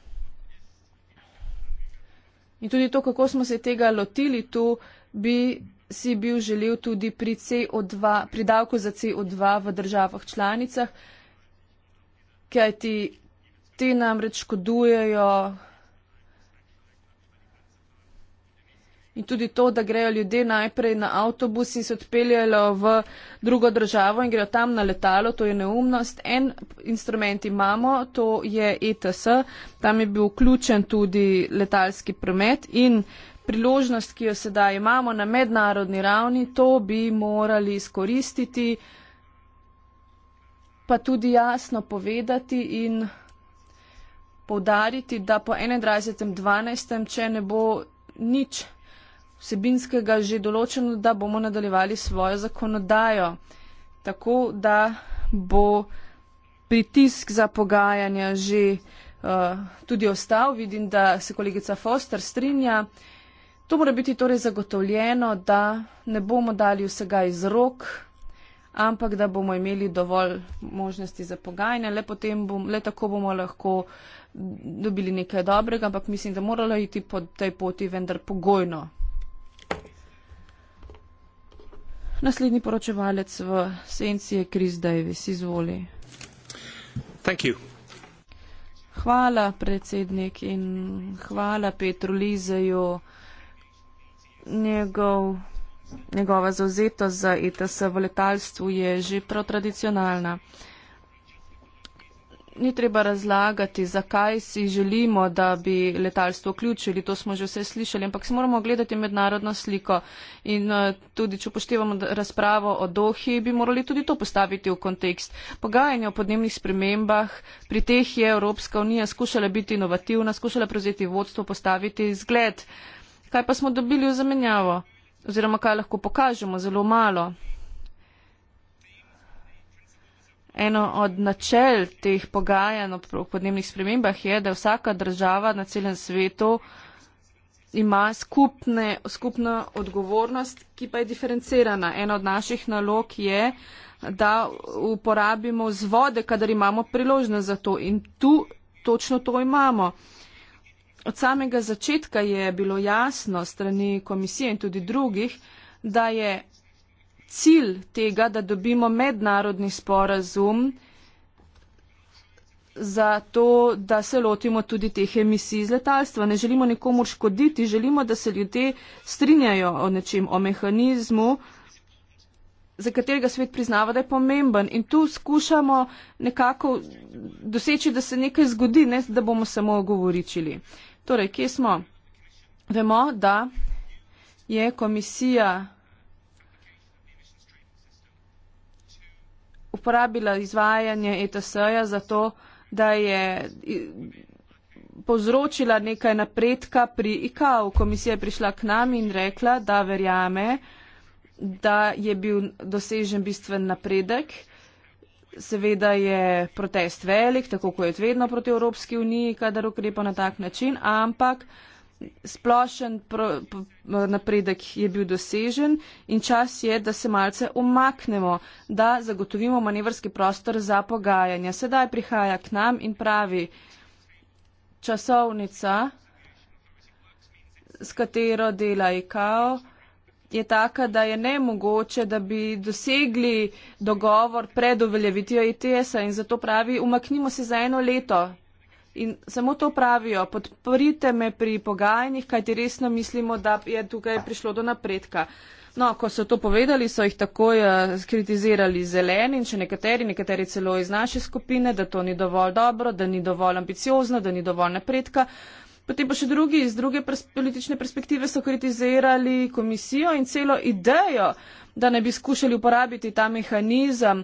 in tudi to, kako smo se tega lotili tu, bi si bil želel tudi pri, CO2, pri davku za CO2 v državah članicah, kaj ti, ti namreč škodujejo In tudi to, da grejo ljudje najprej na avtobus in se odpeljajo v drugo državo in grejo tam na letalo, to je neumnost. En instrument imamo, to je ETS, tam je bil vključen tudi letalski promet in priložnost, ki jo sedaj imamo na mednarodni ravni, to bi morali izkoristiti, pa tudi jasno povedati in povdariti, da po 21.12., če ne bo nič, vsebinskega že določeno, da bomo nadaljevali svojo zakonodajo, tako da bo pritisk za pogajanja že uh, tudi ostal. Vidim, da se kolegica Foster strinja. To mora biti torej zagotovljeno, da ne bomo dali vsega iz rok, ampak da bomo imeli dovolj možnosti za pogajanje. Le, bom, le tako bomo lahko dobili nekaj dobrega, ampak mislim, da moralo iti po tej poti vendar pogojno. Naslednji poročevalec v senci je Chris Davis. Izvoli. Thank you. Hvala, predsednik, in hvala Petru Lizeju. Njegov, njegova zauzetost za ETS v letalstvu je že prav tradicionalna ni treba razlagati, zakaj si želimo, da bi letalstvo vključili, to smo že vse slišali, ampak se moramo ogledati mednarodno sliko in eh, tudi, če upoštevamo razpravo o Dohi, bi morali tudi to postaviti v kontekst. Pogajanje o podnebnih spremembah, pri teh je Evropska unija skušala biti inovativna, skušala prevzeti vodstvo, postaviti zgled. Kaj pa smo dobili v zamenjavo? Oziroma, kaj lahko pokažemo? Zelo malo. Eno od načel teh pogajanj o podnebnih spremembah je, da vsaka država na celem svetu ima skupne, skupno odgovornost, ki pa je diferencirana. Ena od naših nalog je, da uporabimo vzvode, kadar imamo priložnost za to. In tu točno to imamo. Od samega začetka je bilo jasno strani komisije in tudi drugih, da je cilj tega, da dobimo mednarodni sporazum za to, da se lotimo tudi teh emisij iz letalstva. Ne želimo nikomu škoditi, želimo, da se ljudje strinjajo o nečem, o mehanizmu, za katerega svet priznava, da je pomemben. In tu skušamo nekako doseči, da se nekaj zgodi, ne da bomo samo govoričili. Torej, kje smo? Vemo, da je komisija uporabila izvajanje ETS-ja za to, da je povzročila nekaj napredka pri IKAV. Komisija je prišla k nam in rekla, da verjame, da je bil dosežen bistven napredek. Seveda je protest velik, tako kot je vedno proti Evropski uniji, kadar ukrepa na tak način, ampak Splošen napredek je bil dosežen in čas je, da se malce umaknemo, da zagotovimo manevrski prostor za pogajanja. Sedaj prihaja k nam in pravi časovnica, s katero dela IKO, je taka, da je nemogoče, da bi dosegli dogovor pred uveljavitijo ITS-a in zato pravi, umaknimo se za eno leto, In samo to pravijo, podprite me pri pogajanjih, kajti resno mislimo, da je tukaj prišlo do napredka. No, ko so to povedali, so jih takoj skritizirali eh, zeleni in še nekateri, nekateri celo iz naše skupine, da to ni dovolj dobro, da ni dovolj ambiciozno, da ni dovolj napredka. Potem pa še drugi iz druge pers politične perspektive so kritizirali komisijo in celo idejo, da ne bi skušali uporabiti ta mehanizem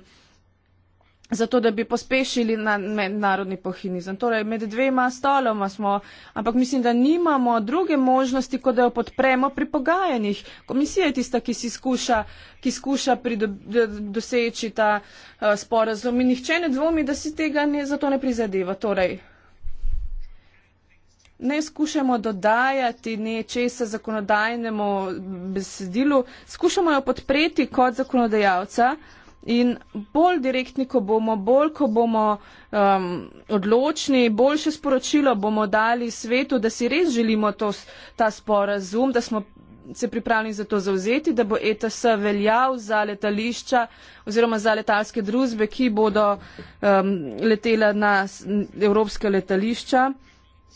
zato, da bi pospešili na mednarodni pohinizem. Torej, med dvema stoloma smo, ampak mislim, da nimamo druge možnosti, kot da jo podpremo pri pogajanjih. Komisija je tista, ki si skuša, ki skuša doseči ta uh, sporazum in nihče ne dvomi, da si tega ne, zato ne prizadeva. Torej, ne skušamo dodajati nečesa zakonodajnemu besedilu, skušamo jo podpreti kot zakonodajalca. Uh, In bolj direktni, ko bomo, bolj, ko bomo um, odločni, boljše sporočilo bomo dali svetu, da si res želimo to, ta sporazum, da smo se pripravljeni za to zauzeti, da bo ETS veljav za letališča oziroma za letalske družbe, ki bodo um, letela na evropske letališča.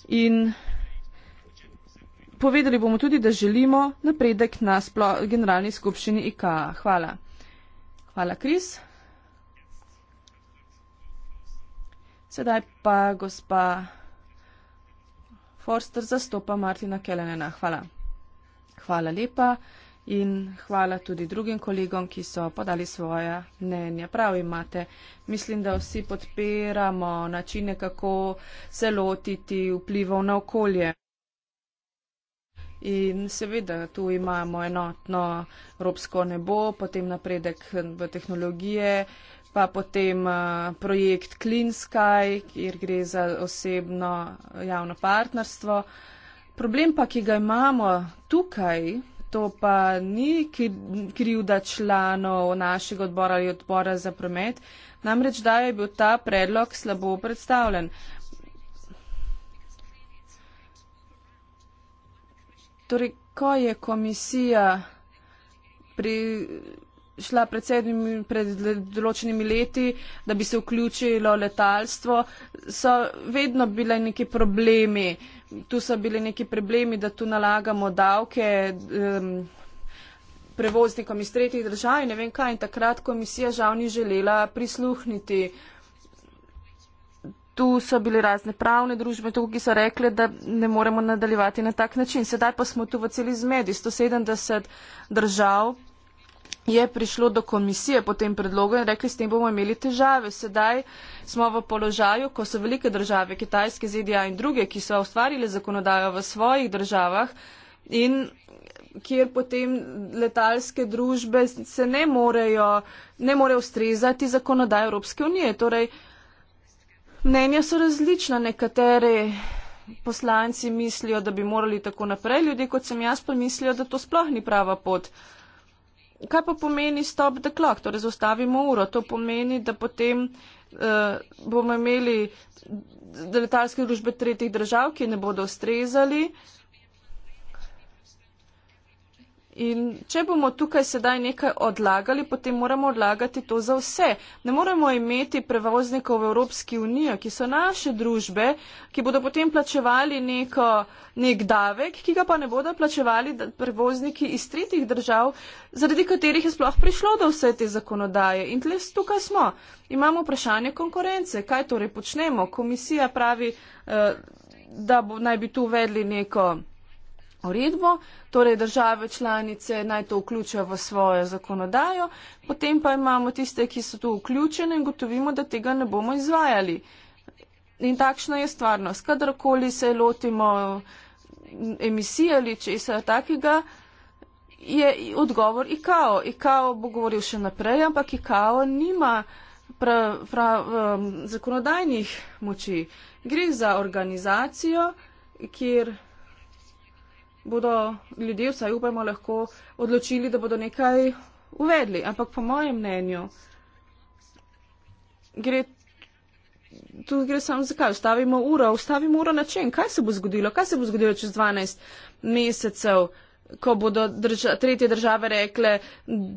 In povedali bomo tudi, da želimo napredek na splo generalni skupščini IKA. Hvala. Hvala, Kris. Sedaj pa gospa Forster zastopa Martina Kelenena. Hvala. Hvala lepa in hvala tudi drugim kolegom, ki so podali svoje mnenje. Prav imate. Mislim, da vsi podpiramo načine, kako se lotiti vplivov na okolje. In seveda tu imamo enotno evropsko nebo, potem napredek v tehnologije, pa potem eh, projekt Clean Sky, kjer gre za osebno javno partnerstvo. Problem pa, ki ga imamo tukaj, to pa ni krivda članov našega odbora ali odbora za promet, namreč da je bil ta predlog slabo predstavljen. Torej, ko je komisija pri, šla pred, sedmimi, pred določenimi leti, da bi se vključilo letalstvo, so vedno bile neki problemi. Tu so bili neki problemi, da tu nalagamo davke. Um, prevoznikom iz tretjih držav in ne vem kaj. In takrat komisija žal ni želela prisluhniti uh, tu so bile razne pravne družbe, tu ki so rekli, da ne moremo nadaljevati na tak način. Sedaj pa smo tu v celi zmedi, 170 držav je prišlo do komisije po tem predlogu in rekli, s tem bomo imeli težave. Sedaj smo v položaju, ko so velike države, Kitajske, ZDA in druge, ki so ustvarile zakonodajo v svojih državah in kjer potem letalske družbe se ne morejo, ne morejo ustrezati zakonodaj Evropske unije. Torej, Mnenja so različna. Nekateri poslanci mislijo, da bi morali tako naprej, ljudje kot sem jaz pa mislijo, da to sploh ni prava pot. Kaj pa pomeni stop the clock, torej zaustavimo uro? To pomeni, da potem uh, bomo imeli letalske družbe tretjih držav, ki ne bodo ustrezali, uh, In če bomo tukaj sedaj nekaj odlagali, potem moramo odlagati to za vse. Ne moremo imeti prevoznikov v Evropski uniji, ki so naše družbe, ki bodo potem plačevali neko, nek davek, ki ga pa ne bodo plačevali prevozniki iz tretjih držav, zaradi katerih je sploh prišlo do vse te zakonodaje. In tles tukaj smo. Imamo vprašanje konkurence. Kaj torej počnemo? Komisija pravi, eh, da bo, naj bi tu uvedli neko uredbo, torej države članice naj to vključijo v svojo zakonodajo, potem pa imamo tiste, ki so tu vključene in gotovimo, da tega ne bomo izvajali. In takšna je stvarnost. Kadarkoli se lotimo emisij ali česa takega, je odgovor IKAO. IKAO bo govoril še naprej, ampak IKAO nima pra, pra, um, zakonodajnih moči. Gre za organizacijo, kjer bodo ljudje, vsaj upajmo, lahko odločili, da bodo nekaj uvedli. Ampak po mojem mnenju gre. Tu gre samo za kaj, ustavimo uro, ustavimo uro na čem, kaj se bo zgodilo, kaj se bo zgodilo čez 12 mesecev, ko bodo drža, tretje države rekle,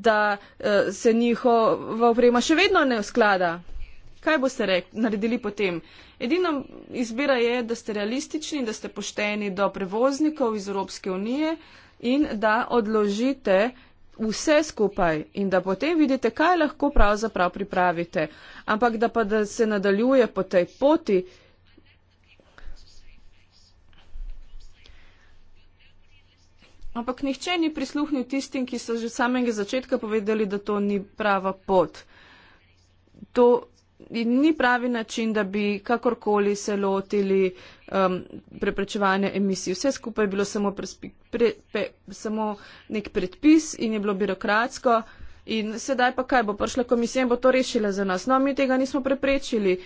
da uh, se njihova oprema še vedno ne usklada kaj boste naredili potem? Edina izbira je, da ste realistični, da ste pošteni do prevoznikov iz Evropske unije in da odložite vse skupaj in da potem vidite, kaj lahko pravzaprav pripravite. Ampak da pa da se nadaljuje po tej poti. Ampak nihče ni prisluhnil tistim, ki so že samega začetka povedali, da to ni prava pot. To In ni pravi način, da bi kakorkoli se lotili um, preprečevanja emisij. Vse skupaj je bilo samo, prespi, pre, pe, samo nek predpis in je bilo birokratsko. In sedaj pa kaj bo prišla komisija in bo to rešila za nas. No, mi tega nismo preprečili.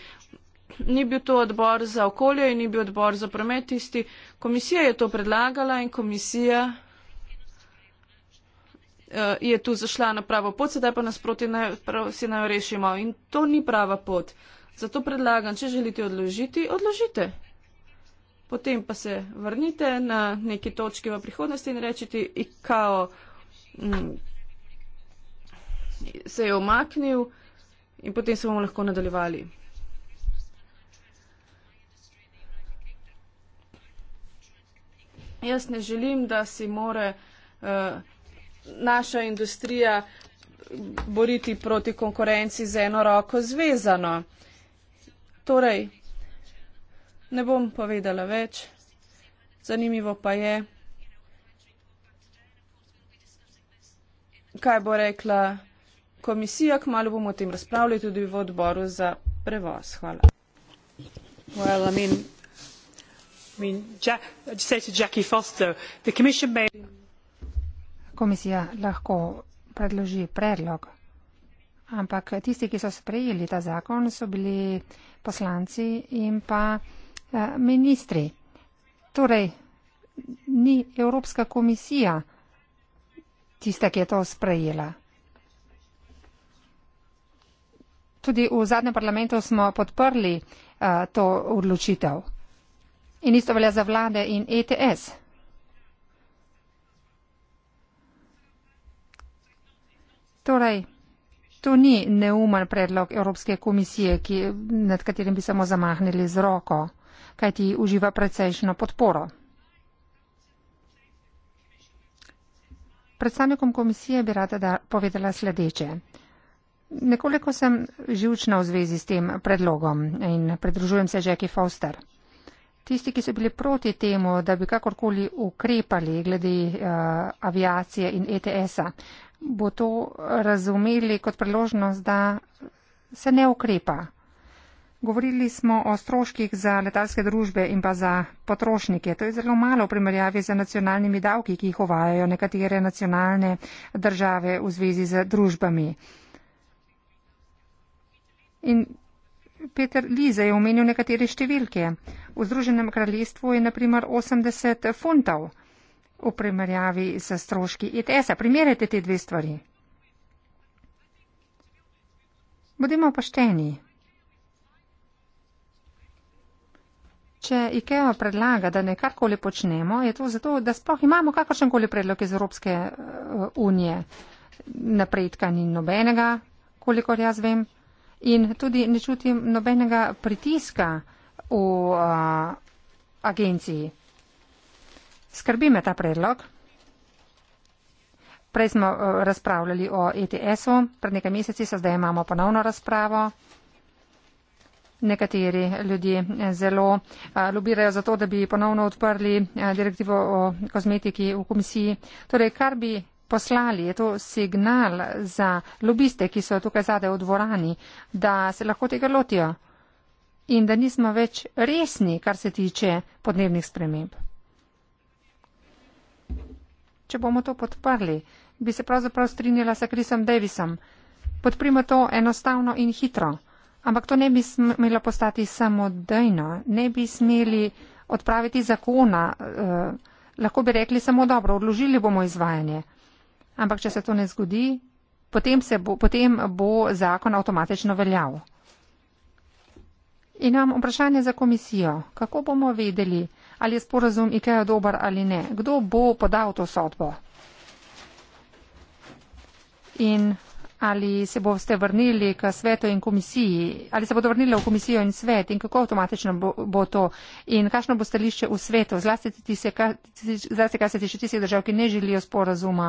Ni bil to odbor za okolje in ni bil odbor za promet tisti. Komisija je to predlagala in komisija uh, je tu zašla na pravo pot, sedaj pa nasproti naj, prav, si naj rešimo. In to ni prava pot. Zato predlagam, če želite odložiti, odložite. Potem pa se vrnite na neki točki v prihodnosti in rečete, Ikao mm, se je omaknil in potem se bomo lahko nadaljevali. Jaz ne želim, da si more uh, naša industrija boriti proti konkurenci z eno roko zvezano. Torej, ne bom povedala več, zanimivo pa je, kaj bo rekla komisija, k malu bomo o tem razpravljali tudi v odboru za prevoz. Hvala. Well, I mean, I mean, Jack, komisija lahko predloži predlog. Ampak tisti, ki so sprejeli ta zakon, so bili poslanci in pa eh, ministri. Torej, ni Evropska komisija tista, ki je to sprejela. Tudi v zadnjem parlamentu smo podprli uh, to odločitev. In isto velja za vlade in ETS. Torej, to ni neumen predlog Evropske komisije, ki, nad katerim bi samo zamahnili z roko, kajti uživa precejšno podporo. Predstavnikom komisije bi rada povedala sledeče. Nekoliko sem živčna v zvezi s tem predlogom in pridružujem se Jackie Foster. Tisti, ki so bili proti temu, da bi kakorkoli ukrepali glede uh, aviacije in ETS-a, bo to razumeli kot priložnost, da se ne ukrepa. Govorili smo o stroških za letalske družbe in pa za potrošnike. To je zelo malo v primerjavi z nacionalnimi davki, ki jih uvajajo nekatere nacionalne države v zvezi z družbami. In Peter Lize je omenil nekatere številke. V Združenem kraljestvu je naprimer 80 funtov v primerjavi z stroški ITS-a. E Primerjajte te dve stvari. Bodimo pošteni. Če IKEA predlaga, da ne karkoli počnemo, je to zato, da sploh imamo kakršenkoli predlog iz Evropske eh, unije. Napredka ni nobenega, kolikor jaz vem. In tudi ne čutim nobenega pritiska v uh, agenciji. Skrbi me ta predlog. Prej smo eh, razpravljali o ETS-u, pred nekaj meseci se zdaj imamo ponovno razpravo. Nekateri ljudje eh, zelo eh, lobirajo za to, da bi ponovno odprli direktivo o kozmetiki v komisiji. Torej, kar bi poslali, je to signal za lobiste, ki so tukaj zadaj v dvorani, da se lahko tega lotijo in da nismo več resni, kar se tiče podnebnih sprememb če bomo to podprli. Bi se pravzaprav strinjala s Krisom Davisom. Podprimo to enostavno in hitro. Ampak to ne bi smelo postati samodejno. Ne bi smeli odpraviti zakona. Eh, lahko bi rekli samo dobro, odložili bomo izvajanje. Ampak če se to ne zgodi, potem, bo, potem bo zakon avtomatično veljav. In imam vprašanje za komisijo. Kako bomo vedeli, ali je sporazum IKEA dober ali ne. Kdo bo podal to sodbo? In ali se boste vrnili k svetu in komisiji, ali se bodo vrnili v komisijo in svet in kako avtomatično bo, bo to in kakšno bo stališče v svetu, zlasti, kar se tiče tistih držav, ki ne želijo sporazuma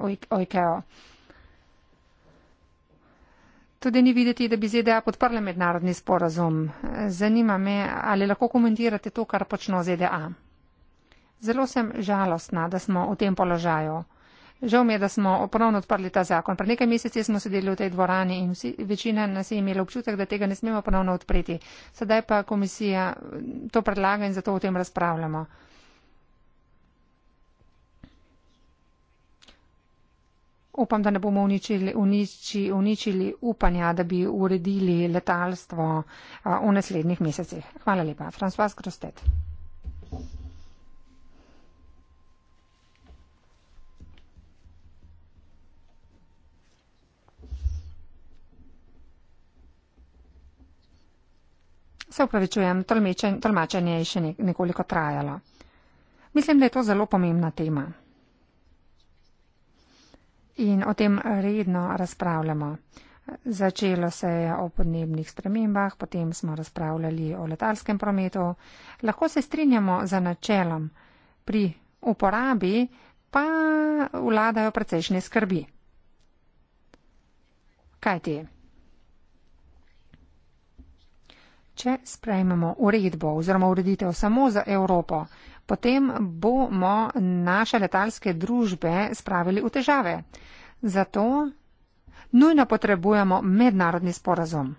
uh, o IKEA. Tudi ni videti, da bi ZDA podprle mednarodni sporazum. Zanima me, ali lahko komentirate to, kar počno ZDA. Zelo sem žalostna, da smo v tem položaju. Žal mi je, da smo ponovno odprli ta zakon. Pred nekaj meseci smo sedeli v tej dvorani in vsi, večina nas je imela občutek, da tega ne smemo ponovno odpreti. Sedaj pa komisija to predlaga in zato o tem razpravljamo. upam, da ne bomo uničili, uniči, uničili upanja, da bi uredili letalstvo v naslednjih mesecih. Hvala lepa. François Grostet. Se upravičujem, tolmečen, tolmačenje je še nekoliko trajalo. Mislim, da je to zelo pomembna tema in o tem redno razpravljamo. Začelo se je o podnebnih spremembah, potem smo razpravljali o letalskem prometu. Lahko se strinjamo za načelom, pri uporabi pa vladajo precejšnje skrbi. Kaj ti je? če sprejmemo uredbo oziroma ureditev samo za Evropo, potem bomo naše letalske družbe spravili v težave. Zato nujno potrebujemo mednarodni sporazum.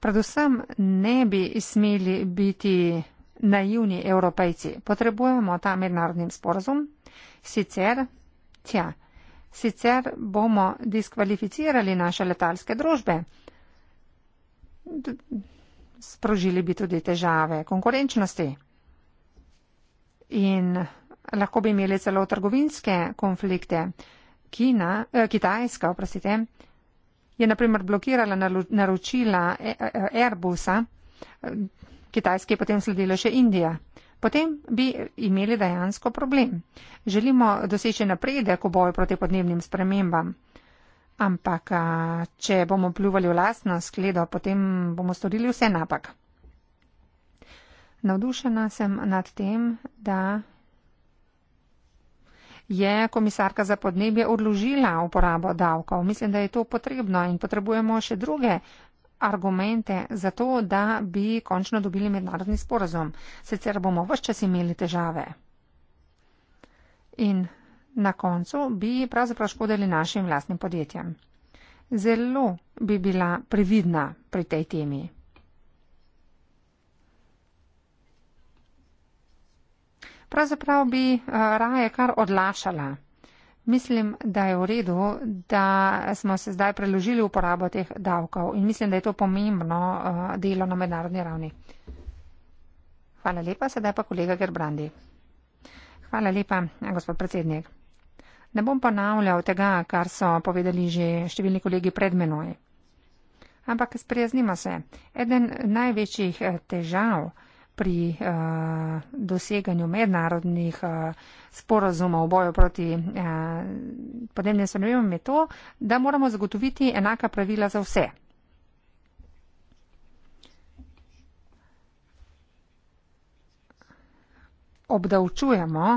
Predvsem ne bi smeli biti naivni evropejci. Potrebujemo ta mednarodni sporazum, sicer, tja, sicer bomo diskvalificirali naše letalske družbe sprožili bi tudi težave konkurenčnosti. In lahko bi imeli celo trgovinske konflikte. Kina, eh, Kitajska oprostite, je naprimer blokirala naročila e-, e-, Airbusa, eh, Kitajski je potem sledila še Indija. Potem bi imeli dejansko problem. Želimo doseči napredek v boju proti podnebnim spremembam ampak če bomo pljuvali v lasno skledo, potem bomo storili vse napak. Navdušena sem nad tem, da je komisarka za podnebje odložila uporabo davkov. Mislim, da je to potrebno in potrebujemo še druge argumente za to, da bi končno dobili mednarodni sporazum. Sicer bomo vse čas imeli težave. In na koncu bi pravzaprav škodili našim vlastnim podjetjem. Zelo bi bila previdna pri tej temi. Pravzaprav bi eh, raje kar odlašala. Mislim, da je v redu, da smo se zdaj preložili uporabo teh davkov in mislim, da je to pomembno eh, delo na mednarodni ravni. Hvala lepa, sedaj pa kolega Gerbrandi. Hvala lepa, gospod predsednik. Ne bom pa navljal tega, kar so povedali že številni kolegi pred menoj. Ampak sprijaznimo se. Eden največjih eh, težav pri uh, doseganju mednarodnih uh, eh, sporozumov v boju proti uh, podnebnim spremembam je to, da moramo zagotoviti enaka pravila za vse. Obdavčujemo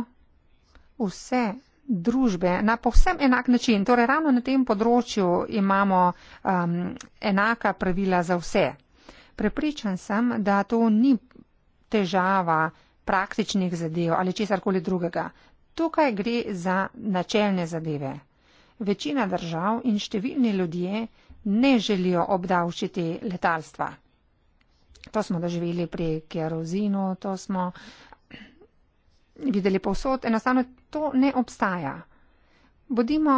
vse družbe na povsem enak način. Torej, ravno na tem področju imamo um, enaka pravila za vse. Prepričan sem, da to ni težava praktičnih zadev ali česarkoli drugega. Tukaj gre za načelne zadeve. Večina držav in številni ljudje ne želijo obdavčiti letalstva. To smo doživeli pri kerozinu, to smo uh, videli povsod, enostavno to ne obstaja. Bodimo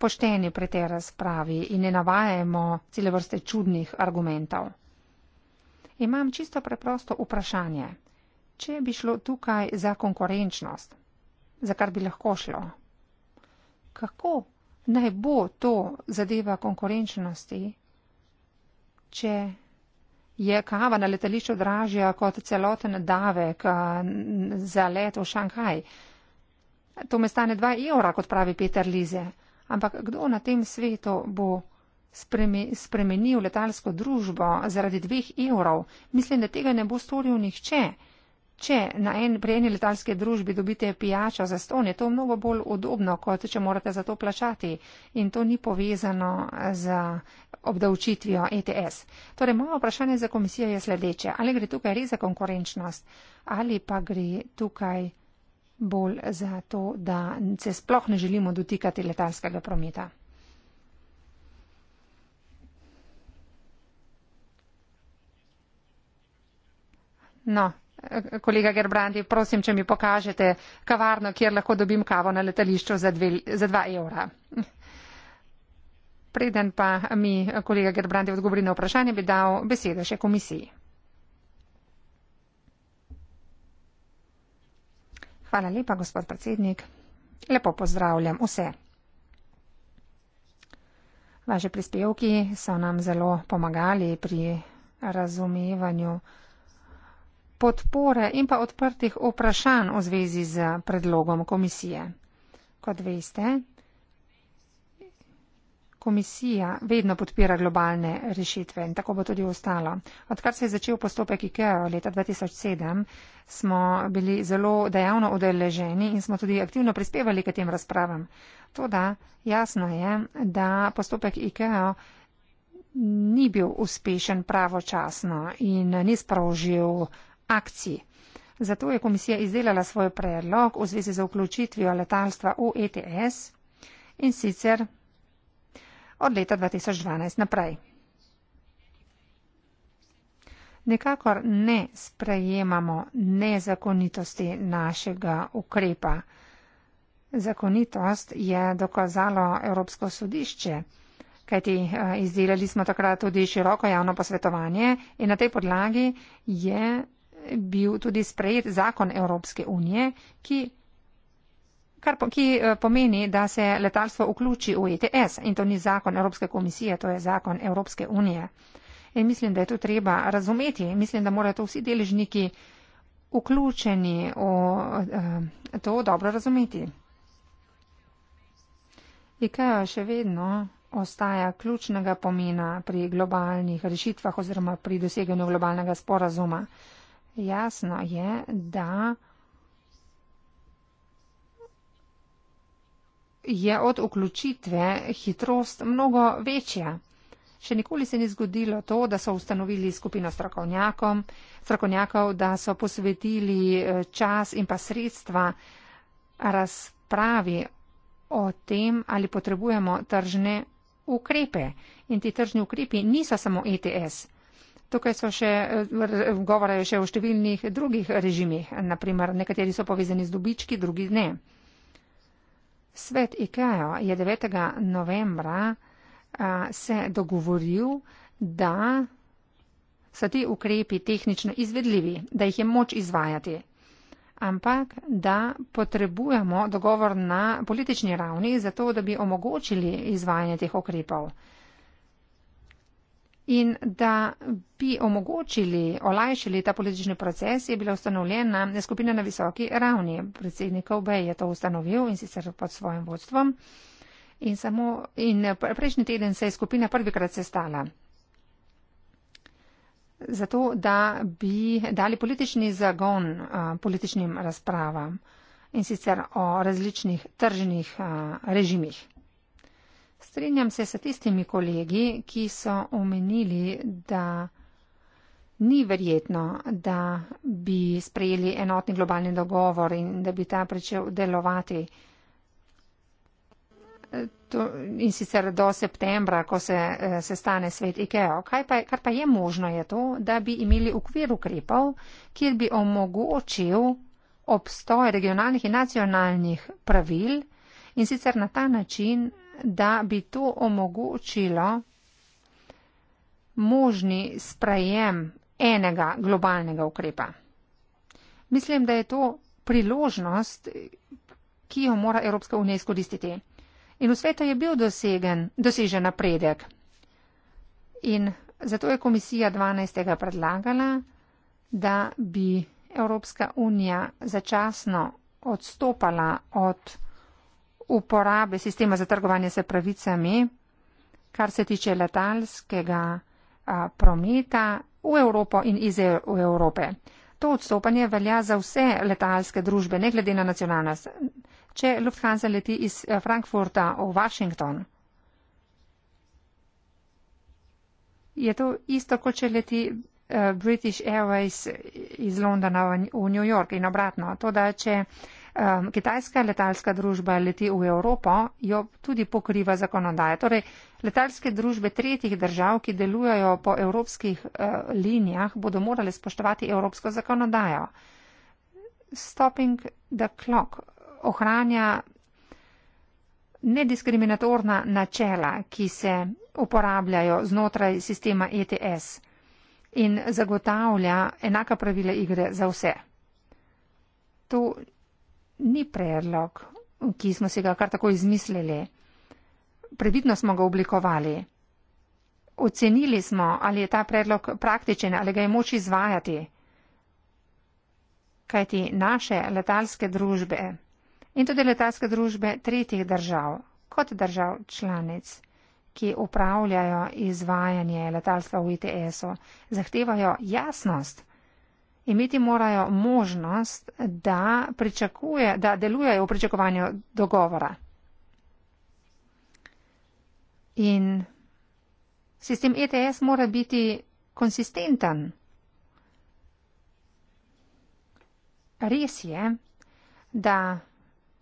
pošteni pri tej razpravi in ne navajajmo cele vrste čudnih argumentov. Imam čisto preprosto vprašanje. Če bi šlo tukaj za konkurenčnost, za kar bi lahko šlo, kako naj bo to zadeva konkurenčnosti, če je kava na letališču dražja kot celoten davek eh, za let v Šanghaj. To me stane 2 evra, kot pravi Peter Lize. Ampak kdo na tem svetu bo spremenil letalsko družbo zaradi 2 evrov? Mislim, da tega ne bo storil nihče. Če na en, pri eni letalske družbi dobite pijačo za ston, je to mnogo bolj udobno, kot če morate za to plačati in to ni povezano z obdavčitvijo ETS. Torej, moje vprašanje za komisijo je sledeče. Ali gre tukaj res za konkurenčnost ali pa gre tukaj bolj za to, da se sploh ne želimo dotikati letalskega prometa? No. Kolega Gerbrandi, prosim, če mi pokažete kavarno, kjer lahko dobim kavo na letališču za, dve, za dva evra. Preden pa mi kolega Gerbrandi odgovori na vprašanje, bi dal besedo še komisiji. Hvala lepa, gospod predsednik. Lepo pozdravljam vse. Vaše prispevki so nam zelo pomagali pri razumevanju podpore in pa odprtih vprašanj v zvezi z predlogom komisije. Kot veste, komisija vedno podpira globalne rešitve in tako bo tudi ostalo. Odkar se je začel postopek IKEA leta 2007, smo bili zelo dejavno odeleženi in smo tudi aktivno prispevali k tem razpravam. Toda jasno je, da postopek IKEA ni bil uspešen pravočasno in ni sprožil akciji. Zato je komisija izdelala svoj predlog v zvezi z vključitvijo letalstva v ETS in sicer od leta 2012 naprej. Nekakor ne sprejemamo nezakonitosti našega ukrepa. Zakonitost je dokazalo Evropsko sodišče, kajti eh, izdelali smo takrat tudi široko javno posvetovanje in na tej podlagi je bil tudi sprejet zakon Evropske unije, ki, kar, ki eh, pomeni, da se letalstvo vključi v ETS in to ni zakon Evropske komisije, to je zakon Evropske unije. In mislim, da je to treba razumeti. Mislim, da morajo to vsi deležniki vključeni v eh, to dobro razumeti. IKEA še vedno ostaja ključnega pomena pri globalnih rešitvah oziroma pri doseganju globalnega sporazuma jasno je, da je od vključitve hitrost mnogo večja. Še nikoli se ni zgodilo to, da so ustanovili skupino strokovnjakov, da so posvetili eh, čas in pa sredstva razpravi o tem, ali potrebujemo tržne ukrepe. In ti tržni ukrepi niso samo ETS. Tukaj so še eh, govore še o številnih drugih režimih, naprimer nekateri so povezani z dobički, drugi ne. Svet IKEA je 9. novembra eh, se dogovoril, da so ti ukrepi tehnično izvedljivi, da jih je moč izvajati, ampak da potrebujemo dogovor na politični ravni, zato da bi omogočili izvajanje teh ukrepov in da bi omogočili, olajšali ta politični proces, je bila ustanovljena skupina na visoki ravni. Predsednik Obej je to ustanovil in sicer pod svojim vodstvom. In, samo, in prejšnji teden se je skupina prvikrat sestala. Zato, da bi dali politični zagon a, političnim razpravam in sicer o različnih tržnih a, režimih. Strinjam se s tistimi kolegi, ki so omenili, da ni verjetno, da bi sprejeli enotni globalni dogovor in da bi ta pričel delovati. To, in sicer do septembra, ko se eh, sestane svet IKEA. Kaj pa, kar pa je možno, je to, da bi imeli ukvir ukrepov, kjer bi omogočil obstoj regionalnih in nacionalnih pravil in sicer na ta način da bi to omogočilo možni sprejem enega globalnega ukrepa. Mislim, da je to priložnost, ki jo mora Evropska unija izkoristiti. In v svetu je bil dosegen, dosežen napredek. In zato je komisija 12. predlagala, da bi Evropska unija začasno odstopala od uporabe sistema za trgovanje s pravicami, kar se tiče letalskega a, prometa v Evropo in iz e-, Evrope. To odstopanje velja za vse letalske družbe, ne glede na nacionalnost. Če Lufthansa leti iz Frankfurta v Washington, je to isto, kot če leti British Airways iz Londona v New York in obratno. To, da če uh, um, kitajska letalska družba leti v Evropo, jo tudi pokriva zakonodaja. Torej, letalske družbe tretjih držav, ki delujejo po evropskih uh, linijah, bodo morale spoštovati evropsko zakonodajo. Stopping the clock ohranja nediskriminatorna načela, ki se uporabljajo znotraj sistema ETS in zagotavlja enaka pravila igre za vse. To ni predlog, ki smo si ga kar tako izmislili. Previdno smo ga oblikovali. Ocenili smo, ali je ta predlog praktičen, ali ga je moč izvajati. Kajti naše letalske družbe in tudi letalske družbe tretjih držav, kot držav članic, ki upravljajo izvajanje letalstva v ITS-u, zahtevajo jasnost imeti morajo možnost, da, pričakuje, da delujejo v pričakovanju dogovora. In sistem ETS mora biti konsistenten. Res je, da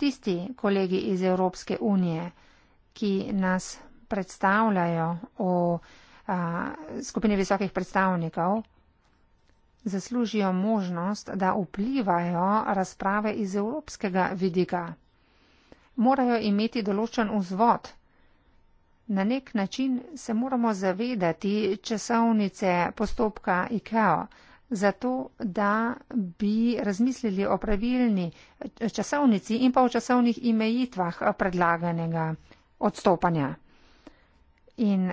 tisti kolegi iz Evropske unije, ki nas predstavljajo v skupini visokih predstavnikov, zaslužijo možnost, da vplivajo razprave iz evropskega vidika. Morajo imeti določen vzvod. Na nek način se moramo zavedati časovnice postopka IKEA, zato da bi razmislili o pravilni časovnici in pa o časovnih imejitvah predlaganega odstopanja. In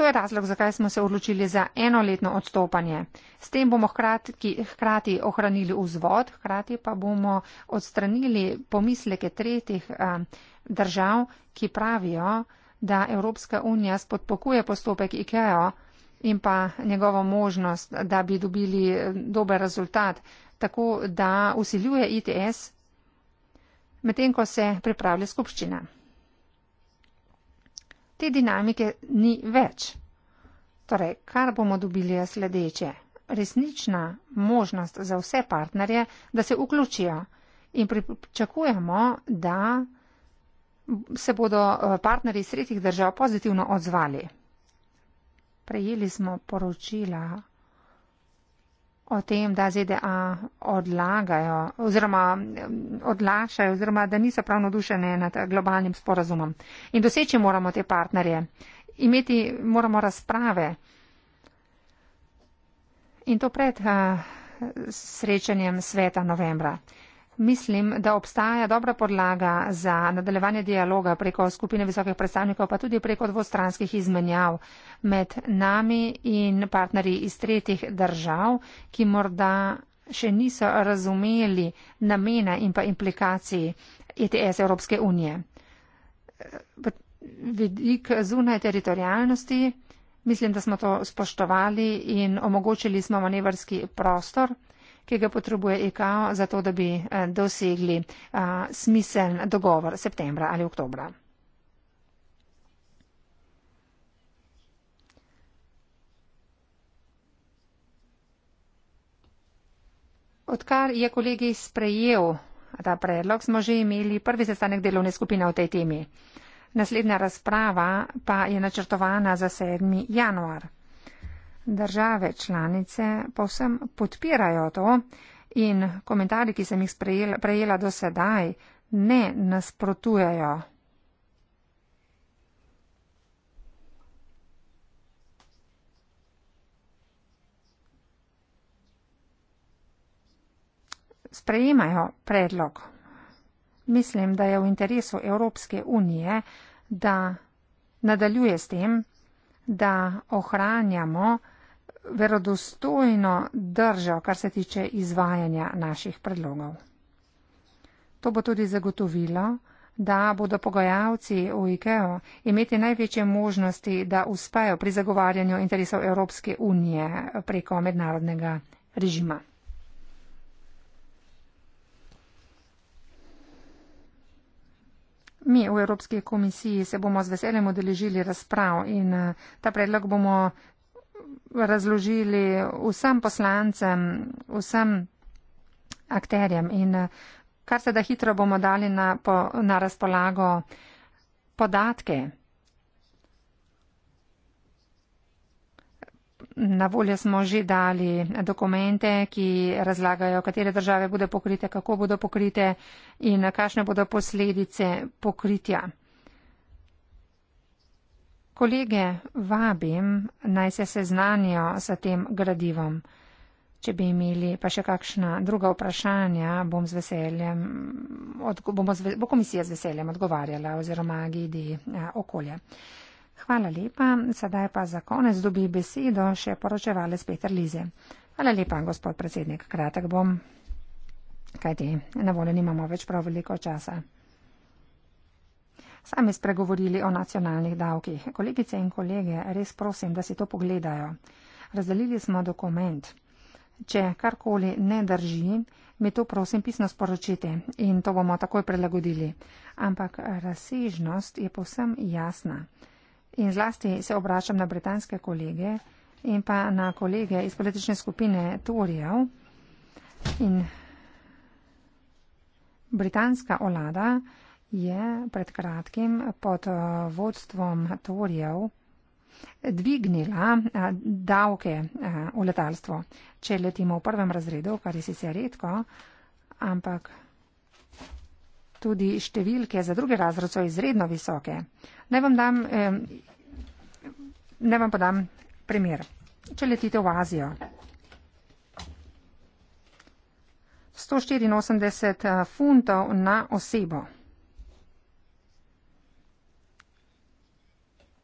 To je razlog, zakaj smo se odločili za enoletno odstopanje. S tem bomo hkrati, hkrati ohranili vzvod, hkrati pa bomo odstranili pomisleke tretjih eh, držav, ki pravijo, da Evropska unija spodpokuje postopek IKEA in pa njegovo možnost, da bi dobili eh, dober rezultat, tako da usiljuje ITS, medtem ko se pripravlja skupščina te dinamike ni več. Torej, kar bomo dobili je sledeče. Resnična možnost za vse partnerje, da se vključijo in pričakujemo, da se bodo eh, partnerji iz tretjih držav pozitivno odzvali. Prejeli smo poročila o tem, da ZDA odlagajo oziroma odlašajo oziroma da niso prav nadušene nad globalnim sporazumom. In doseči moramo te partnerje, imeti moramo razprave in to pred uh, srečanjem sveta novembra mislim, da obstaja dobra podlaga za nadaljevanje dialoga preko skupine visokih predstavnikov, pa tudi preko dvostranskih izmenjav med nami in partnerji iz tretjih držav, ki morda še niso razumeli namena in pa implikacij ETS Evropske unije. Vidik zunaj teritorijalnosti, mislim, da smo to spoštovali in omogočili smo manevrski prostor ki ga potrebuje IKO, zato da bi eh, dosegli eh, smiseln dogovor septembra ali oktobra. Odkar je kolegi sprejel ta predlog, smo že imeli prvi sestanek delovne skupine o tej temi. Naslednja razprava pa je načrtovana za 7. januar države članice povsem podpirajo to in komentarji, ki sem jih sprejela, prejela do sedaj, ne nasprotujejo. Sprejemajo predlog. Mislim, da je v interesu Evropske unije, da nadaljuje s tem, da ohranjamo verodostojno držo, kar se tiče izvajanja naših predlogov. To bo tudi zagotovilo, da bodo pogajalci v IKEO imeti največje možnosti, da uspejo pri zagovarjanju interesov Evropske unije preko mednarodnega režima. Mi v Evropski komisiji se bomo z veseljem odeležili razprav in eh, ta predlog bomo razložili vsem poslancem, vsem akterjem in eh, kar se da hitro bomo dali na, po, na razpolago podatke. Na voljo smo že dali dokumente, ki razlagajo, katere države bodo pokrite, kako bodo pokrite in eh, kakšne bodo posledice pokritja. Kolege vabim, naj se seznanijo s tem gradivom. Če bi imeli pa še kakšna druga vprašanja, bom z veseljem, bomo z, bo komisija z veseljem odgovarjala oziroma GD eh, okolje. Hvala lepa. Sedaj pa za konec dobi besedo še poročevalec Peter Lize. Hvala lepa, gospod predsednik. Kratek bom, kajti na voljo nimamo več prav veliko časa sami spregovorili o nacionalnih davkih. Kolegice in kolege, res prosim, da si to pogledajo. Razdelili smo dokument. Če karkoli ne drži, mi to prosim pisno sporočite in to bomo takoj prilagodili. Ampak razsežnost je povsem jasna. In zlasti se obračam na britanske kolege in pa na kolege iz politične skupine Torijev. In britanska olada je pred kratkim pod eh, vodstvom Torjev dvignila eh, davke eh, v letalstvo. Če letimo v prvem razredu, kar je sicer redko, ampak tudi številke za druge razrede so izredno visoke. Naj vam, dam, eh, naj vam podam primer. Če letite v Azijo. 184 funtov na osebo.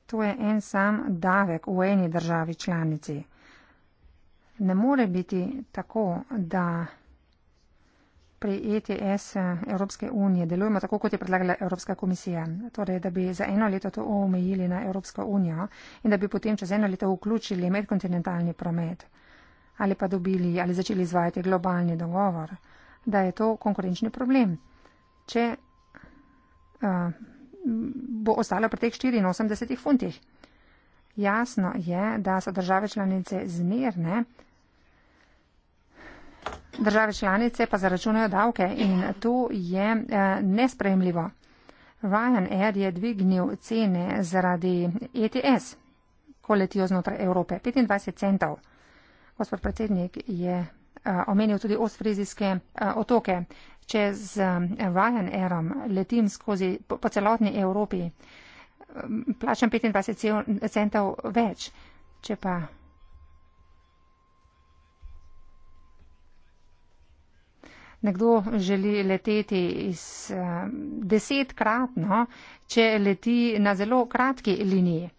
To je en sam davek v eni državi članici. Ne more biti tako, da pri ETS Evropske unije delujemo tako, kot je predlagala Evropska komisija. Torej, da bi za eno leto to omejili na Evropsko unijo in da bi potem čez eno leto vključili medkontinentalni promet ali pa dobili ali začeli izvajati globalni dogovor, da je to konkurenčni problem. Če uh, bo ostalo pri teh 84 funtih. Jasno je, da so države članice zmerne. Države članice pa zaračunajo davke in to je eh, nespremljivo. Ryanair je dvignil cene zaradi ETS, ko letijo znotraj Evrope, 25 centov. Gospod predsednik je omenil tudi Ostfrizijske otoke. Če z Ryanairom letim skozi po celotni Evropi, plačam 25 centov več. Če pa nekdo želi leteti iz desetkratno, če leti na zelo kratki liniji.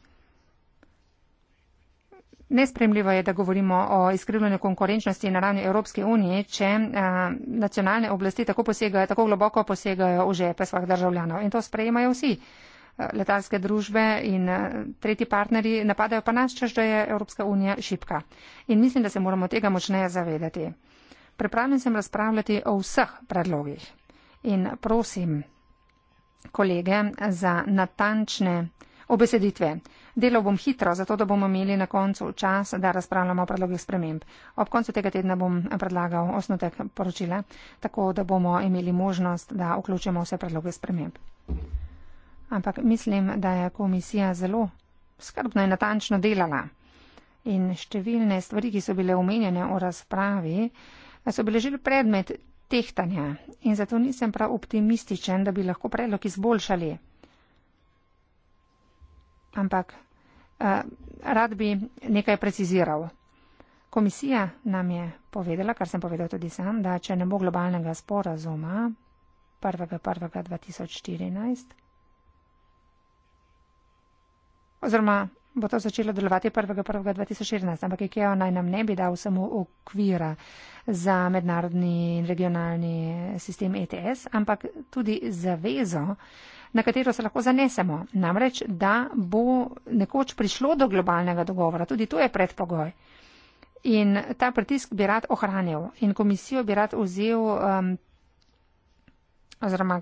Nespremljivo je, da govorimo o izkrivljanju konkurenčnosti na ravni Evropske unije, če a, eh, nacionalne oblasti tako, posegajo, tako globoko posegajo v žepe svojih državljanov. In to sprejemajo vsi eh, letalske družbe in eh, tretji partnerji, napadajo pa nas, čež da je Evropska unija šipka. In mislim, da se moramo tega močneje zavedati. Pripravljen sem razpravljati o vseh predlogih. In prosim kolege za natančne obeseditve. Delal bom hitro, zato da bomo imeli na koncu čas, da razpravljamo o predlogih sprememb. Ob koncu tega tedna bom predlagal osnotek poročila, tako da bomo imeli možnost, da vključimo vse predloge sprememb. Ampak mislim, da je komisija zelo skrbno in natančno delala. In številne stvari, ki so bile omenjene v razpravi, so bile že predmet tehtanja. In zato nisem prav optimističen, da bi lahko predlog izboljšali. Ampak Eh, rad bi nekaj preciziral. Komisija nam je povedala, kar sem povedal tudi sam, da če ne bo globalnega sporazuma 1.1.2014, oziroma bo to začelo delovati 1.1.2014, ampak IKEA naj nam ne bi dal samo okvira za mednarodni in regionalni sistem ETS, ampak tudi zavezo, na katero se lahko zanesemo. Namreč, da bo nekoč prišlo do globalnega dogovora, tudi to je predpogoj. In ta pritisk bi rad ohranil in komisijo bi rad vzel, um, oziroma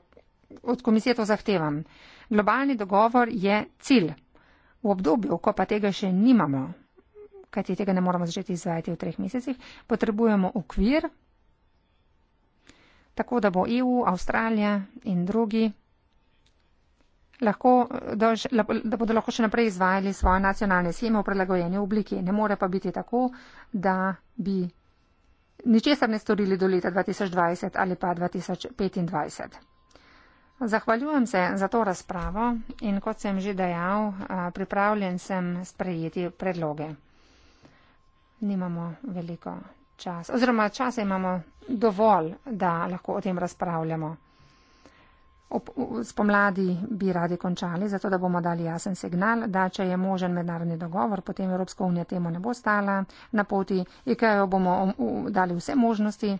od komisije to zahtevam. Globalni dogovor je cilj v obdobju, ko pa tega še nimamo, kajti tega ne moramo začeti izvajati v treh mesecih, potrebujemo okvir, tako da bo EU, Avstralija in drugi lahko, da, da bodo lahko še naprej izvajali svoje nacionalne sheme v prilagojeni obliki. Ne more pa biti tako, da bi ničesar ne storili do leta 2020 ali pa 2025. Zahvaljujem se za to razpravo in kot sem že dejal, pripravljen sem sprejeti predloge. Nimamo veliko časa, oziroma časa imamo dovolj, da lahko o tem razpravljamo. Spomladi bi radi končali, zato da bomo dali jasen signal, da če je možen mednarodni dogovor, potem Evropska unija temu ne bo stala na poti. IKEA bomo dali vse možnosti,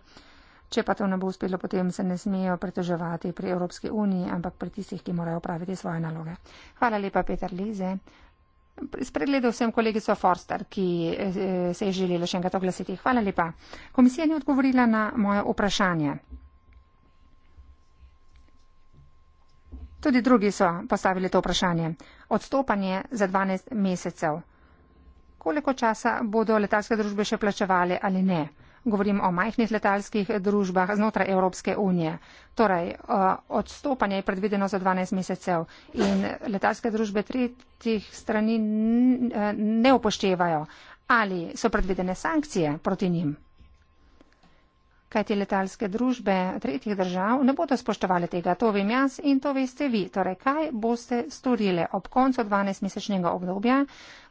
če pa to ne bo uspelo, potem se ne smejo pritoževati pri Evropski uniji, ampak pri tistih, ki morajo praviti svoje naloge. Hvala lepa, Peter Lize. Spregledal sem kolegico Forster, ki eh, se je želela še enkrat oglasiti. Hvala lepa. Komisija ni odgovorila na moje vprašanje. Tudi drugi so postavili to vprašanje. Odstopanje za 12 mesecev. Koliko časa bodo letalske družbe še plačevali ali ne? Govorim o majhnih letalskih družbah znotraj Evropske unije. Torej, odstopanje je predvideno za 12 mesecev in letalske družbe tretjih strani ne upoštevajo. Ali so predvidene sankcije proti njim? kajti letalske družbe tretjih držav ne bodo spoštovali tega. To vem jaz in to veste vi. Torej, kaj boste storili ob koncu 12-mesečnega obdobja,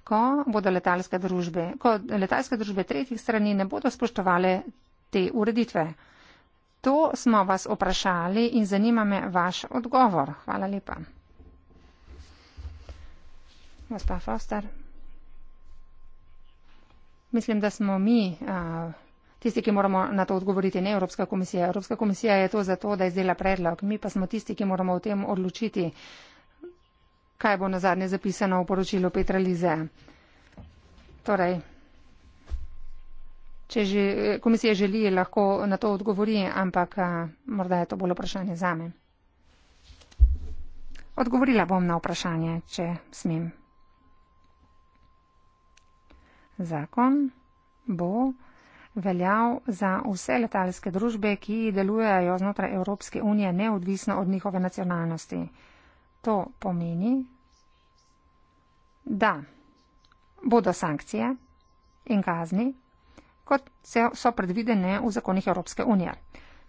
ko bodo letalske družbe, ko letalske družbe tretjih strani ne bodo spoštovali te ureditve? To smo vas vprašali in zanima me vaš odgovor. Hvala lepa. Gospa Foster. Mislim, da smo mi. Uh, tisti, ki moramo na to odgovoriti, ne Evropska komisija. Evropska komisija je to zato, da je zdela predlog. Mi pa smo tisti, ki moramo o tem odločiti, kaj bo na zadnje zapisano v poročilu Petra Lize. Torej, če že, komisija želi, lahko na to odgovori, ampak morda je to bolj vprašanje za me. Odgovorila bom na vprašanje, če smem. Zakon bo veljal za vse letalske družbe, ki delujejo znotraj Evropske unije, neodvisno od njihove nacionalnosti. To pomeni, da bodo sankcije in kazni, kot so predvidene v zakonih Evropske unije.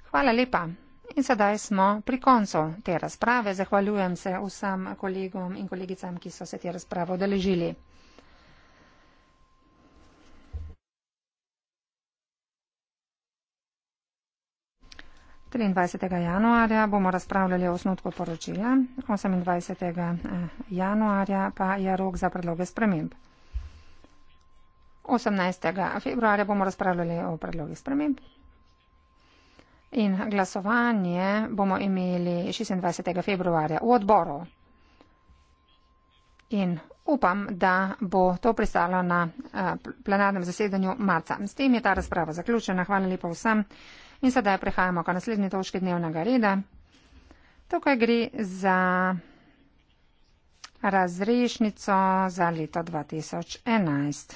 Hvala lepa. In sedaj smo pri koncu te razprave. Zahvaljujem se vsem kolegom in kolegicam, ki so se te razprave odeležili. 23. januarja bomo razpravljali o osnutku poročila, 28. Eh, januarja pa je rok za predloge sprememb. 18. februarja bomo razpravljali o predlogih sprememb in glasovanje bomo imeli 26. februarja v odboru. In upam, da bo to pristalo na eh, plenarnem zasedanju marca. S tem je ta razprava zaključena. Hvala lepa vsem. In sedaj prehajamo k naslednji točki dnevnega reda. Tukaj gre za razrešnico za leto 2011.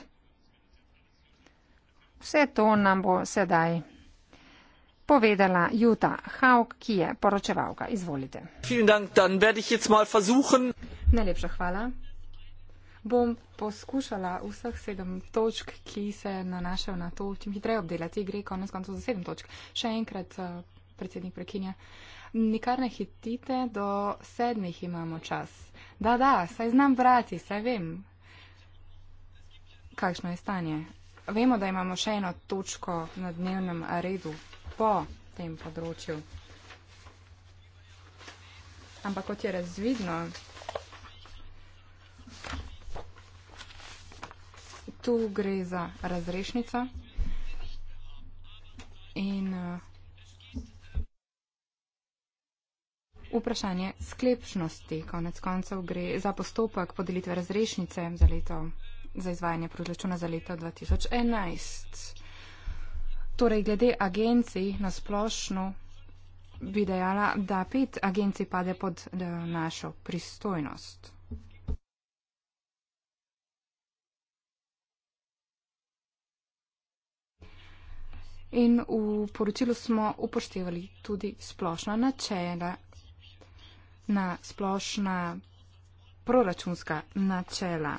Vse to nam bo sedaj povedala Juta Hauk, ki je poročevalka. Izvolite. Najlepša hvala bom poskušala vseh sedem točk, ki se nanašajo na to, čim hitreje obdelati. Gre konec koncev za sedem točk. Še enkrat, eh, predsednik prekinja. Nikar ne hitite, do sedmih imamo čas. Da, da, saj znam brati, saj vem, kakšno je stanje. Vemo, da imamo še eno točko na dnevnem redu po tem področju. Ampak kot je razvidno, tu gre za razrešnico. In uh, vprašanje sklepšnosti, konec koncev gre za postopek podelitve razrešnice za, leto, za izvajanje proračuna za leto 2011. Torej, glede agencij na splošno bi dejala, da pet agencij pade pod eh, našo pristojnost. in v poročilu smo upoštevali tudi splošna načela, na splošna proračunska načela.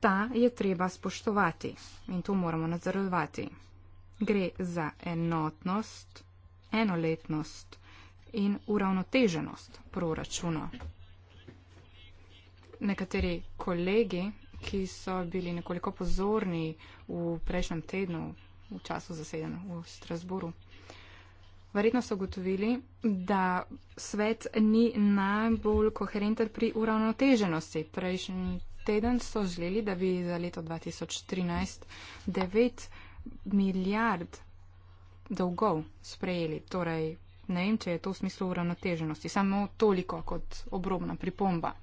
Ta je treba spoštovati in to moramo nadzorovati. Gre za enotnost, enoletnost in uravnoteženost proračuna. Nekateri kolegi, ki so bili nekoliko pozorni v prejšnjem tednu, v času zasedanja v Strasburu. Verjetno so ugotovili, da svet ni najbolj koherenten pri uravnoteženosti. Prejšnji teden so želeli, da bi za leto 2013 9 milijard dolgov sprejeli. Torej, ne vem, če je to v smislu uravnoteženosti. Samo toliko kot obrobna pripomba.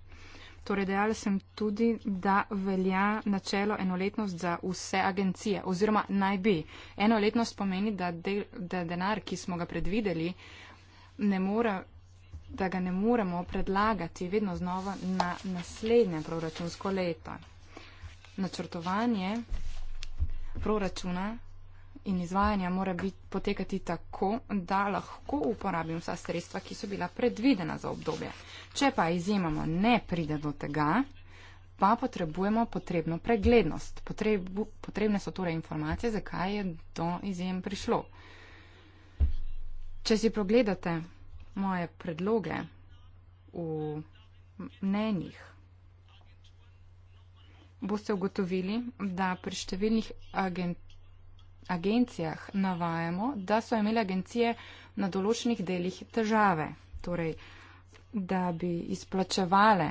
Torej, dejala sem tudi, da velja načelo enoletnost za vse agencije, oziroma naj bi. Enoletnost pomeni, da, del, da denar, ki smo ga predvideli, ne more da ga ne moremo predlagati vedno znova na naslednje proračunsko leto. Načrtovanje proračuna in izvajanja mora biti potekati tako, da lahko uporabim vsa sredstva, ki so bila predvidena za obdobje. Če pa izjemamo ne pride do tega, pa potrebujemo potrebno preglednost. Potrebu, potrebne so torej informacije, zakaj je do izjem prišlo. Če si pogledate moje predloge v mnenjih, boste ugotovili, da pri številnih agentov agencijah navajamo, da so imele agencije na določenih delih težave, torej, da bi izplačevale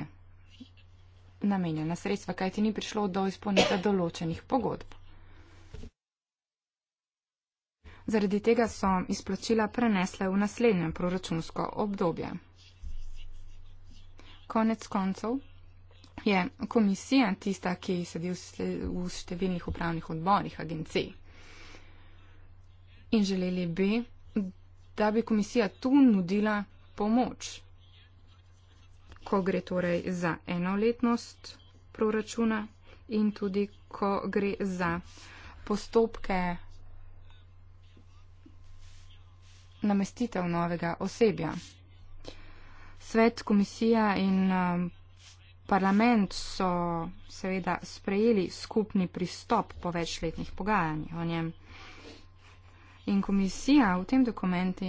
namenjena sredstva, kajti ni prišlo do izpolnitve določenih pogodb. Zaradi tega so izplačila prenesle v naslednje proračunsko obdobje. Konec koncev je komisija tista, ki sedi v številnih upravnih odborih agencij in želeli bi, da bi komisija tu nudila pomoč. Ko gre torej za enoletnost proračuna in tudi ko gre za postopke namestitev novega osebja. Svet, komisija in um, parlament so seveda sprejeli skupni pristop po večletnih pogajanjih o njem. In komisija v tem dokumenti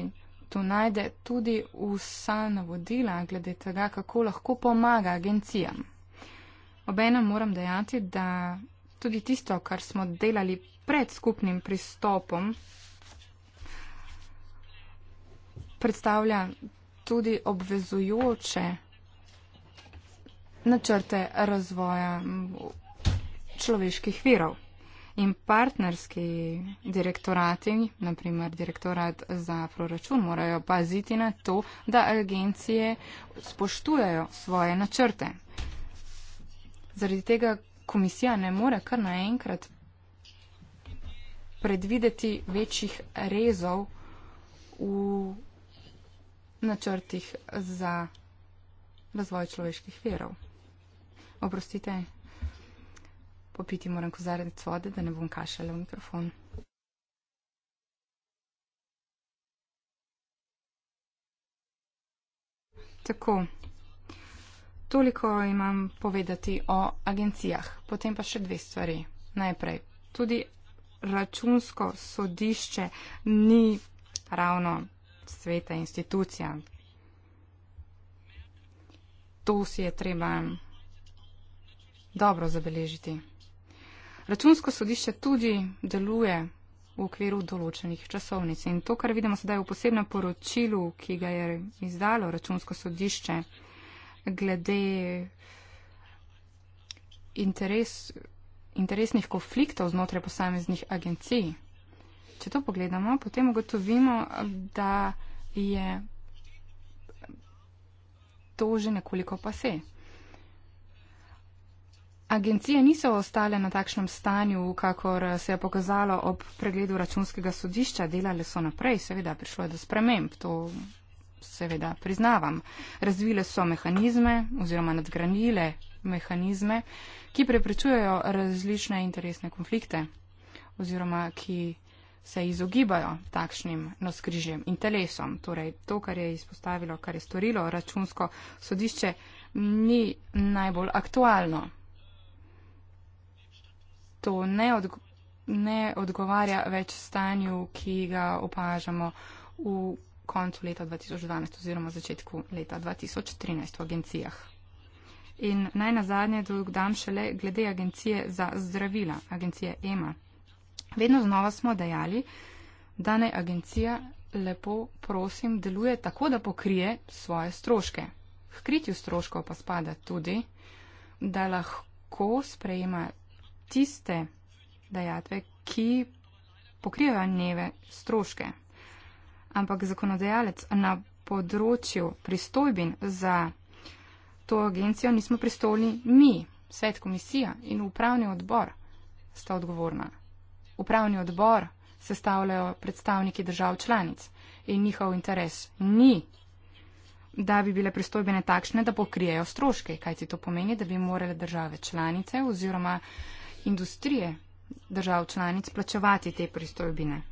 to najde tudi vsa navodila glede tega, kako lahko pomaga agencijam. Obenem moram dejati, da tudi tisto, kar smo delali pred skupnim pristopom, predstavlja tudi obvezujoče načrte razvoja človeških virov. In partnerski direktorati, naprimer direktorat za proračun, morajo paziti na to, da agencije spoštujejo svoje načrte. Zaradi tega komisija ne more kar naenkrat predvideti večjih rezov v načrtih za razvoj človeških verov. Oprostite. Popiti moram kozarec vode, da ne bom kašala v mikrofon. Tako, toliko imam povedati o agencijah, potem pa še dve stvari. Najprej, tudi računsko sodišče ni ravno sveta institucija. To si je treba dobro zabeležiti. Računsko sodišče tudi deluje v okviru določenih časovnic. In to, kar vidimo sedaj v posebnem poročilu, ki ga je izdalo Računsko sodišče glede interes, interesnih konfliktov znotraj posameznih agencij. Če to pogledamo, potem ugotovimo, da je to že nekoliko pase. Agencije niso ostale na takšnem stanju, kakor se je pokazalo ob pregledu računskega sodišča, delali so naprej, seveda prišlo je do sprememb, to seveda priznavam. Razvile so mehanizme oziroma nadgranile mehanizme, ki preprečujejo različne interesne konflikte oziroma ki se izogibajo takšnim noskrižjem in telesom. Torej, to, kar je izpostavilo, kar je storilo računsko sodišče, ni najbolj aktualno to ne, odgo ne odgovarja več stanju, ki ga opažamo v koncu leta 2012 oziroma začetku leta 2013 v agencijah. In naj na zadnje dodam šele glede agencije za zdravila, agencije EMA. Vedno znova smo dejali, da naj agencija lepo, prosim, deluje tako, da pokrije svoje stroške. Hkritju stroškov pa spada tudi, da lahko sprejema tiste dajatve, ki pokrivajo neve stroške. Ampak zakonodajalec na področju pristojbin za to agencijo nismo pristolni mi, svet komisija in upravni odbor sta odgovorna. Upravni odbor sestavljajo predstavniki držav članic in njihov interes ni, da bi bile pristojbene takšne, da pokrijejo stroške, kajti to pomeni, da bi morale države članice oziroma industrije držav članic plačevati te pristojbine.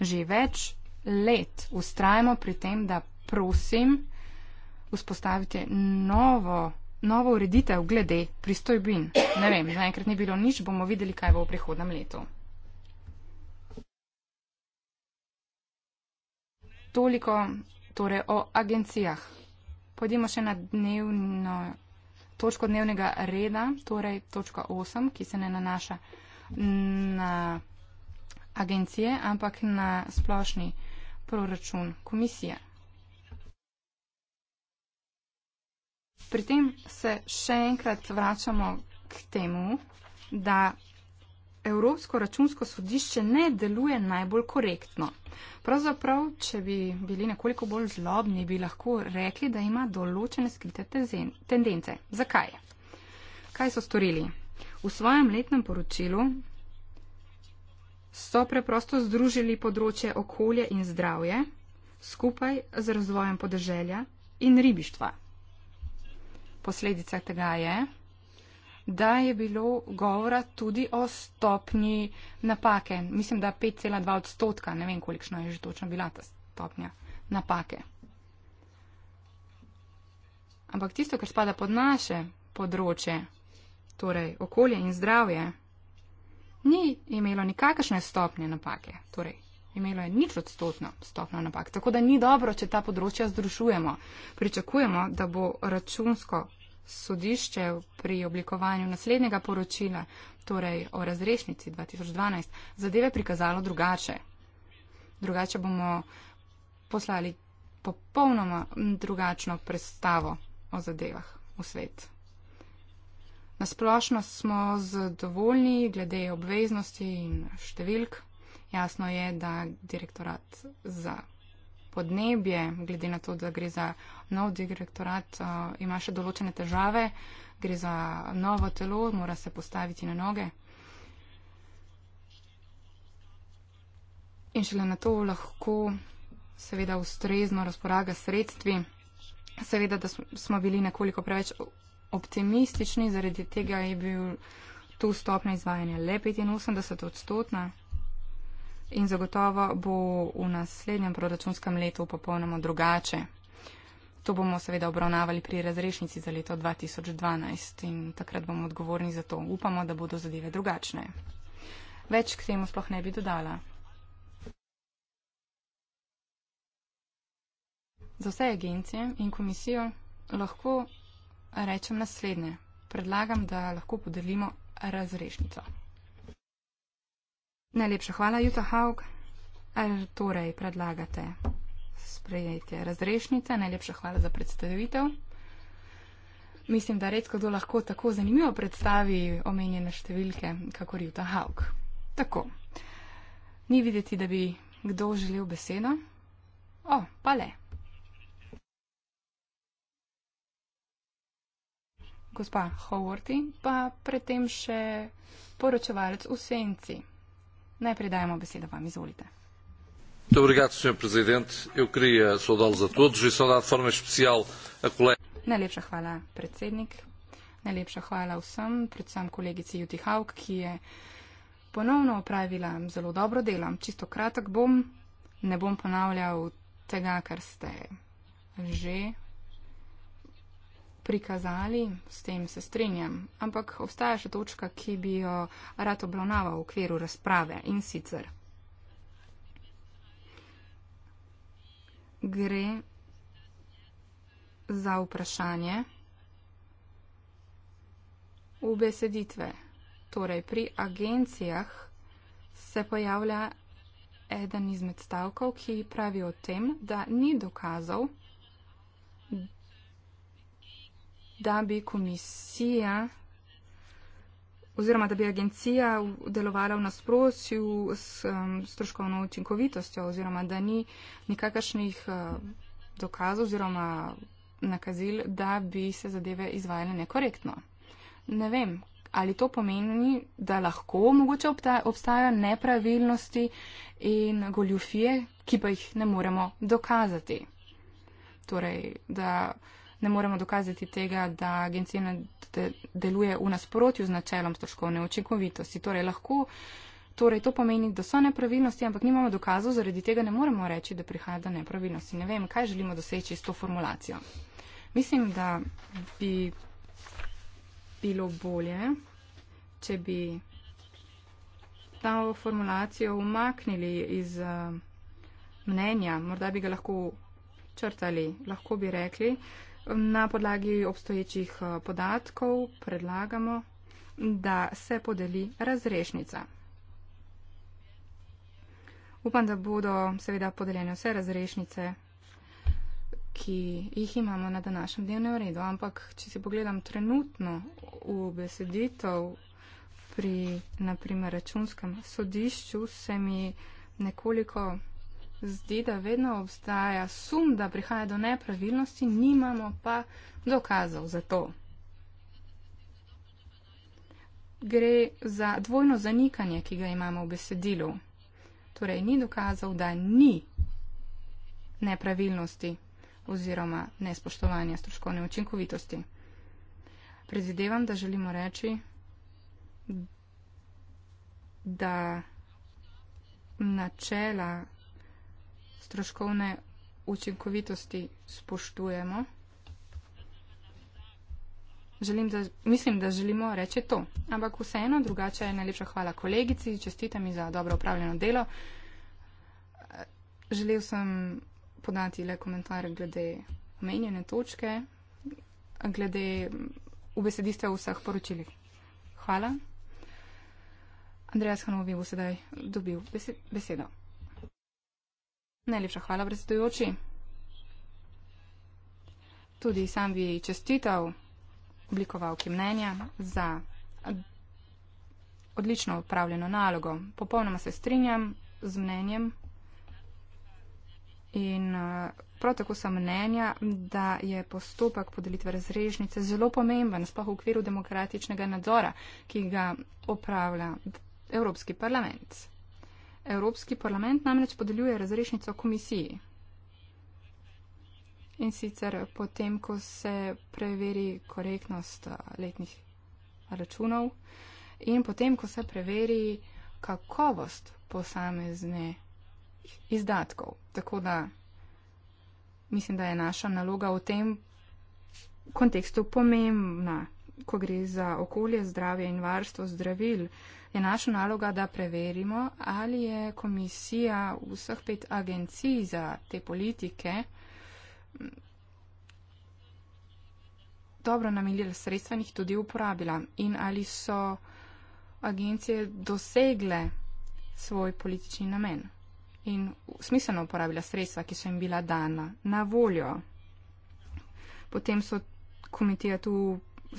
Že več let ustrajamo pri tem, da prosim vzpostavite novo, novo ureditev glede pristojbin. Ne vem, zaenkrat ni bilo nič, bomo videli, kaj bo v prihodnem letu. Toliko torej o agencijah. Pojdimo še na dnevno točko dnevnega reda, torej točka 8, ki se ne nanaša na agencije, ampak na splošni proračun komisije. Pri tem se še enkrat vračamo k temu, da Evropsko računsko sodišče ne deluje najbolj korektno. Pravzaprav, če bi bili nekoliko bolj zlobni, bi lahko rekli, da ima določene skrite tendence. Zakaj? Kaj so storili? V svojem letnem poročilu so preprosto združili področje okolje in zdravje skupaj z razvojem podeželja in ribištva. Posledica tega je, da je bilo govora tudi o stopnji napake. Mislim, da 5,2 odstotka, ne vem, kolikšna je že točno bila ta stopnja napake. Ampak tisto, kar spada pod naše področje, torej okolje in zdravje, ni imelo nikakršne stopnje napake. Torej, imelo je nič odstotno stopnjo napak. Tako da ni dobro, če ta področja združujemo. Pričakujemo, da bo računsko sodišče pri oblikovanju naslednjega poročila, torej o razrešnici 2012, zadeve prikazalo drugače. Drugače bomo poslali popolnoma drugačno predstavo o zadevah v svet. Nasplošno smo zadovoljni glede obveznosti in številk. Jasno je, da direktorat za podnebje, glede na to, da gre za nov direktorat uh, ima še določene težave, gre za novo telo, mora se postaviti na noge. In šele na to lahko seveda ustrezno razporaga sredstvi. Seveda, da smo bili nekoliko preveč optimistični, zaradi tega je bil tu stopna izvajanja le 85 odstotna in zagotovo bo v naslednjem proračunskem letu popolnoma drugače. To bomo seveda obravnavali pri razrešnici za leto 2012 in takrat bomo odgovorni za to. Upamo, da bodo zadeve drugačne. Več k temu sploh ne bi dodala. Za vse agencije in komisijo lahko rečem naslednje. Predlagam, da lahko podelimo razrešnico. Najlepša hvala, Juta Haug. Torej, predlagate sprejetje razrešnice. Najlepša hvala za predstavitev. Mislim, da redko kdo lahko tako zanimivo predstavi omenjene številke, kakor Juta Hauk. Tako. Ni videti, da bi kdo želel besedo. O, pa le. Gospa Howardi, pa predtem še poročevalec v senci. Najprej dajemo besedo vam, izvolite. Muito obrigado, Sr. Presidente. Eu queria saudá-los a todos e saudar de forma especial a colega. Najlepša hvala, predsednik. Najlepša hvala vsem, predvsem kolegici Juti Hauk, ki je ponovno opravila zelo dobro delo. Čisto kratek bom, ne bom ponavljal tega, kar ste že prikazali, s tem se strinjam. Ampak obstaja še točka, ki bi jo rad obravnaval v okviru razprave in sicer. gre za vprašanje ubeseditve. Torej, pri agencijah se pojavlja eden izmed stavkov, ki pravi o tem, da ni dokazov, da bi komisija oziroma da bi agencija delovala v nasprosju s um, stroškovno učinkovitostjo oziroma da ni nikakršnih uh, dokazov oziroma nakazil, da bi se zadeve izvajale nekorektno. Ne vem, ali to pomeni, da lahko mogoče obstajajo nepravilnosti in goljufije, ki pa jih ne moremo dokazati. Torej, da ne moremo dokazati tega, da agencija de, deluje v nasprotju z načelom stroškovne učinkovitosti. Torej, lahko, torej, to pomeni, da so nepravilnosti, ampak nimamo dokazov, zaradi tega ne moremo reči, da prihaja do nepravilnosti. Ne vem, kaj želimo doseči s to formulacijo. Mislim, da bi bilo bolje, če bi ta formulacijo umaknili iz eh, mnenja, morda bi ga lahko črtali, lahko bi rekli, Na podlagi obstoječih eh, podatkov predlagamo, da se podeli razrešnica. Upam, da bodo seveda podeljene vse razrešnice, ki jih imamo na današnjem dnevnem redu. Ampak, če si pogledam trenutno v beseditev pri, naprimer, računskem sodišču, se mi nekoliko zdi, da vedno obstaja sum, da prihaja do nepravilnosti, nimamo pa dokazov za to. Gre za dvojno zanikanje, ki ga imamo v besedilu. Torej, ni dokazov, da ni nepravilnosti oziroma nespoštovanja stroškovne učinkovitosti. Predvidevam, da želimo reči, da načela stroškovne učinkovitosti spoštujemo. Želim, da, mislim, da želimo reči to. Ampak vseeno, drugače je najlepša hvala kolegici, čestitam ji za dobro upravljeno delo. Želel sem podati le komentar glede omenjene točke, glede ubesedistev vseh poročilih. Hvala. Andreas Hanovi bo sedaj dobil besedo. Najlepša hvala, predsedujoči. Tudi sam bi čestital oblikovalki mnenja za odlično upravljeno nalogo. Popolnoma se strinjam z mnenjem in eh, prav tako sem mnenja, da je postopek podelitve razrežnice zelo pomemben, sploh v okviru demokratičnega nadzora, ki ga upravlja Evropski parlament. Evropski parlament namreč podeljuje razrešnico komisiji. In sicer potem, ko se preveri korektnost letnih računov in potem, ko se preveri kakovost posamezne izdatkov. Tako da mislim, da je naša naloga v tem kontekstu pomembna, ko gre za okolje, zdravje in varstvo zdravil. Uh, je naša naloga, da preverimo, ali je komisija vseh pet agencij za te politike dobro namenila sredstva in jih tudi uporabila. In ali so agencije dosegle svoj politični namen in smiselno uporabila sredstva, ki so jim bila dana na voljo. Potem so komitija tu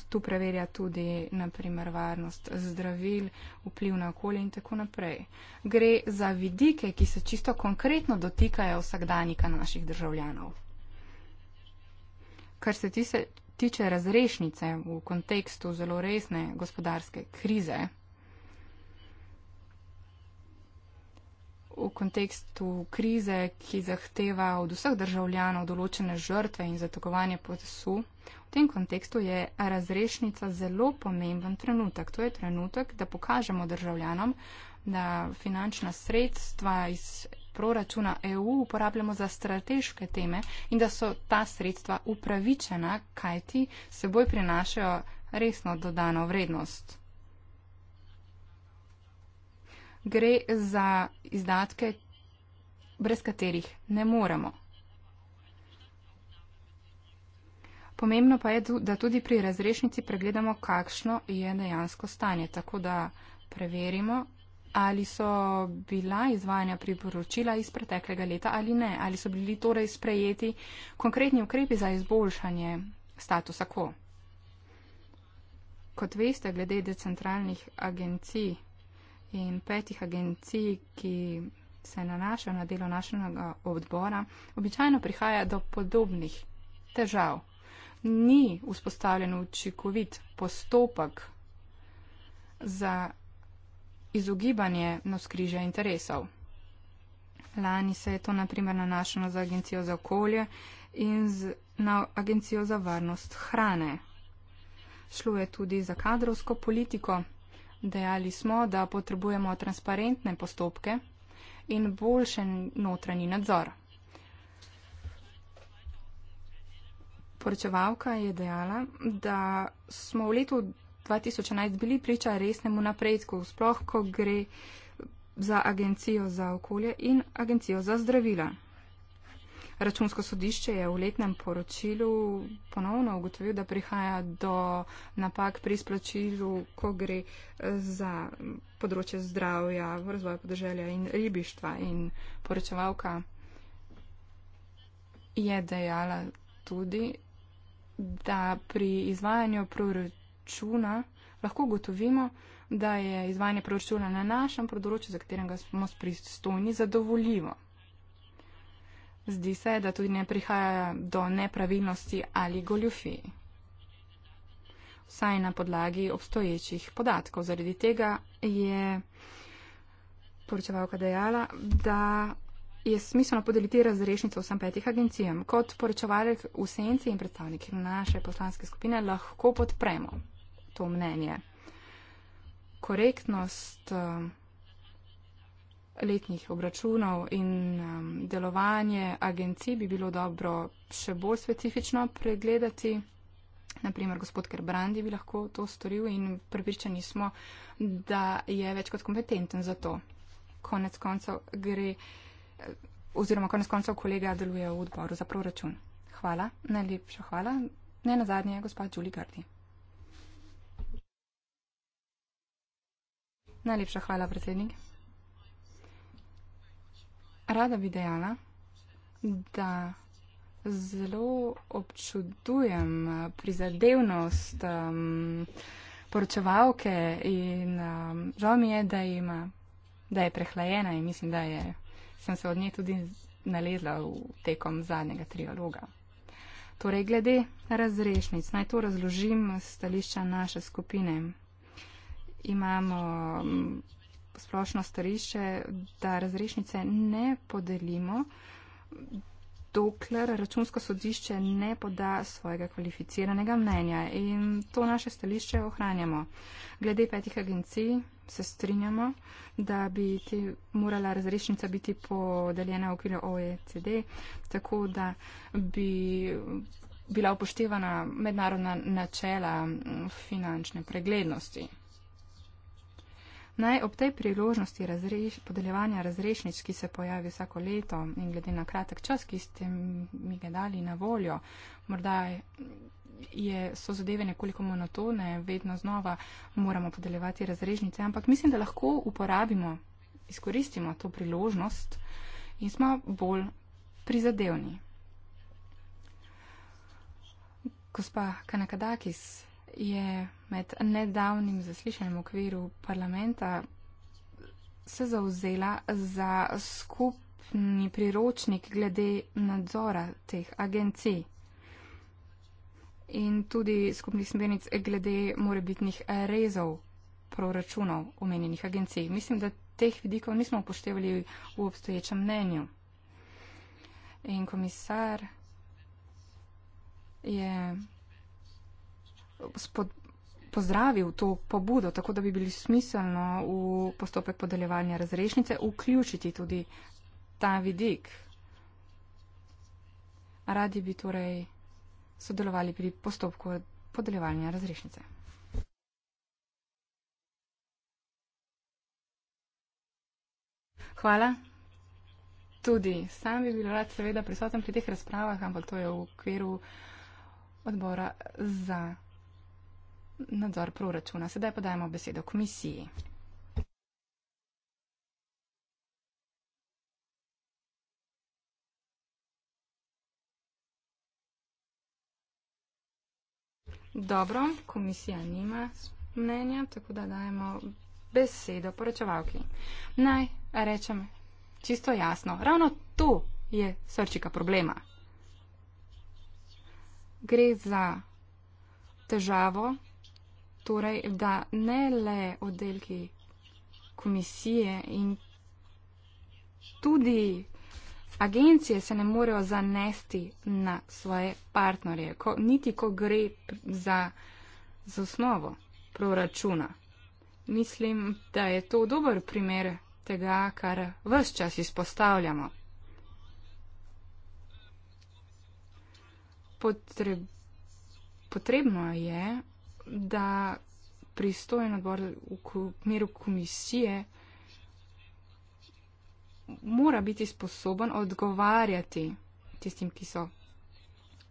tu preverja tudi, naprimer, varnost zdravil, vpliv na okolje in tako naprej. Gre za vidike, ki se čisto konkretno dotikajo vsakdanjika naših državljanov. Kar se tise, tiče razrešnice v kontekstu zelo resne gospodarske krize, v kontekstu krize, ki zahteva od vseh državljanov določene žrtve in zategovanje po tesu, tem kontekstu je razrešnica zelo pomemben trenutek. To je trenutek, da pokažemo državljanom, da finančna sredstva iz proračuna EU uporabljamo za strateške teme in da so ta sredstva upravičena, kaj ti seboj prinašajo resno dodano vrednost. Gre za izdatke, brez katerih ne moremo. Pomembno pa je, da tudi pri razrešnici pregledamo, kakšno je dejansko stanje, tako da preverimo, ali so bila izvajanja priporočila iz preteklega leta ali ne, ali so bili torej sprejeti konkretni ukrepi za izboljšanje statusa ko. Kot veste, glede decentralnih agencij in petih agencij, ki se nanašajo na delo našega odbora, običajno prihaja do podobnih težav ni vzpostavljen učinkovit postopek za izogibanje navskrižja interesov. Lani se je to naprimer nanašalo za Agencijo za okolje in na Agencijo za varnost hrane. Šlo je tudi za kadrovsko politiko. Dejali smo, da potrebujemo transparentne postopke in boljšen notranji nadzor. poročevalka je dejala, da smo v letu 2011 bili priča resnemu napredku, sploh ko gre za agencijo za okolje in agencijo za zdravila. Računsko sodišče je v letnem poročilu ponovno ugotovil, da prihaja do napak pri splačilu, ko gre za področje zdravja, razvoja podeželja in ribištva. In poročevalka je dejala tudi, da pri izvajanju proračuna lahko gotovimo, da je izvajanje proračuna na našem področju, za katerega smo pristojni, zadovoljivo. Zdi se, da tudi ne prihaja do nepravilnosti ali goljufij. Vsaj na podlagi obstoječih podatkov. Zaradi tega je poročevalka dejala, da je smiselno podeliti razrešnico vsem petih agencijam. Kot poročevalec v senci in predstavniki naše poslanske skupine lahko podpremo to mnenje. Korektnost eh, letnih obračunov in eh, delovanje agencij bi bilo dobro še bolj specifično pregledati. Naprimer, gospod Kerbrandi bi lahko to storil in pripričani smo, da je več kot kompetenten za to. Konec koncev gre oziroma konec koncev kolega deluje v odboru za proračun. Hvala, najlepša hvala. Ne na zadnje, gospod Đuli Gardi. Najlepša hvala, predsednik. Rada bi dejala, da zelo občudujem prizadevnost um, poročevalke in um, žal mi je, da, ima, da je prehlajena in mislim, da je sem se od nje tudi nalezla v tekom zadnjega trialoga. Torej, glede razrešnic, naj to razložim stališča naše skupine. Imamo mm, splošno stališče, da razrešnice ne podelimo, dokler računsko sodišče ne poda svojega kvalificiranega mnenja. In to naše stališče ohranjamo. Glede petih agencij se strinjamo, da bi ti morala razrešnica biti podeljena v okviru OECD, tako da bi bila upoštevana mednarodna načela finančne preglednosti. Naj ob tej priložnosti razreš, podeljevanja razrešnic, ki se pojavi vsako leto in glede na kratek čas, ki ste mi ga dali na voljo, morda je, so zadeve nekoliko monotone, vedno znova moramo podeljevati razrešnice, ampak mislim, da lahko uporabimo, izkoristimo to priložnost in smo bolj prizadevni. Gospa Kanakadakis, je med nedavnim zaslišanjem v okviru parlamenta se zauzela za skupni priročnik glede nadzora teh agencij in tudi skupnih smernic glede morebitnih rezov proračunov omenjenih agencij. Mislim, da teh vidikov nismo upoštevali v obstoječem mnenju. In komisar je spod, pozdravil to pobudo, tako da bi bili smiselno v postopek podeljevanja razrešnice vključiti tudi ta vidik. Radi bi torej sodelovali pri postopku podeljevanja razrešnice. Hvala. Tudi sam bi bil rad seveda prisoten pri teh razpravah, ampak to je v okviru odbora za nadzor proračuna. Sedaj pa dajemo besedo komisiji. Dobro, komisija nima mnenja, tako da dajemo besedo poročevalki. Naj rečem čisto jasno, ravno to je srčika problema. Gre za težavo, torej, da ne le oddelki komisije in tudi agencije se ne morejo zanesti na svoje partnerje, ko, niti ko gre za, za osnovo proračuna. Mislim, da je to dober primer tega, kar vse čas izpostavljamo. Potreb, potrebno je da pristojen odbor v miru komisije mora biti sposoben odgovarjati tistim, ki so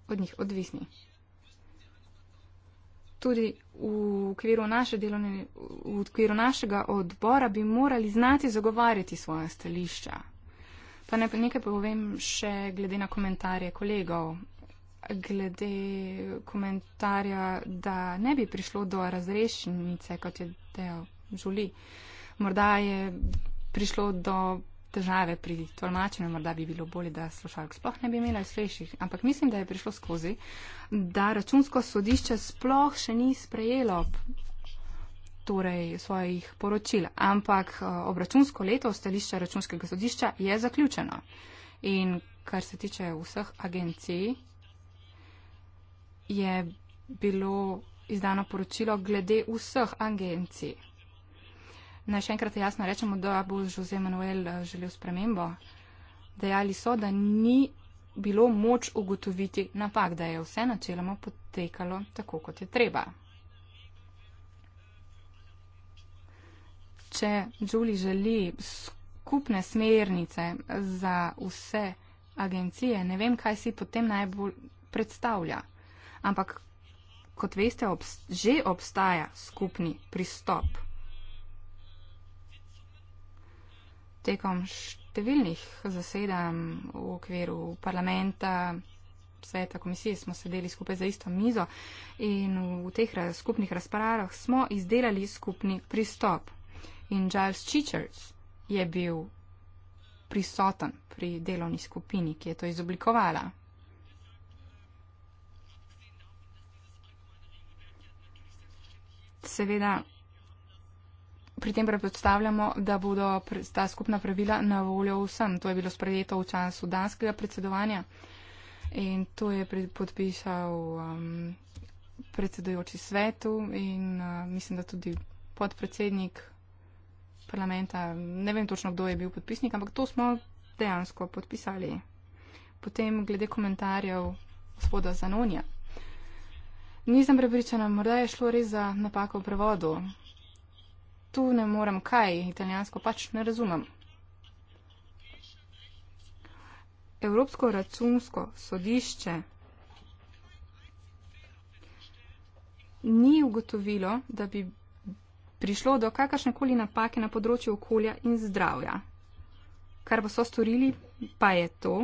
od njih odvisni. Tudi v okviru, naše delovne, v okviru našega odbora bi morali znati zagovarjati svoje stališča. Pa ne, nekaj povem še glede na komentarje kolegov glede komentarja, da ne bi prišlo do razrešnice, kot je dejal Žuli. Morda je prišlo do težave pri tolmačenju, morda bi bilo bolje, da slušalk sploh ne bi imela slejših, ampak mislim, da je prišlo skozi, da računsko sodišče sploh še ni sprejelo torej svojih poročil, ampak eh, obračunsko leto stališča računskega sodišča je zaključeno. In kar se tiče vseh agencij, je bilo izdano poročilo glede vseh agencij. Naj še enkrat jasno rečemo, da bo Jose Manuel eh, želel spremembo. Dejali so, da ni bilo moč ugotoviti napak, da je vse načeloma potekalo tako, kot je treba. Če Julie želi skupne smernice za vse agencije, ne vem, kaj si potem najbolj predstavlja ampak kot veste, obs že obstaja skupni pristop. Tekom številnih zasedanj v okviru parlamenta, sveta, komisije smo sedeli skupaj za isto mizo in v teh raz skupnih razpravah smo izdelali skupni pristop. In Giles Chichers je bil prisoten pri delovni skupini, ki je to izoblikovala. seveda pri tem predpostavljamo, da bodo ta skupna pravila na voljo vsem. To je bilo sprejeto v času danskega predsedovanja in to je podpisal um, predsedujoči svetu in uh, mislim, da tudi podpredsednik parlamenta. Ne vem točno, kdo je bil podpisnik, ampak to smo dejansko podpisali. Potem glede komentarjev gospoda Zanonija. Nisem prepričana, morda je šlo res za napako v prevodu. Tu ne morem kaj, italijansko pač ne razumem. Evropsko računsko sodišče ni ugotovilo, da bi prišlo do kakršnekoli napake na področju okolja in zdravja. Kar pa so storili, pa je to,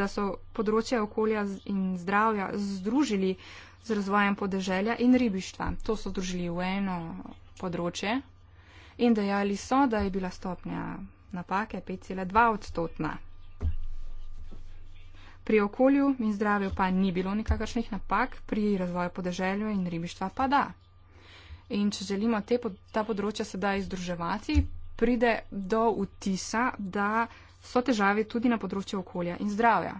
da so področje okolja in zdravja združili z razvojem podeželja in ribištva. To so družili v eno področje in dejali so, da je bila stopnja napake 5,2 odstotna. Pri okolju in zdravju pa ni bilo nikakršnih napak, pri razvoju podeželja in ribištva pa da. In če želimo te, ta področja sedaj združevati, pride do vtisa, da so težave tudi na področju okolja in zdravja.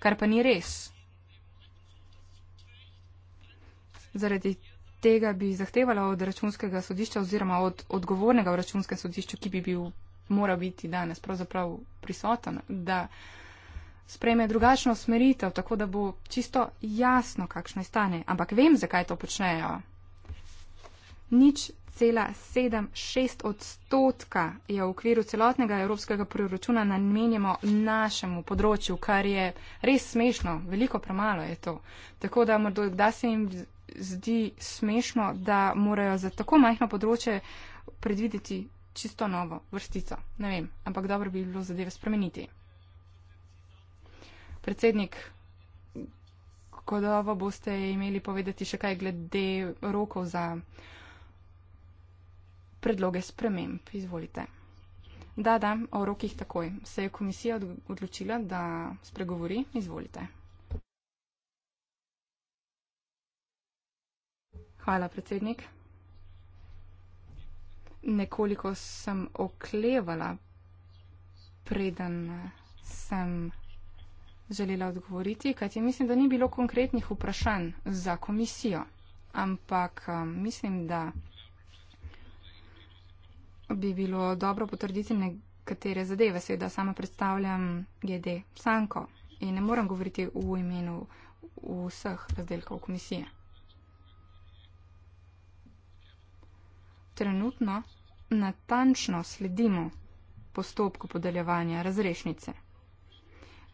Kar pa ni res. zaradi tega bi zahtevala od računskega sodišča oziroma od odgovornega v računskem sodišču, ki bi bil, mora biti danes pravzaprav prisoten, da sprejme drugačno smeritev, tako da bo čisto jasno, kakšno je stanje. Ampak vem, zakaj to počnejo. Nič cela sedem šest odstotka je v okviru celotnega evropskega proračuna namenjamo našemu področju, kar je res smešno, veliko premalo je to. Tako da morda se jim zdi smešno, da morajo za tako majhno področje predvideti čisto novo vrstico. Ne vem, ampak dobro bi bilo zadeve spremeniti. Predsednik, kodovo boste imeli povedati še kaj glede rokov za predloge sprememb. Izvolite. Da, da, o rokih takoj. Se je komisija odločila, da spregovori? Izvolite. Hvala, predsednik. Nekoliko sem oklevala, preden sem želela odgovoriti, kajti mislim, da ni bilo konkretnih vprašanj za komisijo, ampak um, mislim, da bi bilo dobro potrditi nekatere zadeve. Seveda sama predstavljam GD Sanko in ne morem govoriti v imenu vseh razdelkov komisije. trenutno natančno sledimo postopku podeljevanja razrešnice.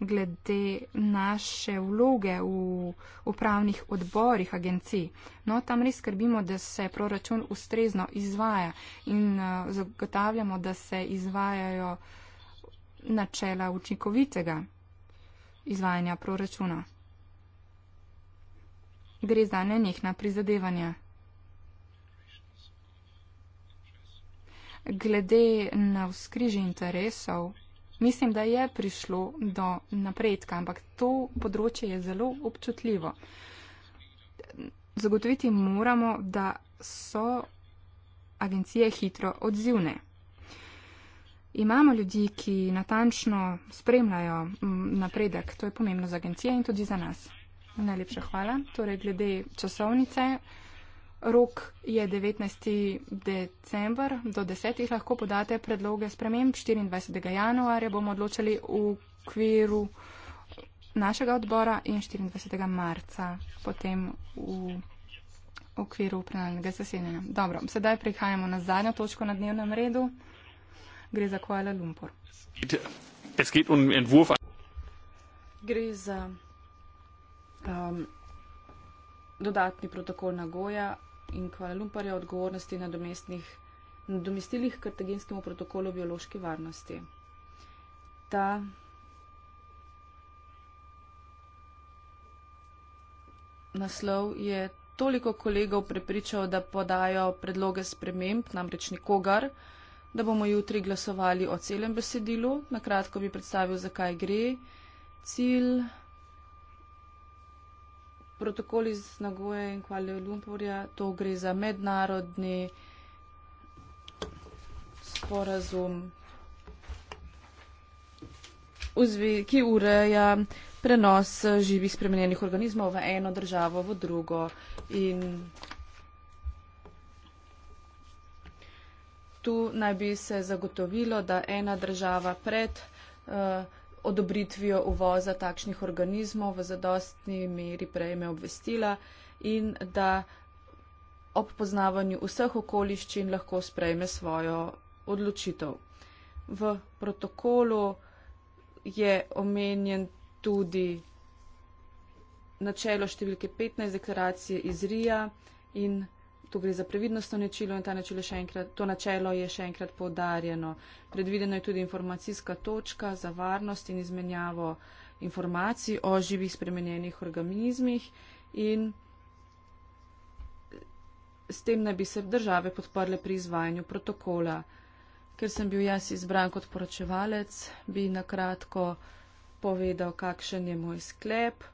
Glede naše vloge v upravnih odborih agencij, no tam res skrbimo, da se proračun ustrezno izvaja in eh, zagotavljamo, da se izvajajo načela učinkovitega izvajanja proračuna. Gre za nenehna prizadevanja. glede na vzkrižje interesov, mislim, da je prišlo do napredka, ampak to področje je zelo občutljivo. Zagotoviti moramo, da so agencije hitro odzivne. Imamo ljudi, ki natančno spremljajo mm, napredek, to je pomembno za agencije in tudi za nas. Najlepša hvala. Torej, glede časovnice. Rok je 19. decembar, do 10. lahko podate predloge sprememb. 24. januarja bomo odločali v okviru našega odbora in 24. marca potem v okviru upravljanega zasedanja. Dobro, sedaj prihajamo na zadnjo točko na dnevnem redu. Gre za Kuala Lumpur. Um Gre za. Um, dodatni protokol Nagoja in Kvala Lumparja o odgovornosti na domestnih nadomestilih kartagenskemu protokolu biološki varnosti. Ta naslov je toliko kolegov prepričal, da podajo predloge sprememb, namreč nikogar, da bomo jutri glasovali o celem besedilu. Na kratko bi predstavil, zakaj gre. Cilj protokol iz Nagoje in Kvali Lumpurja, to gre za mednarodni sporazum, ki ureja prenos živih spremenjenih organizmov v eno državo, v drugo. In tu naj bi se zagotovilo, da ena država pred uh, odobritvijo uvoza takšnih organizmov v zadostni meri prejme obvestila in da ob poznavanju vseh okoliščin lahko sprejme svojo odločitev. V protokolu je omenjen tudi načelo številke 15 deklaracije iz RIA in tu gre za previdnostno načelo in načelo enkrat, to načelo je še enkrat podarjeno. Predvideno je tudi informacijska točka za varnost in izmenjavo informacij o živih spremenjenih organizmih in s tem naj bi se države podprle pri izvajanju protokola. Ker sem bil jaz izbran kot poročevalec, bi nakratko povedal, kakšen je moj sklep,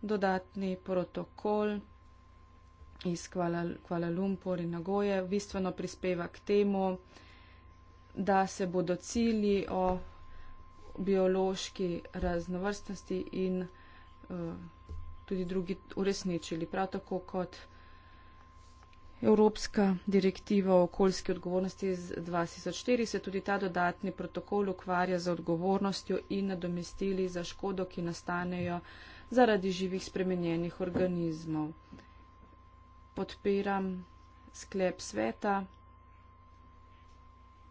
dodatni protokol iz Kuala, Kuala Lumpur in Nagoje, bistveno prispeva k temu, da se bodo cilji o biološki raznovrstnosti in uh, tudi drugi uresničili. Prav tako kot Evropska direktiva o okoljski odgovornosti iz 2004 se tudi ta dodatni protokol ukvarja z odgovornostjo in nadomestili za škodo, ki nastanejo zaradi živih spremenjenih organizmov podpiram sklep sveta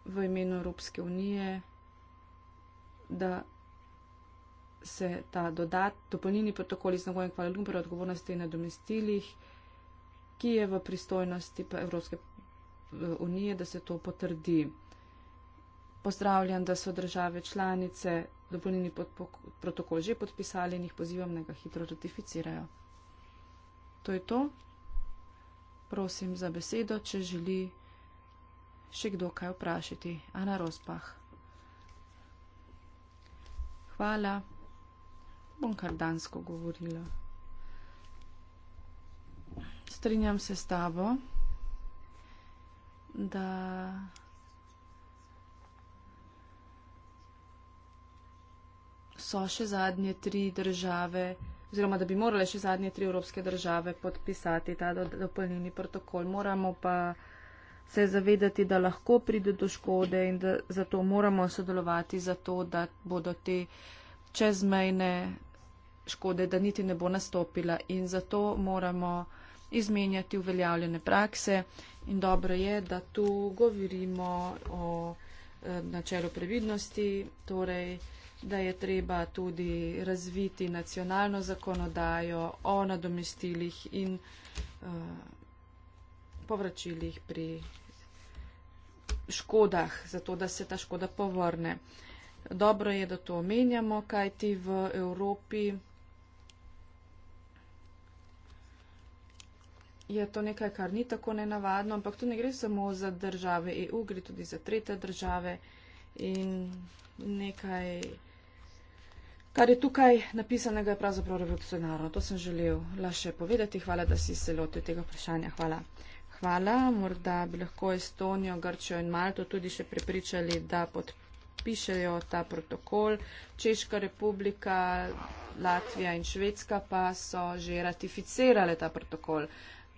v imenu Evropske unije, da se ta dodat, dopolnjeni protokol iz Nagoja in Kvala Lumpur o odgovornosti na domestilih, ki je v pristojnosti pa Evropske eh, unije, da se to potrdi. Pozdravljam, da so države članice dopolnjeni protokol že podpisali in jih pozivam, da ga hitro ratificirajo. To je to prosim za besedo, če želi še kdo kaj vprašati. Ana Rozpah. Hvala. Bom kar dansko govorila. Strinjam se s tabo, da. So še zadnje tri države, oziroma da bi morale še zadnje tri evropske države podpisati ta dopolnilni protokol. Moramo pa se zavedati, da lahko pride do škode in da zato moramo sodelovati za to, da bodo te čezmejne škode, da niti ne bo nastopila in zato moramo izmenjati uveljavljene prakse in dobro je, da tu govorimo o eh, načelu previdnosti, torej da je treba tudi razviti nacionalno zakonodajo o nadomestilih in uh, povračilih pri škodah, zato da se ta škoda povrne. Dobro je, da to omenjamo, kajti v Evropi je to nekaj, kar ni tako nenavadno, ampak to ne gre samo za države EU, gre tudi za trete države in nekaj. Kar je tukaj napisanega, je pravzaprav revolucionarno. To sem želel le še povedati. Hvala, da si se lotil tega vprašanja. Hvala. Hvala. Morda bi lahko Estonijo, Grčijo in Malto tudi še prepričali, da podpišejo ta protokol. Češka republika, Latvija in Švedska pa so že ratificirale ta protokol.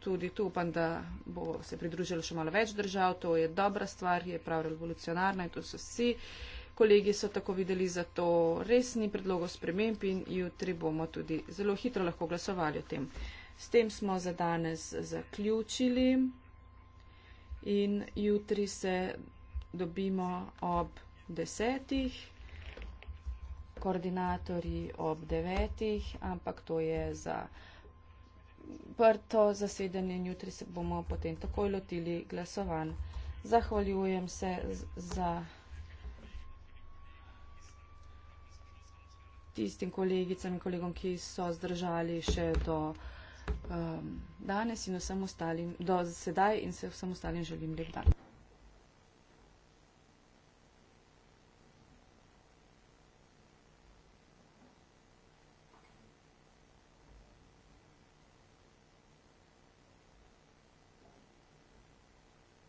Tudi tu upam, da bo se pridružilo še malo več držav. To je dobra stvar, je prav revolucionarna in to so vsi. Uh, Kolegi so tako videli za to resni predlogo sprememb in jutri bomo tudi zelo hitro lahko glasovali o tem. S tem smo za danes zaključili in jutri se dobimo ob desetih, koordinatori ob devetih, ampak to je za prto zasedanje in jutri se bomo potem takoj lotili glasovanj. Zahvaljujem se za. tistim kolegicam in kolegom, ki so zdržali še do um, danes in vsem ostalim, do sedaj in se vsem ostalim želim lep dan.